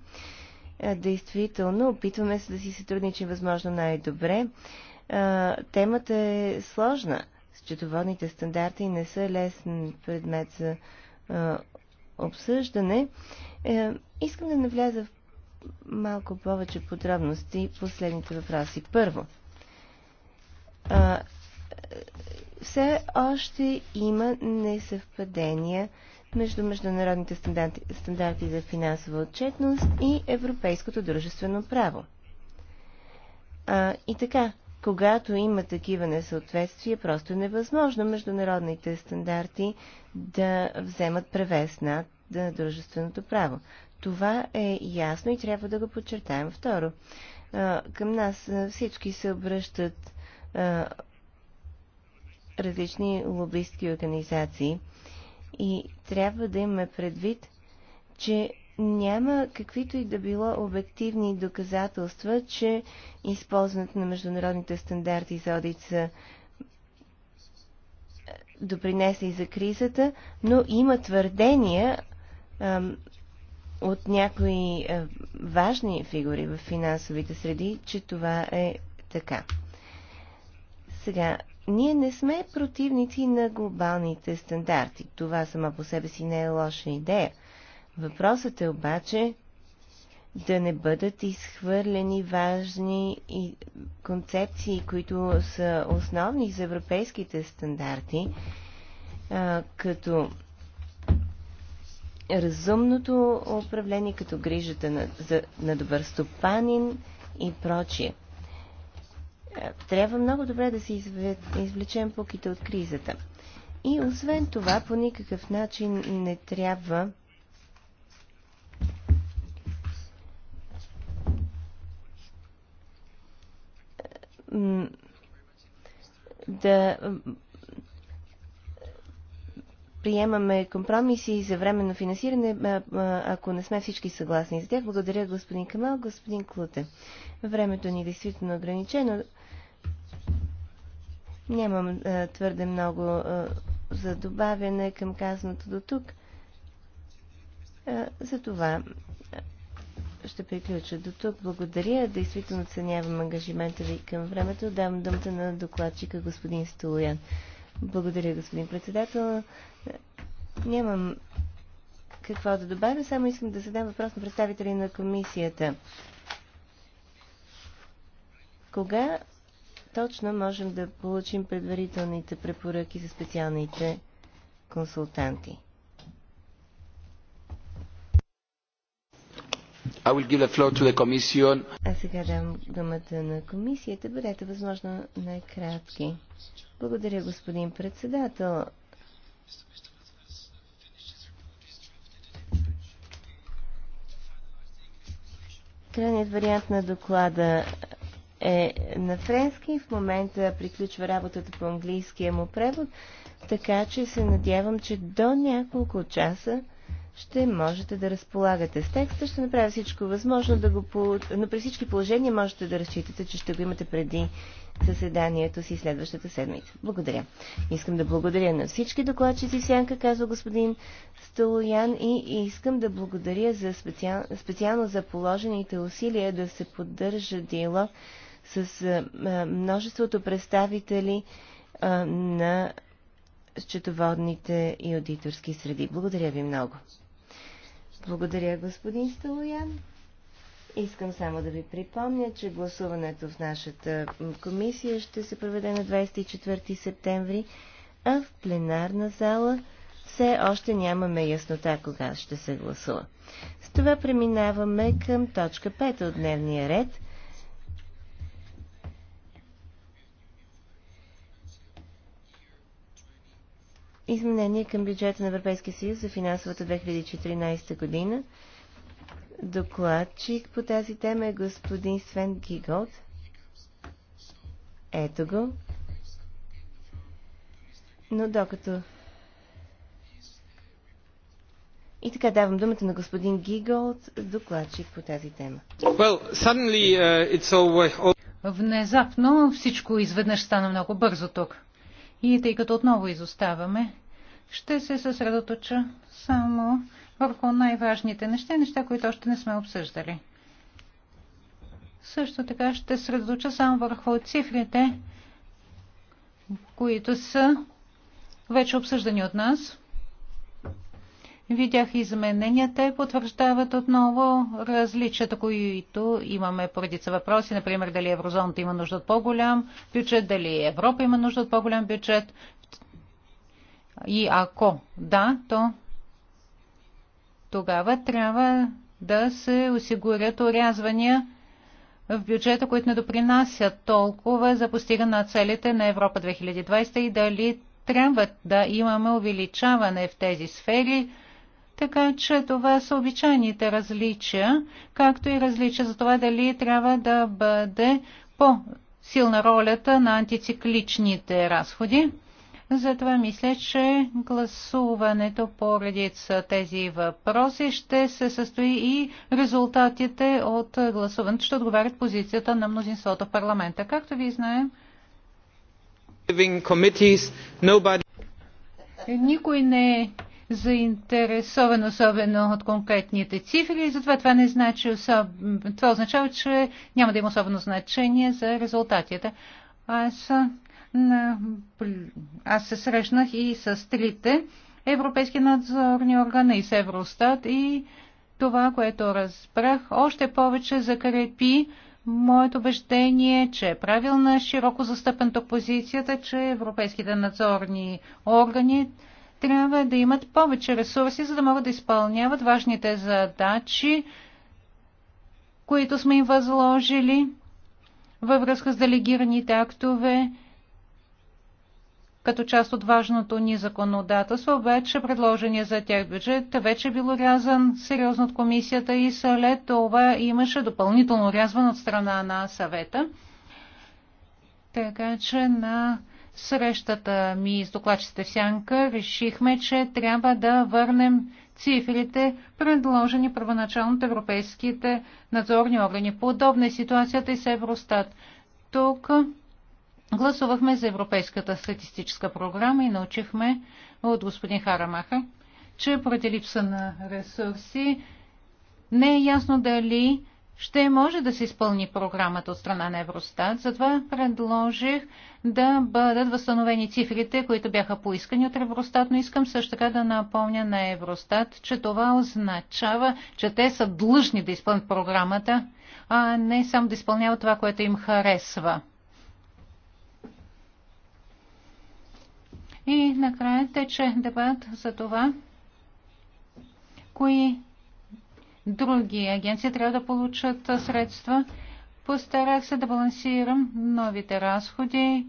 Speaker 3: Действително, опитваме се да си сътрудничим възможно най-добре. Темата е сложна. Счетоводните стандарти не са лесен предмет за обсъждане. Е, искам да навляза в малко повече подробности последните въпроси. Първо, все още има несъвпадения между международните стандарти, стандарти за финансова отчетност и европейското дружествено право. А, и така, когато има такива несъответствия, просто е невъзможно международните стандарти да вземат превес над да, дружественото право. Това е ясно и трябва да го подчертаем. Второ, а, към нас всички се обръщат а, различни лобистки организации. И трябва да имаме предвид, че няма каквито и да било обективни доказателства, че използването на международните стандарти за одица допринесе и за кризата, но има твърдения ам, от някои а, важни фигури в финансовите среди, че това е така. Сега, ние не сме противници на глобалните стандарти. Това сама по себе си не е лоша идея. Въпросът е обаче да не бъдат изхвърлени важни концепции, които са основни за европейските стандарти, като разумното управление, като грижата на, за, на добър стопанин и прочие. Трябва много добре да си извлечем поките от кризата. И освен това, по никакъв начин не трябва да приемаме компромиси за временно финансиране, ако не сме всички съгласни за тях. Благодаря господин Камал, господин Клуте. Времето ни е действително ограничено. Нямам а, е, твърде много а, е, за добавяне към казаното до тук. Е, за това ще приключа до тук. Благодаря. Действително оценявам ангажимента ви към времето. Давам думата на докладчика господин Столоян. Благодаря, господин председател. Нямам какво да добавя, само искам да задам въпрос на представители на комисията. Кога точно можем да получим предварителните препоръки за специалните консултанти.
Speaker 4: I will give the floor to the commission.
Speaker 3: А сега дам думата на комисията. Бъдете възможно най-кратки. Благодаря, господин председател. Крайният вариант на доклада е на френски. В момента приключва работата по английския му превод, така че се надявам, че до няколко часа ще можете да разполагате с текста. Ще направя всичко възможно да го... По... Но при всички положения можете да разчитате, че ще го имате преди заседанието си следващата седмица. Благодаря. Искам да благодаря на всички докладчици Сянка, казва господин Столоян, и искам да благодаря за специал... специално за положените усилия да се поддържа диалог с множеството представители на счетоводните и аудиторски среди. Благодаря ви много. Благодаря, господин Сталоян. Искам само да ви припомня, че гласуването в нашата комисия ще се проведе на 24 септември, а в пленарна зала все още нямаме яснота кога ще се гласува. С това преминаваме към точка 5 от дневния ред – Изменение към бюджета на Европейския съюз за финансовата 2014 година. Докладчик по тази тема е господин Свен Гигот. Ето го. Но докато... И така давам думата на господин Гиголд, докладчик по тази тема.
Speaker 1: Well, suddenly, uh, it's all... Внезапно всичко изведнъж стана много бързо тук. И тъй като отново изоставаме, ще се съсредоточа само върху най-важните неща, неща, които още не сме обсъждали. Също така ще се съсредоточа само върху цифрите, които са вече обсъждани от нас видях измененията и потвърждават отново различията, които имаме по редица въпроси. Например, дали еврозоната има нужда от по-голям бюджет, дали Европа има нужда от по-голям бюджет. И ако да, то тогава трябва да се осигурят урязвания в бюджета, които не допринасят толкова за постигане на целите на Европа 2020 и дали трябва да имаме увеличаване в тези сфери, така че това са обичайните различия, както и различия за това дали трябва да бъде по-силна ролята на антицикличните разходи. Затова мисля, че гласуването по редица тези въпроси ще се състои и резултатите от гласуването ще отговарят позицията на мнозинството в парламента. Както ви знаем, никой не е заинтересован особено от конкретните цифри, затова това не значи особ... това означава, че няма да има особено значение за резултатите. Аз, на... Аз се срещнах и с трите европейски надзорни органи и с Евростат и това, което разбрах, още повече закрепи моето убеждение, че е правилна широко застъпен тук позицията, че европейските надзорни органи трябва да имат повече ресурси, за да могат да изпълняват важните задачи, които сме им възложили във връзка с делегираните актове като част от важното ни законодателство, обаче предложение за тях бюджет вече бил рязан сериозно от комисията и след това имаше допълнително рязване от страна на съвета. Така че на срещата ми с докладчите в Сянка решихме, че трябва да върнем цифрите, предложени първоначално от европейските надзорни органи. Подобна е ситуацията и с Евростат. Тук гласувахме за Европейската статистическа програма и научихме от господин Харамаха, че поради липса на ресурси не е ясно дали ще може да се изпълни програмата от страна на Евростат. Затова предложих да бъдат възстановени цифрите, които бяха поискани от Евростат, но искам също така да напомня на Евростат, че това означава, че те са длъжни да изпълнят програмата, а не само да изпълняват това, което им харесва. И накрая тече дебат за това, кои други агенции трябва да получат средства. Постарах се да балансирам новите разходи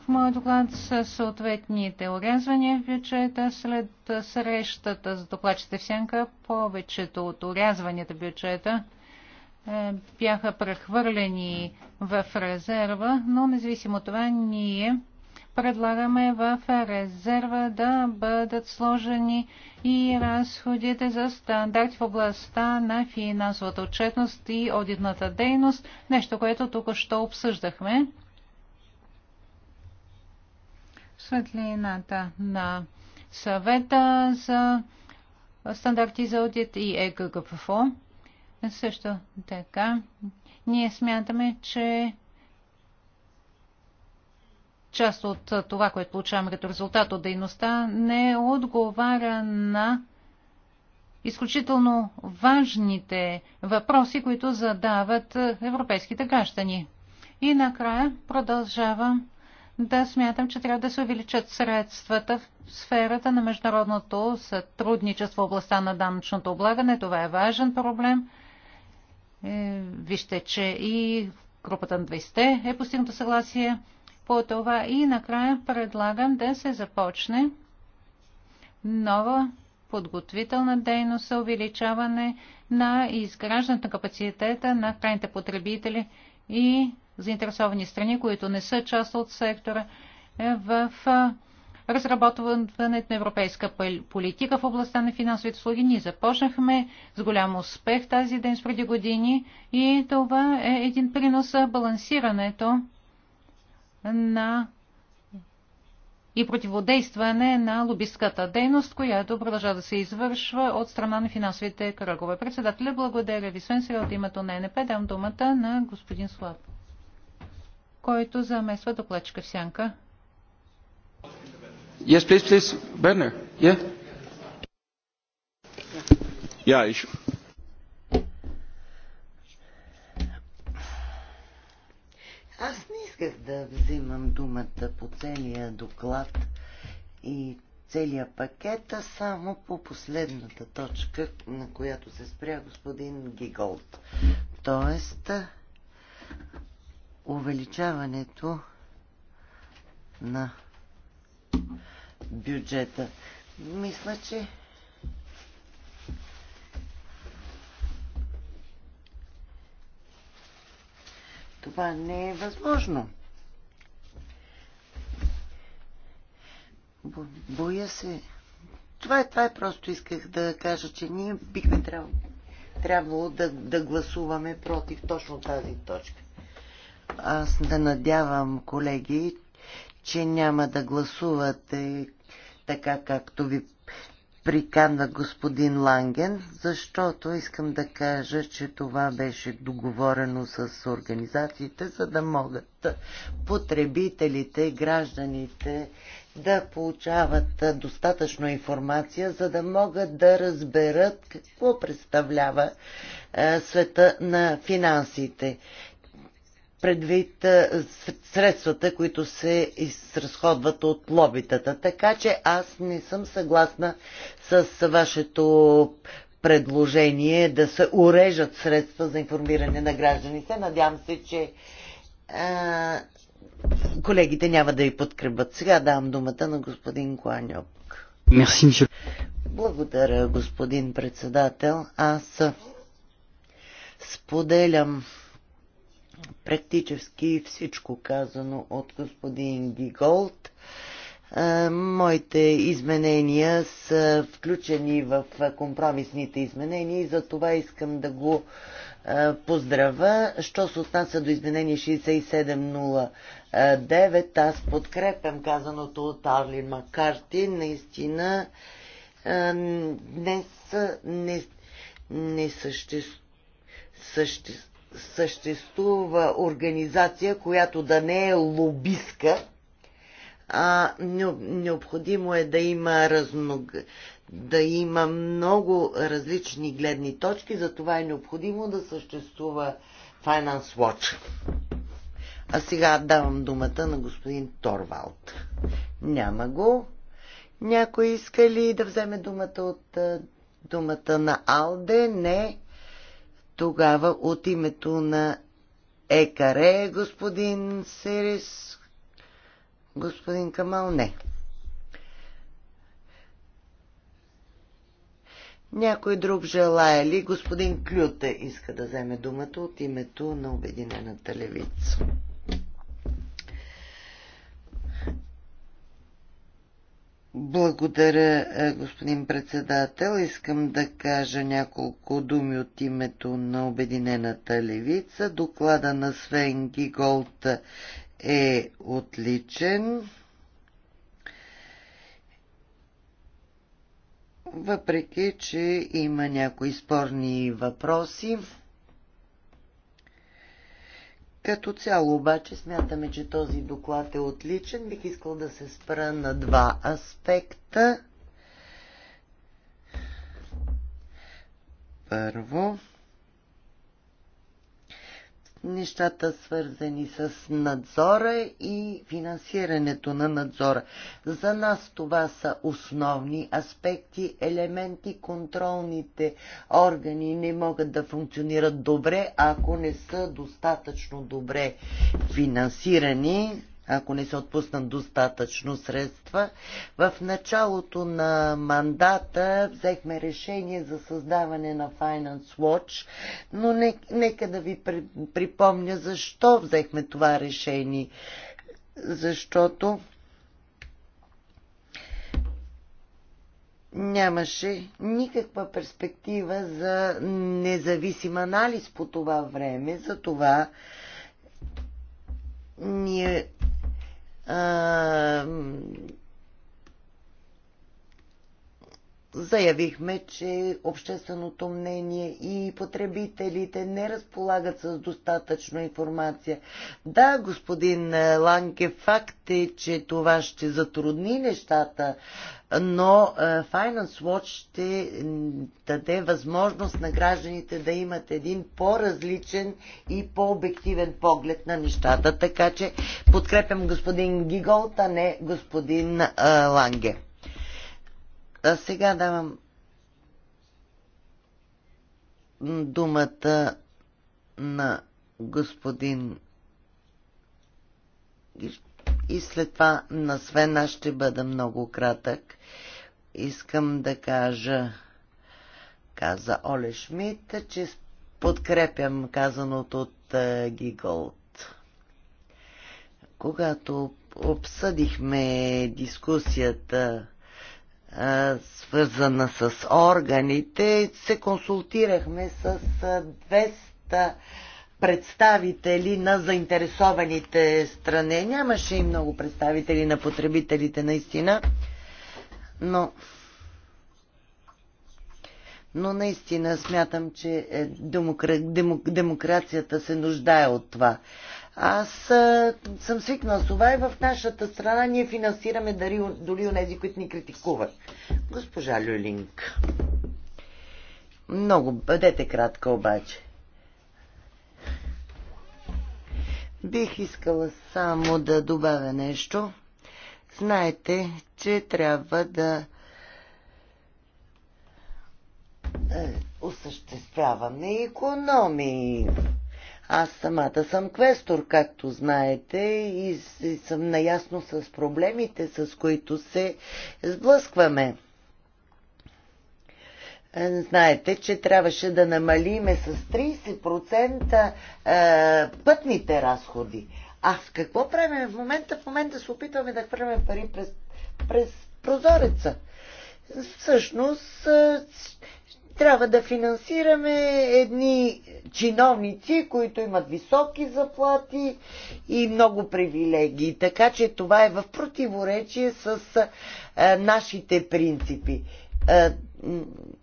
Speaker 1: в моят доклад с съответните урязвания в бюджета. След срещата с докладчите в сянка, повечето от урязванията в бюджета е, бяха прехвърлени в резерва, но независимо от това ние предлагаме в резерва да бъдат сложени и разходите за стандарти в областта на финансовата отчетност и одитната дейност, нещо, което тук още обсъждахме. светлината на съвета за стандарти за аудит и ЕГГПФО. Също така, ние смятаме, че част от това, което получаваме като резултат от дейността, не отговаря на изключително важните въпроси, които задават европейските граждани. И накрая продължавам да смятам, че трябва да се увеличат средствата в сферата на международното сътрудничество в областта на данъчното облагане. Това е важен проблем. Е, вижте, че и групата на 20 е постигнато съгласие по това и накрая предлагам да се започне нова подготвителна дейност за увеличаване на изграждането на капацитета на крайните потребители и заинтересовани страни, които не са част от сектора е, в разработването на европейска политика в областта на финансовите услуги. Ние започнахме с голям успех тази ден преди години и това е един принос за балансирането на и противодействане на лобистката дейност, която продължава да се извършва от страна на финансовите кръгове. Председателя, благодаря ви. Свен сега от името на НП дам думата на господин Слаб, който замесва доплачка в сянка.
Speaker 4: Yes, please, please. Berner. Yeah. Yeah, ich...
Speaker 2: Аз исках да взимам думата по целия доклад и целия пакет, а само по последната точка, на която се спря господин Гиголд. Тоест, увеличаването на бюджета. Мисля, че Това не е възможно. Боя се. Това е, това е просто исках да кажа, че ние бихме трябвало, трябвало да, да гласуваме против точно тази точка. Аз да надявам, колеги, че няма да гласувате така, както ви прикана господин Ланген, защото искам да кажа, че това беше договорено с организациите, за да могат потребителите, гражданите да получават достатъчно информация, за да могат да разберат какво представлява е, света на финансите предвид средствата, които се изразходват от лобитата. Така че аз не съм съгласна с вашето предложение да се урежат средства за информиране на гражданите. Надявам се, че а, колегите няма да ви подкрепят. Сега давам думата на господин Кланьок. Мерси, Благодаря, господин председател. Аз споделям практически всичко казано от господин Гиголд. Моите изменения са включени в компромисните изменения и за това искам да го поздравя. Що се отнася до изменение 6709, аз подкрепям казаното от Арлин Маккарти. Наистина днес не, не съществува съществува организация, която да не е лобистка, а необходимо е да има разно... да има много различни гледни точки, затова е необходимо да съществува Finance Watch. А сега давам думата на господин Торвалд. Няма го. Някой иска ли да вземе думата от думата на Алде? Не. Тогава от името на Екаре, господин Сирис, господин Камал, не. Някой друг желая ли? Господин Клюте иска да вземе думата от името на Обединената левица. Благодаря, е, господин председател. Искам да кажа няколко думи от името на Обединената левица. Доклада на Свен Гиголт е отличен. Въпреки, че има някои спорни въпроси, като цяло обаче смятаме, че този доклад е отличен. Бих искал да се спра на два аспекта. Първо, нещата свързани с надзора и финансирането на надзора. За нас това са основни аспекти, елементи, контролните органи не могат да функционират добре, ако не са достатъчно добре финансирани ако не се отпуснат достатъчно средства. В началото на мандата взехме решение за създаване на Finance Watch, но не, нека да ви припомня защо взехме това решение. Защото нямаше никаква перспектива за независим анализ по това време, за това ние а, заявихме, че общественото мнение и потребителите не разполагат с достатъчно информация. Да, господин Ланке, факт е, че това ще затрудни нещата, но е, Finance Watch ще даде възможност на гражданите да имат един по-различен и по-обективен поглед на нещата. Така че подкрепям господин Гиголта, не господин е, Ланге. А сега давам думата на господин и след това на Свен аз ще бъда много кратък. Искам да кажа, каза Оле Шмидт, че подкрепям казаното от Гиголт. Когато обсъдихме дискусията свързана с органите, се консултирахме с 200 представители на заинтересованите страни. Нямаше и много представители на потребителите наистина, но но наистина смятам, че е, демокра... демокрацията се нуждае от това. Аз съм свикнал с това и в нашата страна ние финансираме дари, дори у нези, които ни критикуват. Госпожа Люлинг. Много бъдете кратка обаче. Бих искала само да добавя нещо. Знаете, че трябва да е, осъществяваме економии аз самата съм квестор, както знаете, и, съм наясно с проблемите, с които се сблъскваме. Е, знаете, че трябваше да намалиме с 30% е, пътните разходи. А в какво правим в момента? В момента се опитваме да хвърляме пари през, през прозореца. Всъщност е, трябва да финансираме едни чиновници, които имат високи заплати и много привилегии. Така че това е в противоречие с а, нашите принципи а,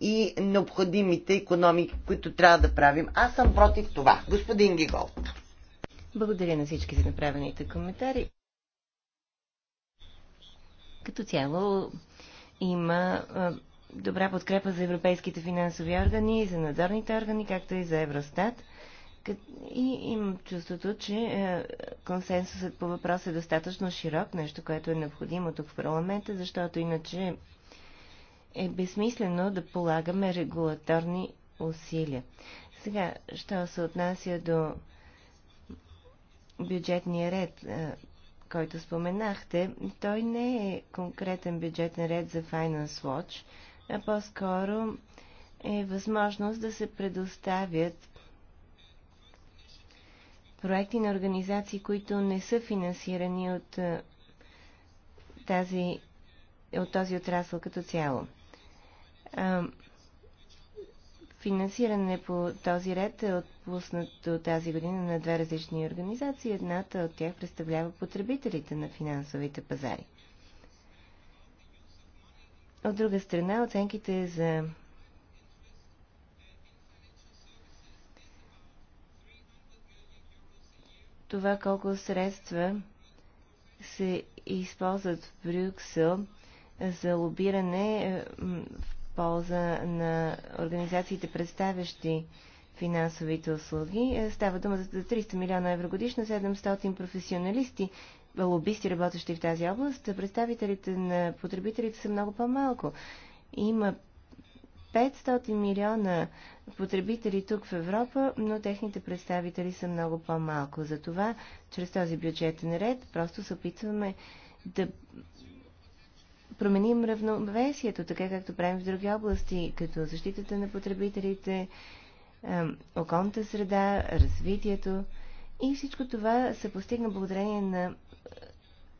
Speaker 2: и необходимите економики, които трябва да правим. Аз съм против това. Господин Гигол.
Speaker 3: Благодаря на всички за направените коментари. Като цяло има добра подкрепа за европейските финансови органи, за надзорните органи, както и за Евростат. И имам чувството, че е, консенсусът по въпрос е достатъчно широк, нещо, което е необходимо тук в парламента, защото иначе е безсмислено да полагаме регулаторни усилия. Сега, що се отнася до бюджетния ред, е, който споменахте, той не е конкретен бюджетен ред за Finance Watch – а по-скоро е възможност да се предоставят проекти на организации, които не са финансирани от, тази, от този отрасъл като цяло. Финансиране по този ред е отпуснато тази година на две различни организации. Едната от тях представлява потребителите на финансовите пазари. От друга страна, оценките за това колко средства се използват в Брюксел за лобиране е, в полза на организациите, представящи финансовите услуги. Е, става дума за 300 милиона евро годишно, 700 професионалисти лобисти, работещи в тази област, представителите на потребителите са много по-малко. Има 500 милиона потребители тук в Европа, но техните представители са много по-малко. Затова, чрез този бюджетен ред, просто се опитваме да променим равновесието, така както правим в други области, като защитата на потребителите, околната среда, развитието. И всичко това се постигна благодарение на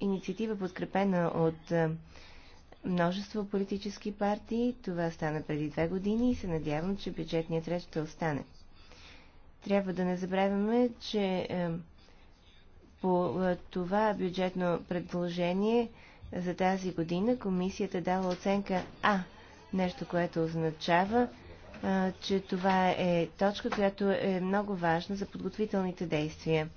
Speaker 3: инициатива, подкрепена от е, множество политически партии. Това стана преди две години и се надявам, че бюджетният ред ще остане. Трябва да не забравяме, че е, по е, това бюджетно предложение за тази година комисията дала оценка А, нещо, което означава, че това е точка, която е много важна за подготвителните действия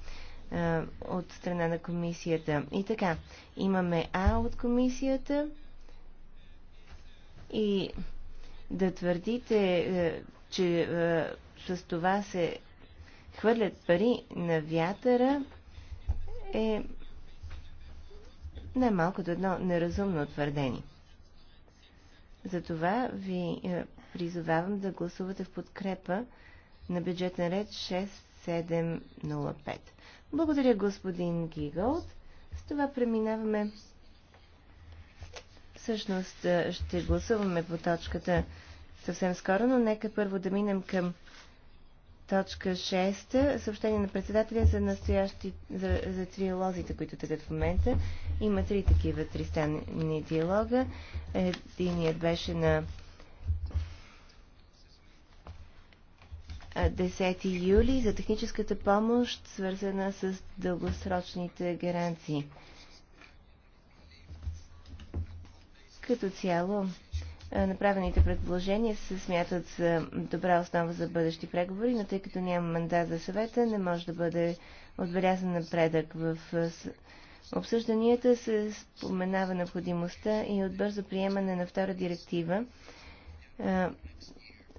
Speaker 3: а, е, от страна на комисията. И така, имаме А от комисията и да твърдите, а, е, че а, е, с това се хвърлят пари на вятъра е най-малкото едно неразумно твърдение. Затова ви призовавам да гласувате в подкрепа на бюджетен ред 6705. Благодаря, господин Гиголд. С това преминаваме. Всъщност ще гласуваме по точката съвсем скоро, но нека първо да минем към точка 6. Съобщение на председателя за настоящи, за, за триолозите, които тъкат в момента. Има три такива тристанни диалога. Единият беше на 10 юли за техническата помощ, свързана с дългосрочните гаранции. Като цяло, направените предположения се смятат за добра основа за бъдещи преговори, но тъй като няма мандат за съвета, не може да бъде отбелязан напредък в обсъжданията се споменава необходимостта и от бързо приемане на втора директива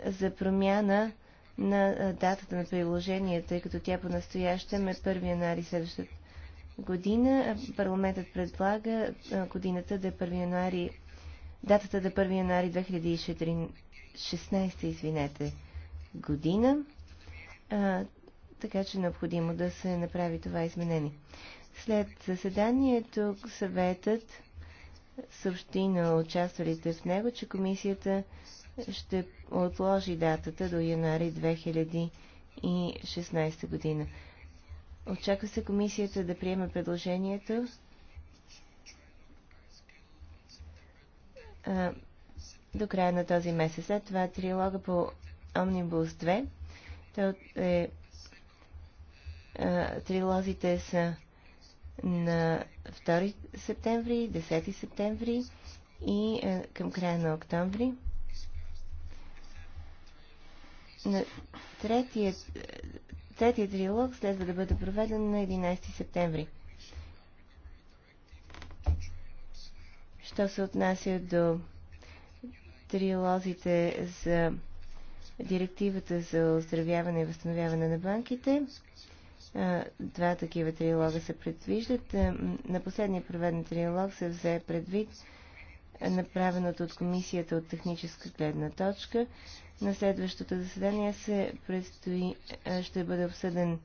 Speaker 3: за промяна на датата на приложение, тъй като тя по-настоящем е първи януари следващата година. Парламентът предлага годината да е 1 януари, датата да е 1 януари 2016 извинете, година. А, така че е необходимо да се направи това изменение. След заседанието съветът съобщи на участвалите в него, че комисията ще отложи датата до януари 2016 година. Очаква се комисията да приеме предложението до края на този месец. След това трилога по Омнибус 2. Той е, а, трилозите са на 2 септември, 10 септември и а, към края на октомври на третия, третия триалог следва да бъде проведен на 11 септември. Що се отнася до триалозите за директивата за оздравяване и възстановяване на банките, два такива триалога се предвиждат. На последния проведен триалог се взе предвид е направеното от комисията от техническа гледна точка. На следващото заседание се предстои, е, ще бъде обсъден,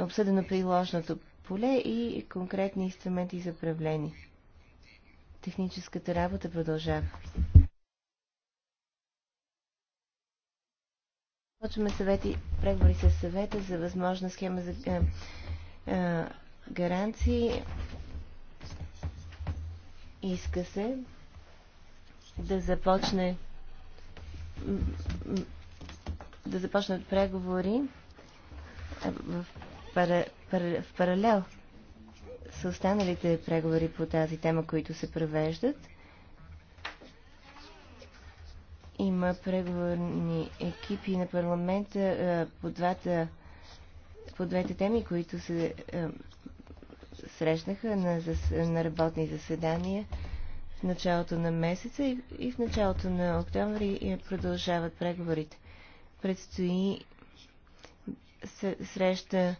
Speaker 3: обсъдено приложното поле и конкретни инструменти за правление. Техническата работа продължава. Почваме съвети, преговори с съвета за възможна схема за а, е, а, гаранции иска се да започне да започнат преговори е, в, пара, пара, в паралел с останалите преговори по тази тема, които се провеждат. Има преговорни екипи на парламента е, по двата по двете теми, които се е, срещнаха на, зас... на работни заседания в началото на месеца и, и в началото на октомври е, продължават преговорите. Предстои среща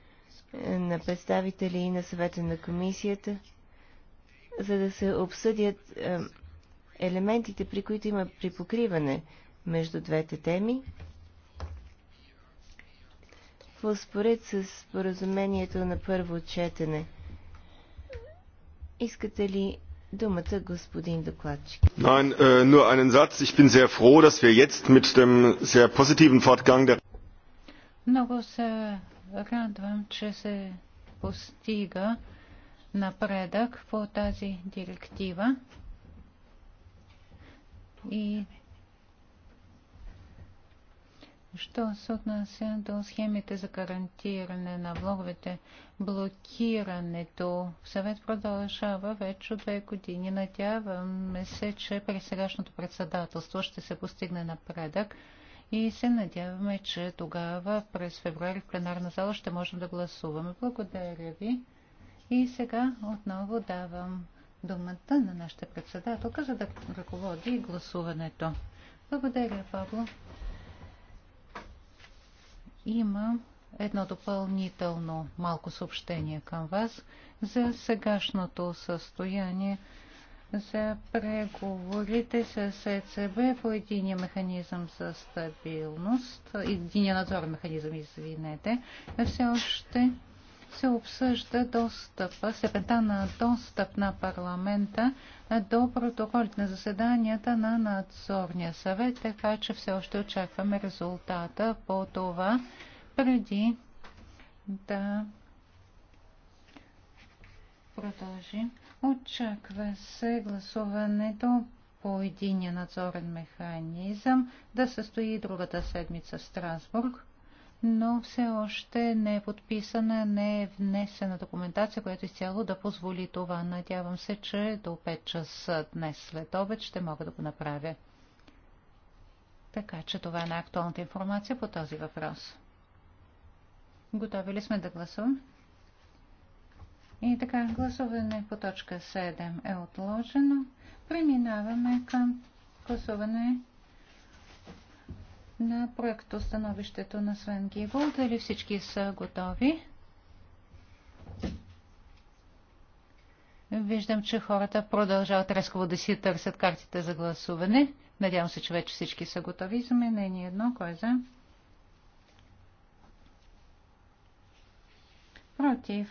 Speaker 3: е, на представители и на съвета на комисията, за да се обсъдят е, елементите, при които има припокриване между двете теми. Поспоред с споразумението на първо четене Искате ли думата, господин докладчик?
Speaker 2: Nein,
Speaker 4: äh, nur einen Satz. Ich bin sehr froh, dass wir jetzt mit dem sehr positiven Fortgang der...
Speaker 1: Много се радвам, че се постига напредък по тази директива. И Що се отнася до схемите за гарантиране на влоговете, блокирането в съвет продължава вече две години. Надяваме се, че при сегашното председателство ще се постигне напредък и се надяваме, че тогава през февруари в пленарна зала ще можем да гласуваме. Благодаря ви. И сега отново давам думата на нашата председателка, за да ръководи гласуването. Благодаря, Павло. Има едно допълнително малко съобщение към вас за сегашното състояние за преговорите с ЕЦБ по единия механизъм за стабилност, единия надзорен механизъм, извинете, все още се обсъжда достъпа, степента на достъп на парламента до протоколите на заседанията на надзорния съвет, така че все още очакваме резултата по това преди да продължим. Очаква се гласуването по единия надзорен механизъм да състои другата седмица в Страсбург но все още не е подписана, не е внесена документация, която изцяло да позволи това. Надявам се, че до 5 часа днес след обед ще мога да го направя. Така че това е най-актуалната информация по този въпрос. Готови ли сме да гласуваме? И така, гласуване по точка 7 е отложено. Преминаваме към гласуване на проекто становището на Свен Гивол. Дали всички са готови? Виждам, че хората продължават резково да си търсят картите за гласуване. Надявам се, че вече всички са готови. Заменение едно. Кой е за? Против.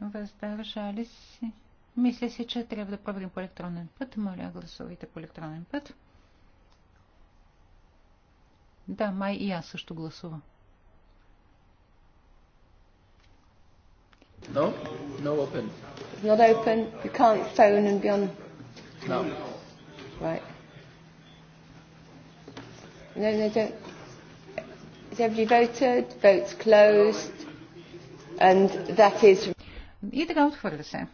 Speaker 1: Въздържали си. Мисля си, че трябва да проверим по електронен път. Моля, гласувайте по електронен път. Да, май и аз също гласува.
Speaker 4: No? No open.
Speaker 1: Not open. You can't phone and be on.
Speaker 4: No. Right. No, no, don't. Has everybody voted? Votes closed. And that is... И така отхвърля се.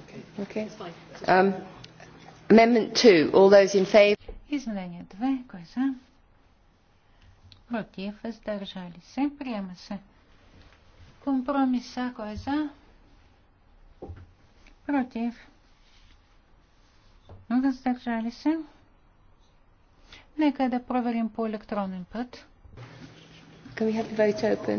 Speaker 1: Okay. Okay.
Speaker 4: Um, amendment 2. All those in favour?
Speaker 1: Изменение 2. Кой е за? Против. Въздържали се. Приема се. Компромиса. Кой е за? Против. Въздържали се. Нека да проверим по електронен път.
Speaker 4: Can we have the vote open?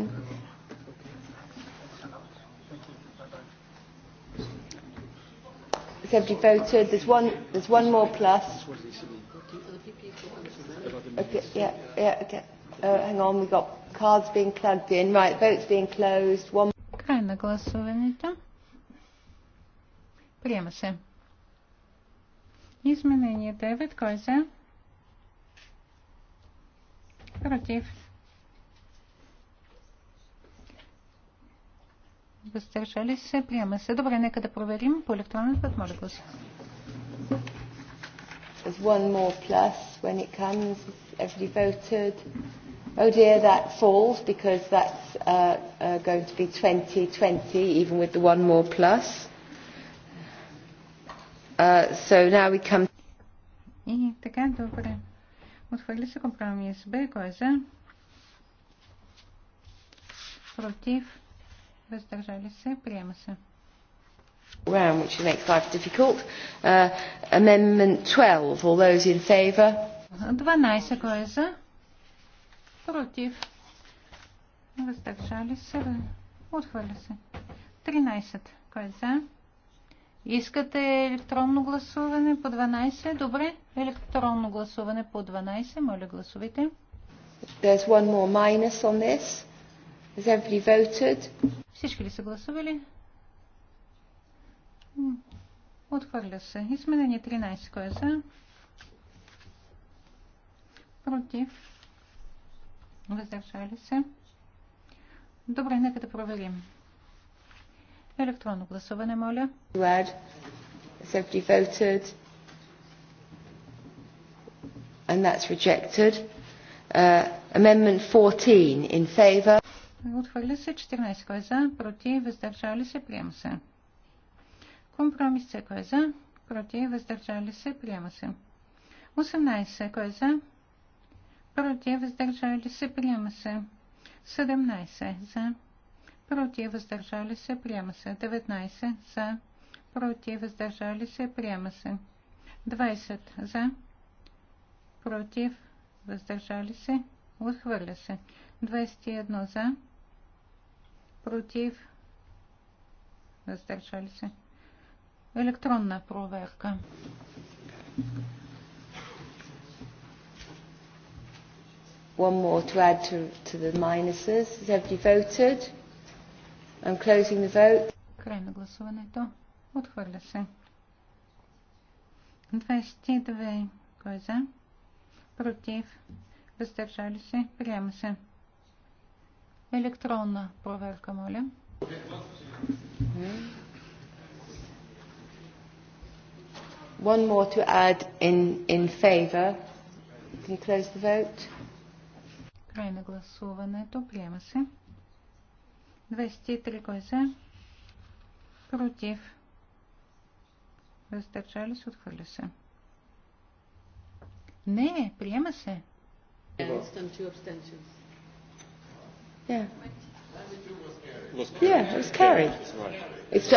Speaker 4: Has everybody voted? There's one, there's one more plus. Okay, yeah, yeah, okay. Uh, hang on, we got cards being plugged in. Right, votes being closed. One...
Speaker 1: Край на гласуването. Приема се. Изменение 9. Кой е за? Против. Въздържали се. Приема се. Добре, нека да проверим по електронен път. Може да гласуваме.
Speaker 4: There's one more plus when it comes. Everybody voted. Oh dear, that falls because that's uh, uh, going to be 2020, even with the one more plus. Uh, so now we come.
Speaker 1: И така, добре. Отхвърли се компромис. Б, кой е за? Против. Въздържали се. Приема се
Speaker 4: round, which makes life difficult. Uh, amendment 12, all those in favour?
Speaker 1: 12 кой е за? Против. Въздържали се. Отхвърля се. 13. Кой е за? Искате електронно гласуване по 12? Добре. Електронно гласуване по 12. Моля, гласувайте. There's one more minus on this. Has everybody voted? Всички ли са гласували? Отхвърля се. Изменение 13. Кой е за? Против. Въздържали се. Добре, нека да проверим. Електронно гласуване, моля.
Speaker 4: Glad. Safety voted. And that's rejected. Uh, amendment 14 in favor.
Speaker 1: Отхвърля се. 14. Кой е за? Против. Въздържали се. Приема се. Компромис се Кой е за? Против. Въздържали се. Приема се. 18. Кой е за? Против. Въздържали се. Приема се. 17. За. Против. Въздържали се. Приема се. 19. За. Против. Въздържали се. Приема се. 20. За. Против. Въздържали се. Отхвърля се. 21. За. Против. Въздържали се електронна проверка.
Speaker 4: One more to add to, to the minuses. Has everybody
Speaker 1: voted? I'm closing the vote. Край на гласуването. Отхвърля се. 22. Кой е за? Против. Въздържали се. Приема се. Електронна проверка, моля.
Speaker 4: Mm-hmm. One more to add in, in favor. Can you close the vote?
Speaker 1: Край на гласуването. Приема се. 203 гласа. Е Против. Въздържали се, отхвърля се. Не, приема се. Yeah.
Speaker 4: Yeah, it was carried. It's,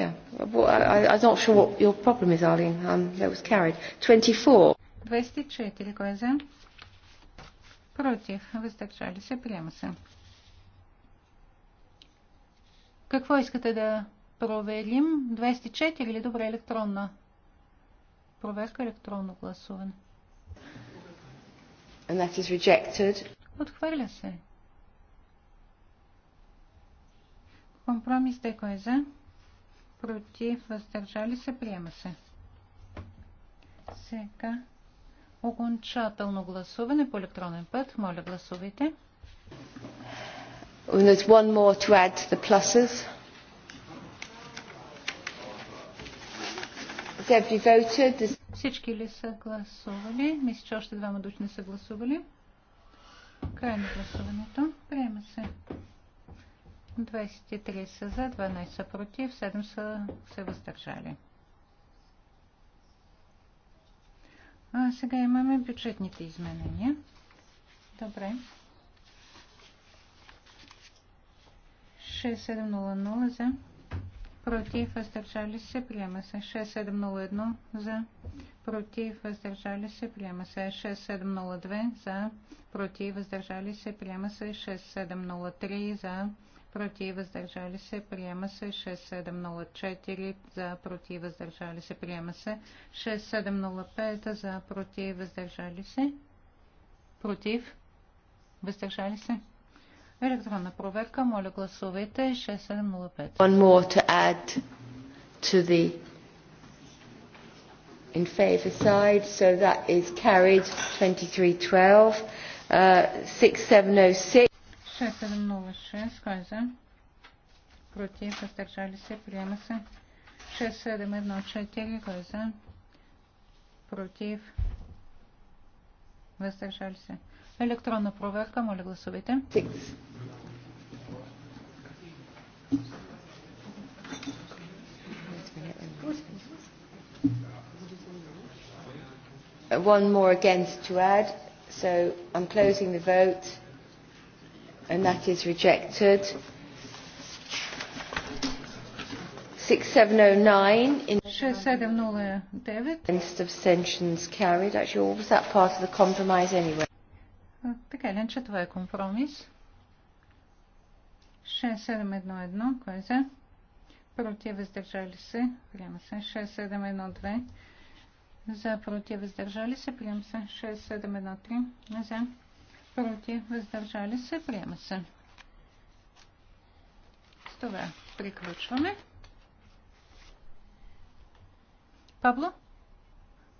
Speaker 4: Yeah, well, I, I'm not sure what your problem is, Arlene. Um, that was carried. 24. 24. Кой
Speaker 1: е за? Против. Въздържали се. Приема се. Какво искате да проверим? 24 или добре електронна? Проверка електронно гласуване.
Speaker 4: And that is rejected.
Speaker 1: Отхвърля се. Компромис Д кой е за? против, въздържали се, приема се. Сега окончателно гласуване по електронен път. Моля, гласувайте.
Speaker 4: And there's one more to add to the pluses.
Speaker 1: Всички ли са гласували? Мисля, че още двама души не са гласували. Край на гласуването. Приема се. 23 са за, 12 са против, 7 са се въздържали. А сега имаме бюджетните изменения. Добре. 6700 за. Против, въздържали се, приема се. 6701 за. Против, въздържали се, приема се. 6702 за. Против, въздържали се, приема се. 6703 за против, въздържали се, приема се 6704 за против, въздържали се, приема се 6705 за против, въздържали се, против, въздържали се. Електронна проверка, моля гласувайте 6705.
Speaker 4: One more to add to the in favor side, so that is carried
Speaker 1: 2312. Uh, 6706 6706. Кой е за? Против. Въздържали се. Приема се. 6714. Кой е за? Против. Въздържали се. Електронна проверка. Моля гласовете.
Speaker 4: One more against to add, so I'm closing the vote and that is rejected. 6709 in
Speaker 1: 6709
Speaker 4: against abstentions carried. Actually, or was that part of the compromise anyway?
Speaker 1: Така или иначе, това е компромис. 6711, кой е за? Против, въздържали се, приема се. 6712, за, против, въздържали се, приема се. 6713, за против, въздържали се, приема се. С това приключваме. Пабло?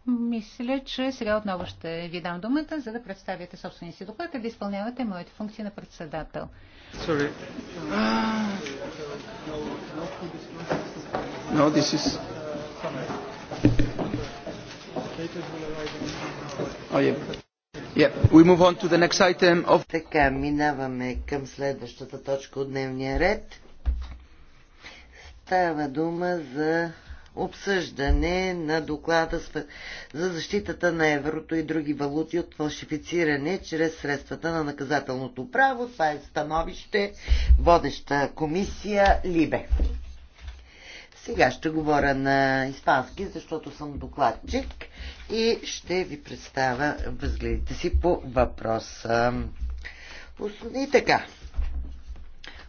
Speaker 1: Мисля, че сега отново ще ви дам думата, за да представите собствения си доклад и да изпълнявате моите функции на председател.
Speaker 4: Sorry. No, this is... Oh, yeah.
Speaker 2: Така, минаваме към следващата точка от дневния ред. Става дума за обсъждане на доклада за защитата на еврото и други валути от фалшифициране чрез средствата на наказателното право. Това е становище, водеща комисия Либе. Сега ще говоря на испански, защото съм докладчик и ще ви представя възгледите си по въпроса. И така,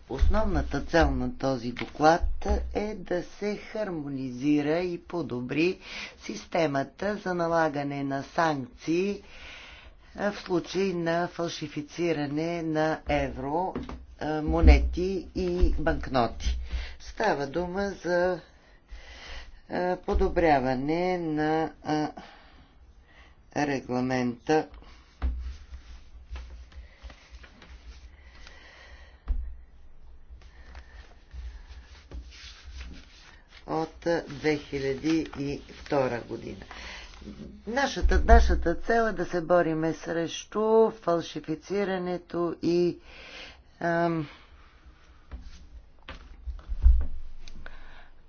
Speaker 2: Основната цел на този доклад е да се хармонизира и подобри системата за налагане на санкции в случай на фалшифициране на евро, монети и банкноти. Става дума за подобряване на регламента от 2002 година. Нашата, нашата цел е да се бориме срещу фалшифицирането и ам,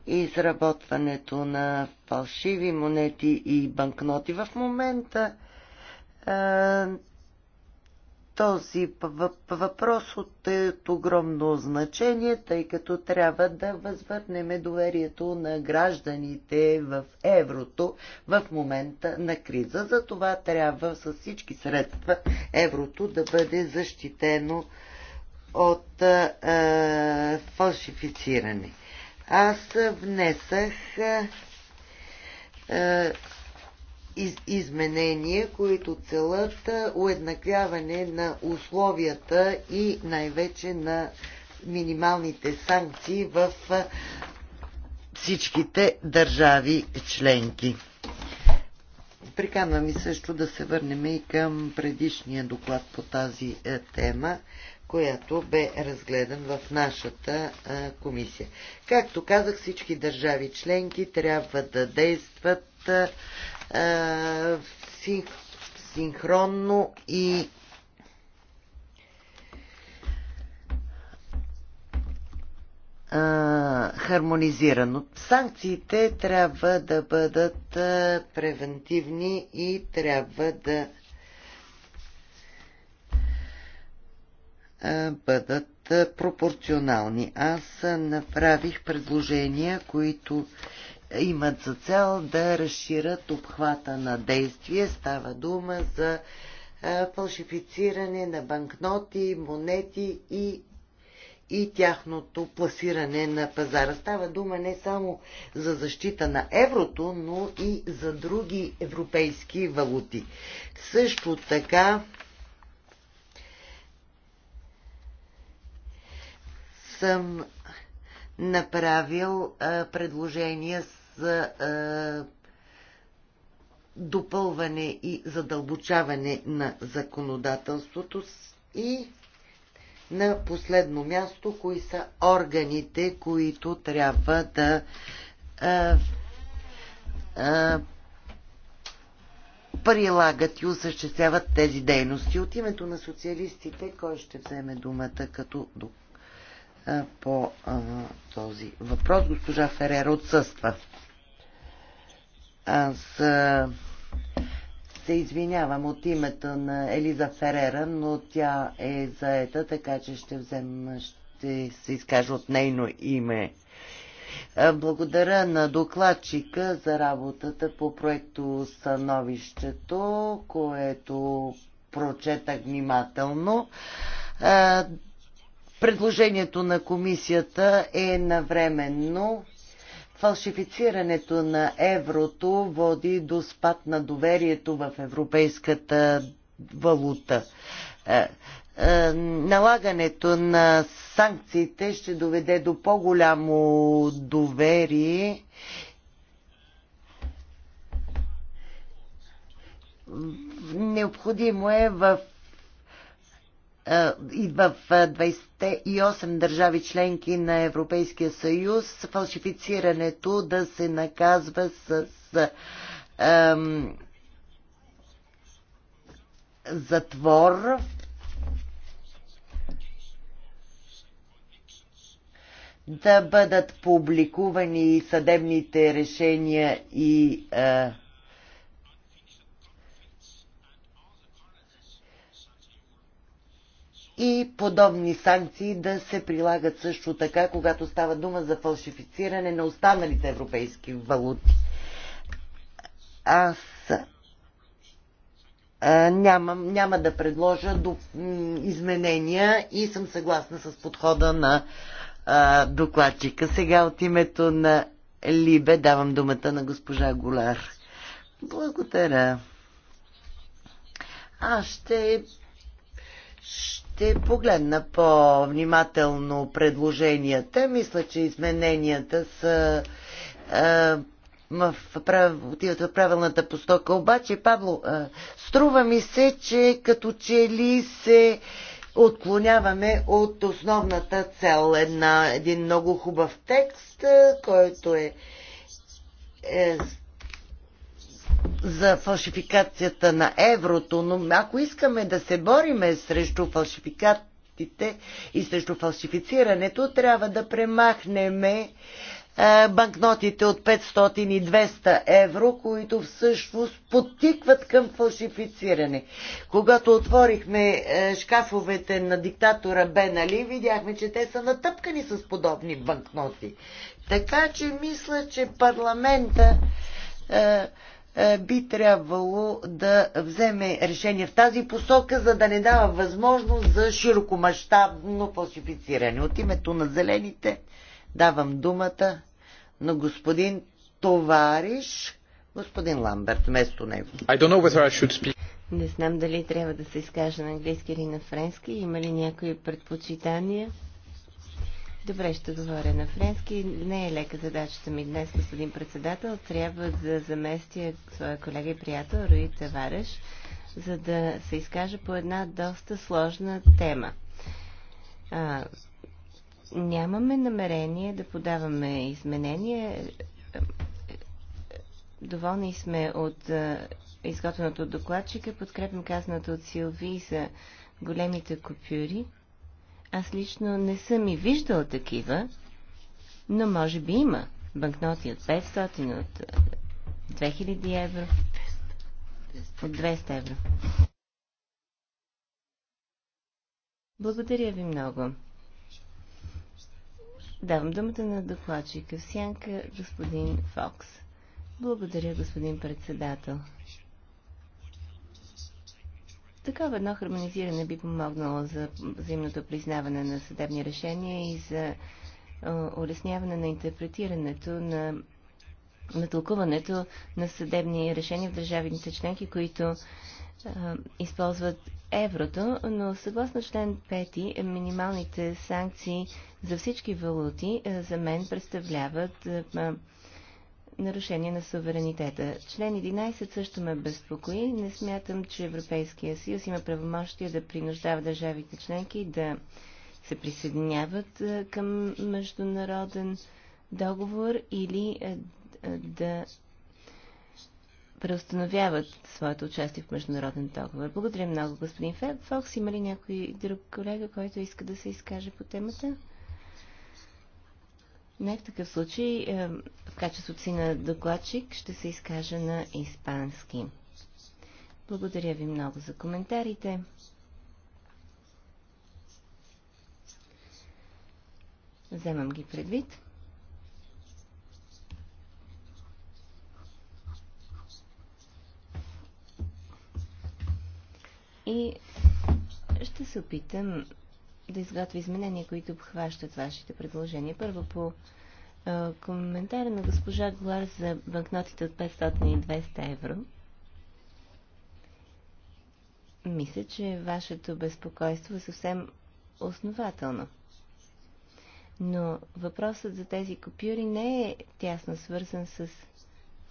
Speaker 2: изработването на фалшиви монети и банкноти. В момента този въпрос от, е от огромно значение, тъй като трябва да възвърнем доверието на гражданите в еврото в момента на криза. За това трябва с всички средства еврото да бъде защитено от е, фалшифициране аз внесах из, изменения, които целят уеднаквяване на условията и най-вече на минималните санкции в всичките държави членки. Приканвам и също да се върнем и към предишния доклад по тази е, тема, която бе разгледан в нашата а, комисия. Както казах, всички държави членки трябва да действат а, синхронно и хармонизирано. Санкциите трябва да бъдат превентивни и трябва да бъдат пропорционални. Аз направих предложения, които имат за цел да разширят обхвата на действие. Става дума за фалшифициране на банкноти, монети и и тяхното пласиране на пазара. Става дума не само за защита на еврото, но и за други европейски валути. Също така съм направил а, предложения за а, допълване и задълбочаване на законодателството и на последно място, кои са органите, които трябва да а, а, прилагат и осъществяват тези дейности. От името на социалистите, кой ще вземе думата като по този въпрос. Госпожа Ферера отсъства. Аз се извинявам от името на Елиза Ферера, но тя е заета, така че ще взема, ще се изкажа от нейно име. Благодаря на докладчика за работата по проекто съновището, което прочетах внимателно. Предложението на комисията е навременно. Фалшифицирането на еврото води до спад на доверието в европейската валута. Е, е, налагането на санкциите ще доведе до по-голямо доверие необходимо е в е, и в 28 е, държави членки на Европейския съюз фалшифицирането да се наказва с е, ем, затвор. Да бъдат публикувани съдебните решения и е, и подобни санкции да се прилагат също така, когато става дума за фалшифициране на останалите европейски валути. Аз а, нямам, няма да предложа до, изменения и съм съгласна с подхода на а, докладчика. Сега от името на Либе давам думата на госпожа Голяр. Благодаря. Аз ще ще погледна по-внимателно предложенията. Мисля, че измененията са а, в, прав... отиват в правилната постока. Обаче, Павло, а, струва ми се, че като че ли се отклоняваме от основната цел. Една, един много хубав текст, който е, е за фалшификацията на еврото, но ако искаме да се бориме срещу фалшификатите и срещу фалшифицирането, трябва да премахнем е, банкнотите от 500 и 200 евро, които всъщност подтикват към фалшифициране. Когато отворихме е, шкафовете на диктатора Бен Али, видяхме, че те са натъпкани с подобни банкноти. Така че мисля, че парламента е, е, би трябвало да вземе решение в тази посока, за да не дава възможност за широкомащабно фалшифициране. От името на зелените давам думата на господин Товариш, господин Ламберт, вместо него. I don't know whether I should speak. Не знам дали
Speaker 3: трябва да се изкажа на английски или на френски. Има ли някои предпочитания? Добре, ще говоря на френски. Не е лека задачата ми днес, господин председател. Трябва да заместя своя колега и приятел Руи Тавареш, за да се изкаже по една доста сложна тема. А, нямаме намерение да подаваме изменения. Доволни сме от изготвеното от докладчика. Подкрепям казаното от Силви за големите купюри. Аз лично не съм и виждал такива, но може би има банкноти от 500, от 2000 е, евро, от 200 евро. Благодаря ви много. Давам думата на докладчика в сянка господин Фокс. Благодаря, господин председател. Такава едно хармонизиране би помогнало за взаимното признаване на съдебни решения и за улесняване на интерпретирането на, на тълкуването на съдебни решения в държавните членки, които а, използват еврото, но съгласно член 5 е, минималните санкции за всички валути а, е, за мен представляват а, е, нарушение на суверенитета. Член 11 също ме безпокои. Не смятам, че Европейския съюз има правомощия да принуждава държавите членки да се присъединяват е, към международен договор или е, е, да преустановяват своето участие в международен договор. Благодаря много, господин Фокс. Има ли някой друг колега, който иска да се изкаже по темата? Не в такъв случай, е, в качеството си на докладчик, ще се изкажа на испански. Благодаря ви много за коментарите. Вземам ги предвид. И ще се опитам да изготви изменения, които обхващат вашите предложения. Първо по а, коментара на госпожа Голар за банкнотите от 500 и 200 евро. Мисля, че вашето безпокойство е съвсем основателно. Но въпросът за тези купюри не е тясно свързан с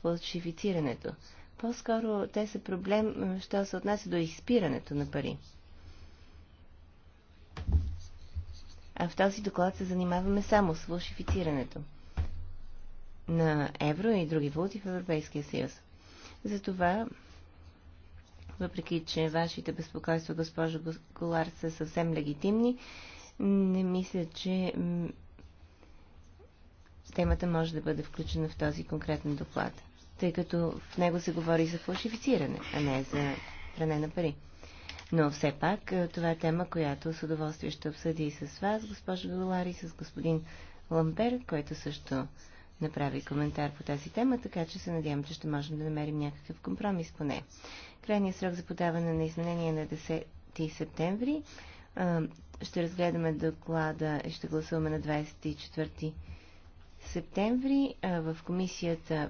Speaker 3: фалшифицирането. По-скоро те са проблем, що се отнася до изпирането на пари. а в този доклад се занимаваме само с фалшифицирането на евро и други валути в Европейския съюз. Затова, въпреки че вашите безпокойства, госпожо Голар, са съвсем легитимни, не мисля, че темата може да бъде включена в този конкретен доклад, тъй като в него се говори за фалшифициране, а не за пране на пари. Но все пак е, това е тема, която с удоволствие ще обсъди и с вас, госпожа и с господин Ламбер, който също направи коментар по тази тема, така че се надявам, че ще можем да намерим някакъв компромис по нея. Крайният срок за подаване на изменения е на 10 септември. Е, ще разгледаме доклада и ще гласуваме на 24 септември в комисията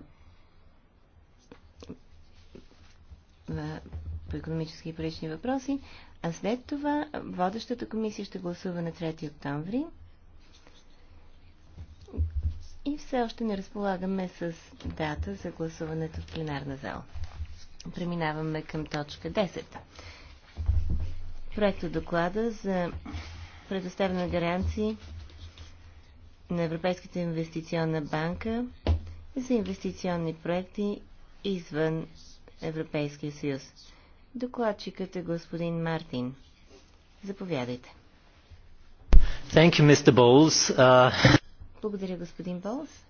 Speaker 3: по економически и парични въпроси, а след това водещата комисия ще гласува на 3 октомври. И все още не разполагаме с дата за гласуването в пленарна зала. Преминаваме към точка 10. от доклада за предоставяне гаранции на Европейската инвестиционна банка за инвестиционни проекти извън Европейския съюз. Докладчикът е господин Мартин. Заповядайте. Thank you, Mr. Bowles.
Speaker 2: Uh...
Speaker 3: Благодаря, господин Болс.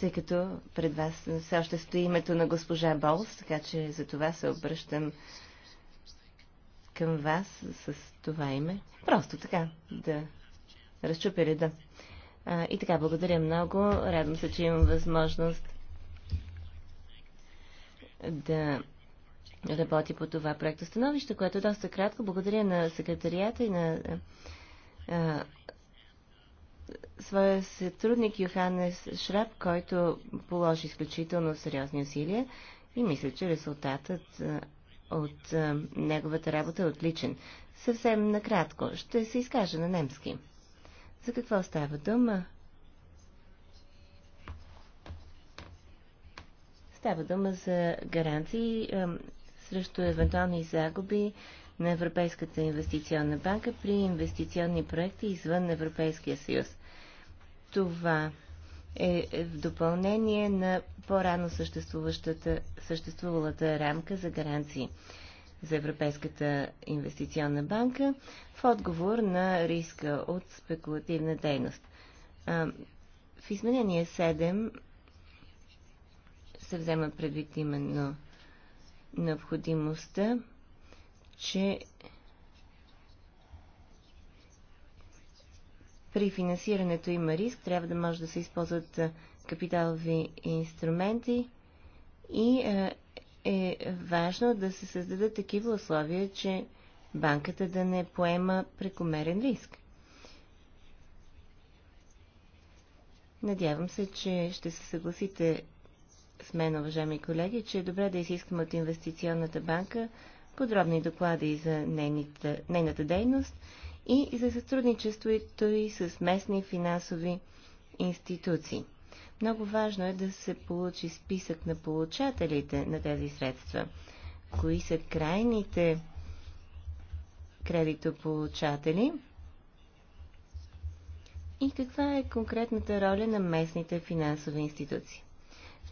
Speaker 3: Тъй като пред вас все още стои името на госпожа Болс, така че за това се обръщам към вас с това име. Просто така, да разчупя реда. А, и така, благодаря много. Радвам се, че имам възможност да работи по това проекто становище, което е доста кратко. Благодаря на секретарията и на а, своя сътрудник Йоханес Шраб, който положи изключително сериозни усилия и мисля, че резултатът а, от а, неговата работа е отличен. Съвсем накратко ще се изкажа на немски. За какво става дума? Става дума за гаранции срещу евентуални загуби на Европейската инвестиционна банка при инвестиционни проекти извън Европейския съюз. Това е, е в допълнение на по-рано съществувалата рамка за гаранции за Европейската инвестиционна банка в отговор на риска от спекулативна дейност. В изменение 7 се взема предвид именно необходимостта, че при финансирането има риск, трябва да може да се използват капиталови инструменти и е важно да се създадат такива условия, че банката да не поема прекомерен риск. Надявам се, че ще се съгласите с мен, уважаеми колеги, че е добре да изискаме от инвестиционната банка подробни доклади за нейната, нейната дейност и за сътрудничеството и с местни финансови институции. Много важно е да се получи списък на получателите на тези средства. Кои са крайните кредитополучатели и каква е конкретната роля на местните финансови институции.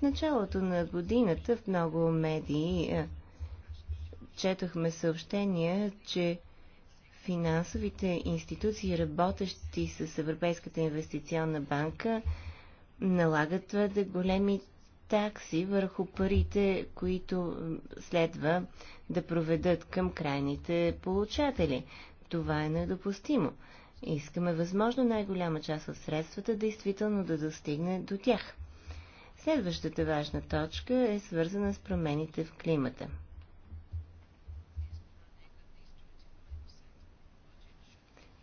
Speaker 3: В началото на годината в много медии е, четохме съобщения, че финансовите институции, работещи с Европейската инвестиционна банка, налагат твърде големи такси върху парите, които следва да проведат към крайните получатели. Това е недопустимо. Искаме възможно най-голяма част от средствата действително да достигне до тях. Следващата важна точка е свързана с промените в климата.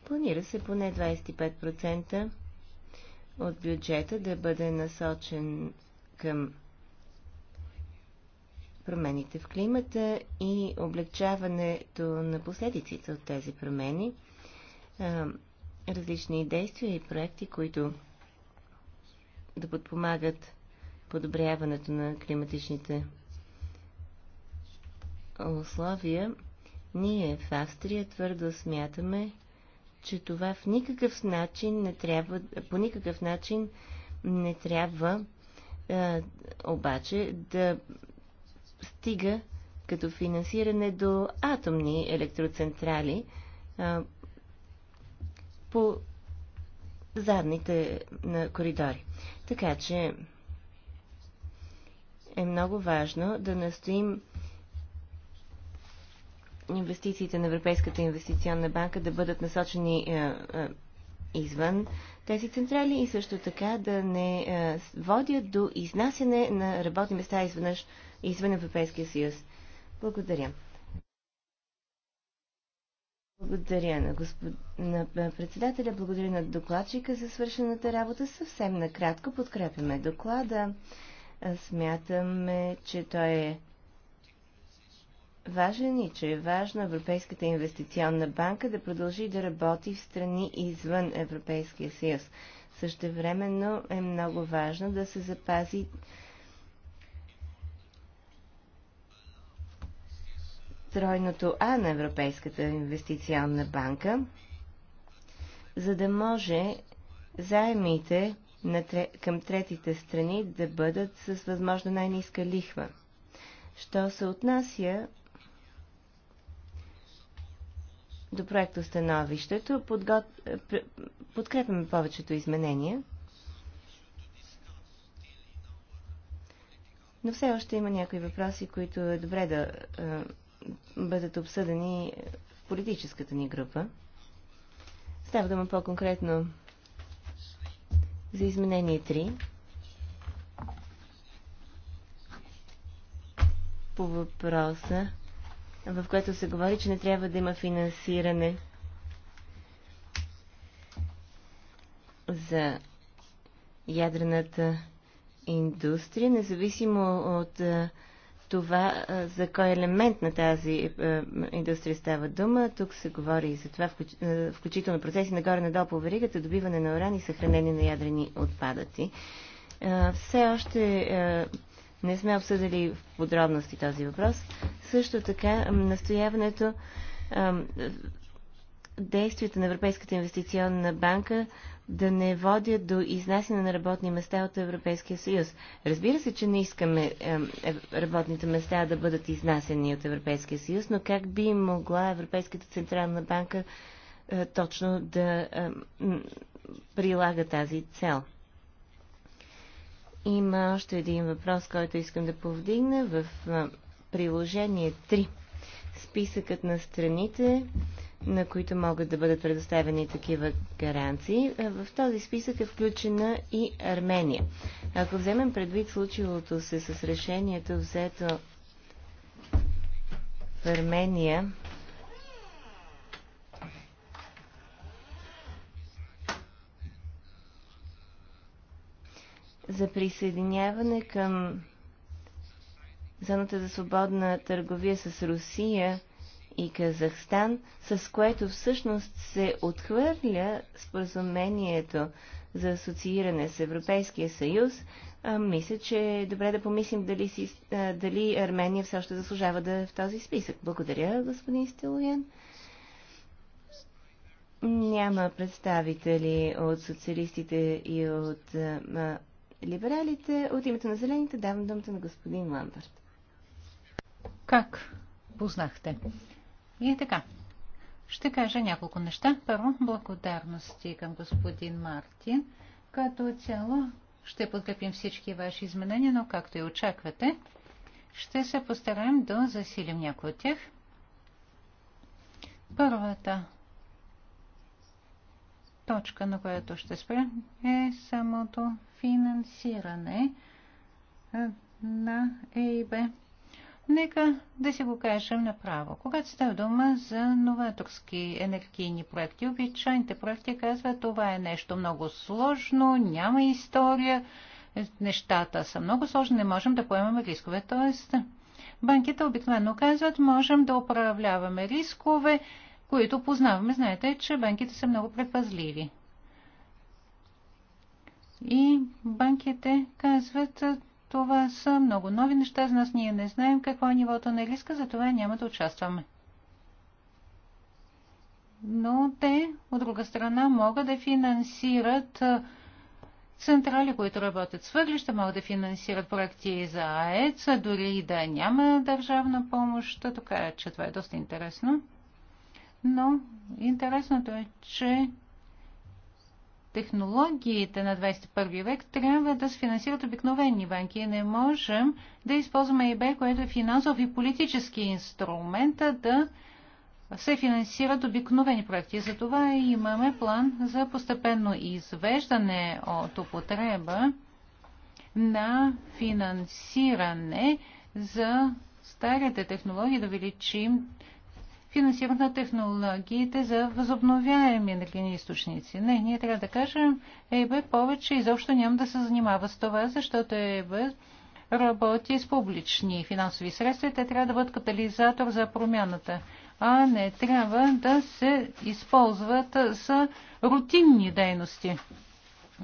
Speaker 3: Планира се поне 25% от бюджета да бъде насочен към промените в климата и облегчаването на последиците от тези промени, различни действия и проекти, които да подпомагат подобряването на климатичните условия, ние в Австрия твърдо смятаме, че това в никакъв начин не трябва, по никакъв начин не трябва е, обаче да стига като финансиране до атомни електроцентрали е, по задните на коридори. Така че е много важно да настоим инвестициите на Европейската инвестиционна банка да бъдат насочени е, е, извън тези централи и също така да не е, водят до изнасяне на работни места извънъж, извън Европейския съюз. Благодаря. Благодаря на, господ... на е, председателя, благодаря на докладчика за свършената работа. Съвсем накратко подкрепяме доклада смятаме, че той е важен и че е важно Европейската инвестиционна банка да продължи да работи в страни извън Европейския съюз. Същевременно е много важно да се запази тройното А на Европейската инвестиционна банка, за да може заемите на, към третите страни да бъдат с възможно най-низка лихва. Що се отнася до проекта становището, подгот... подкрепяме повечето изменения, но все още има някои въпроси, които е добре да е, бъдат обсъдени в политическата ни група. Става дума по-конкретно за изменение 3. По въпроса, в който се говори, че не трябва да има финансиране за ядрената индустрия, независимо от това за кой елемент на тази е, е, индустрия става дума. Тук се говори и за това, е, включително процеси нагоре-надолу по веригата, добиване на уран и съхранение на ядрени отпадъци. Все още не сме обсъдили в подробности този въпрос. Също така, настояването действията на Европейската инвестиционна банка да не водят до изнасяне на работни места от Европейския съюз. Разбира се, че не искаме е, работните места да бъдат изнасени от Европейския съюз, но как би могла Европейската централна банка е, точно да е, прилага тази цел? Има още един въпрос, който искам да повдигна в е, приложение 3. Списъкът на страните, на които могат да бъдат предоставени такива гаранции. Е, в този списък е включена и Армения. Ако вземем предвид случилото се с решението взето в Армения, за присъединяване към зоната за свободна търговия с Русия и Казахстан, с което всъщност се отхвърля споразумението за асоцииране с Европейския съюз, а, мисля, че е добре да помислим дали, си, а, дали Армения все още заслужава да е в този списък. Благодаря, господин Стилоян. Няма представители от социалистите и от а,
Speaker 1: либералите. От името на зелените давам думата на господин Ламбърт. Как познахте? И така, ще кажа няколко неща. Първо, благодарности към господин Мартин. Като цяло ще подкрепим всички ваши изменения, но както и очаквате, ще се постараем да засилим някои от тях. Първата точка, на която ще спрем, е самото финансиране на ЕИБ. Нека да си го кажем направо. Когато става дума за новаторски енергийни проекти, обичайните проекти казват, това е нещо много сложно, няма история, нещата са много сложни, не можем да поемем рискове. Тоест, банките обикновено казват, можем да управляваме рискове, които познаваме. Знаете, че банките са много предпазливи. И банките казват, това са много нови неща за нас. Ние не знаем какво е нивото на риска, затова няма да участваме. Но те, от друга страна, могат да финансират централи, които работят с въглища, могат да финансират проекти за АЕЦ, дори и да няма държавна помощ, така е, че това е доста интересно. Но интересното е, че технологиите на 21 век трябва да се финансират обикновени банки. Не можем да използваме ИБ, което е финансов и политически инструмент, да се финансират обикновени проекти. Затова имаме план за постепенно извеждане от употреба на финансиране за старите технологии да увеличим финансиране на технологиите за възобновяеми енергийни източници. Не, ние трябва да кажем, ЕБ повече изобщо няма да се занимава с това, защото ЕБ работи с публични финансови средства и те трябва да бъдат катализатор за промяната, а не трябва да се използват за рутинни дейности.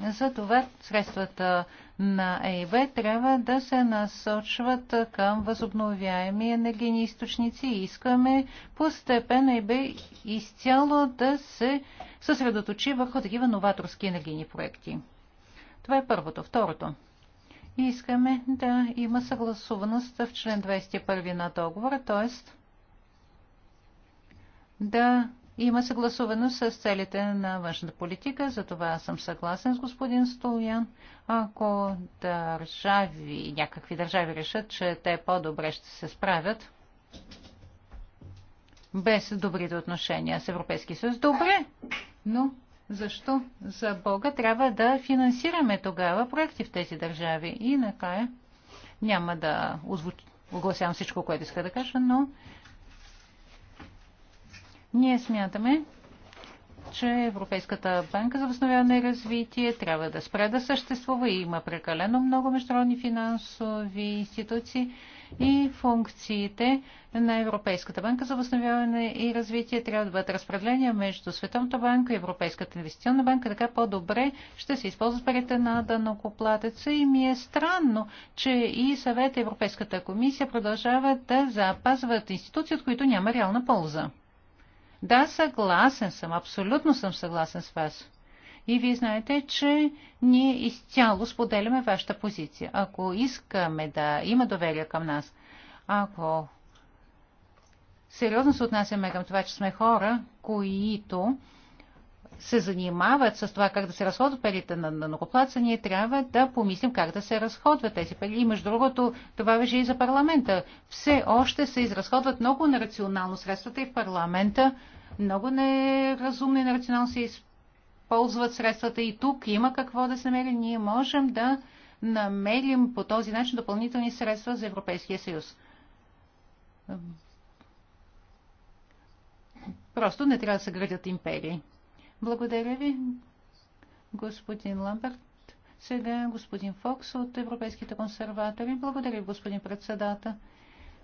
Speaker 1: За това средствата на ЕИБ трябва да се насочват към възобновяеми енергийни източници. Искаме постепенно ЕИБ изцяло да се съсредоточи върху такива новаторски енергийни проекти. Това е първото. Второто. Искаме да има съгласуваност в член 21 на договора, т.е. да има съгласувано с целите на външната политика, за това съм съгласен с господин Стоян. Ако държави, някакви държави решат, че те по-добре ще се справят без добрите отношения с Европейския съюз, добре, но защо за Бога трябва да финансираме тогава проекти в тези държави? И накрая няма да огласявам всичко, което иска да кажа, но ние смятаме, че Европейската банка за възстановяване и развитие трябва да спре да съществува и има прекалено много международни финансови институции и функциите на Европейската банка за възстановяване и развитие трябва да бъдат разпределени между Световната банка и Европейската инвестиционна банка, така по-добре ще се използват парите на данокоплатеца и ми е странно, че и съвет Европейската комисия продължават да запазват институции, от които няма реална полза. Да, съгласен съм, абсолютно съм съгласен с вас. И вие знаете, че ние изцяло споделяме вашата позиция. Ако искаме да има доверие към нас, ако сериозно се отнасяме към това, че сме хора, които се занимават с това как да се разходват парите на нанокоплаца, ние трябва да помислим как да се разходват тези пари. И между другото, това беше и за парламента. Все още се изразходват много нерационално средствата и в парламента много неразумно и нерационално се използват средствата и тук има какво да се намери. Ние можем да намерим по този начин допълнителни средства за Европейския съюз. Просто не трябва да се градят империи. Благодаря ви, господин Ламберт. Сега господин Фокс от Европейските консерватори. Благодаря, ви господин председател.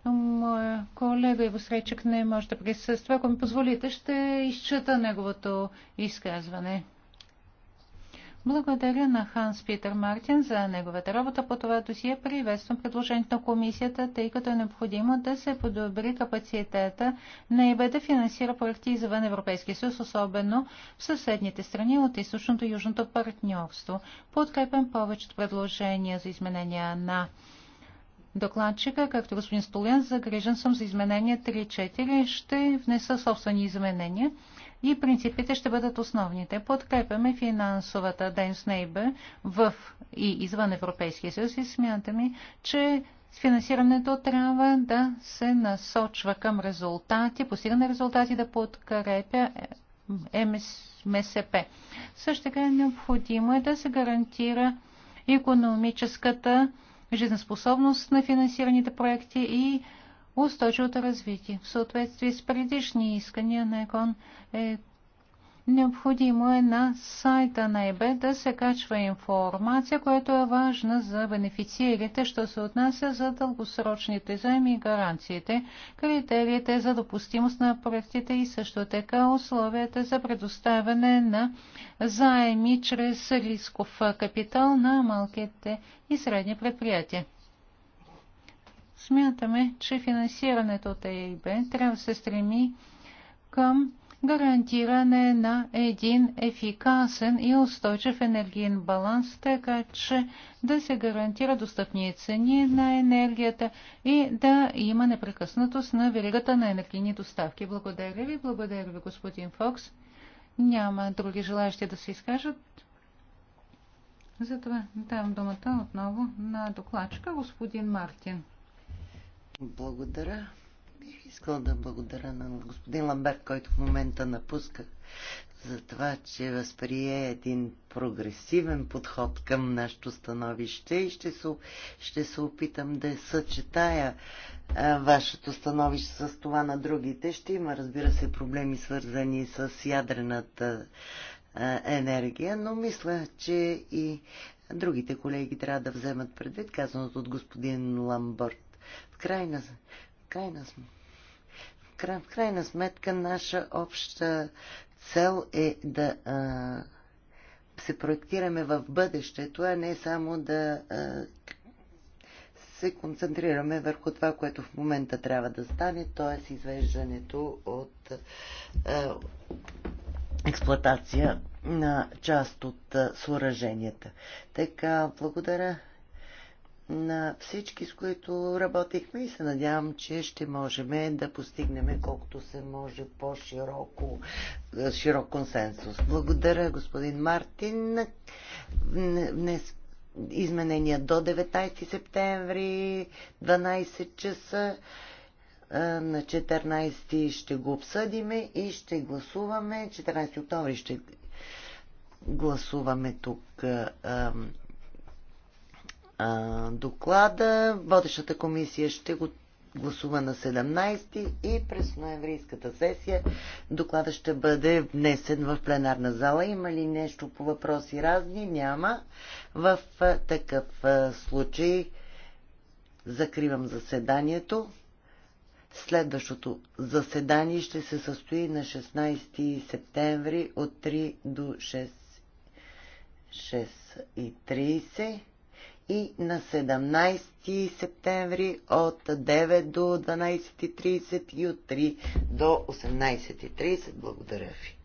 Speaker 1: Моя колега Иво Сречек не може да присъства. Ако ми позволите, ще изчета неговото изказване. Благодаря на Ханс Питер Мартин за неговата работа по това досие. Приветствам предложението на комисията, тъй като е необходимо да се подобри капацитета на ЕБ да финансира проекти извън Европейския съюз, особено в съседните страни от източното и южното партньорство. Подкрепям повечето предложения за изменения на докладчика, както господин Столен, загрижен съм за изменения 3-4. Ще внеса собствени изменения и принципите ще бъдат основните. Подкрепяме финансовата дейност на ЕБ в и извън Европейския съюз и смятаме, че финансирането трябва да се насочва към резултати, постигане резултати да подкрепя МСП. Също така е необходимо е да се гарантира економическата жизнеспособност на финансираните проекти и устойчивото развитие. В съответствие с предишни искания на ЕКОН е Необходимо е на сайта на ЕБ да се качва информация, която е важна за бенефициерите, що се отнася за дългосрочните заеми и гаранциите, критериите за допустимост на проектите и също така условията за предоставяне на заеми чрез рисков капитал на малките и средни предприятия. Смятаме, че финансирането от ЕИБ трябва да се стреми към гарантиране на един ефикасен и устойчив енергиен баланс, така че да се гарантира достъпни цени на енергията и да има непрекъснатост на веригата на енергийни доставки. Благодаря ви, благодаря ви, господин Фокс. Няма други желаящи да се изкажат. Затова давам думата отново на докладчика господин Мартин.
Speaker 2: Благодаря. Бих искала да благодаря на господин Ламберт, който в момента напуска за това, че възприе един прогресивен подход към нашето становище и ще се, ще се опитам да съчетая вашето становище с това на другите. Ще има, разбира се, проблеми свързани с ядрената енергия, но мисля, че и другите колеги трябва да вземат предвид казаното от господин Ламбърт в крайна, в крайна, в крайна сметка наша обща цел е да а, се проектираме в бъдещето, а не само да а, се концентрираме върху това, което в момента трябва да стане, т.е. извеждането от а, експлуатация на част от съоръженията. Така, благодаря на всички, с които работихме и се надявам, че ще можем да постигнем колкото се може по-широко широк консенсус. Благодаря, господин Мартин. Днес изменения до 19 септември, 12 часа. На 14 ще го обсъдиме и ще гласуваме. 14 октомври ще гласуваме тук а, доклада. Водещата комисия ще го гласува на 17 и през ноемврийската сесия доклада ще бъде внесен в пленарна зала. Има ли нещо по въпроси разни? Няма. В такъв случай закривам заседанието. Следващото заседание ще се състои на 16 септември от 3 до 6, 6 и 30 и на 17 септември от 9 до 12.30 и от 3 до 18.30. Благодаря ви.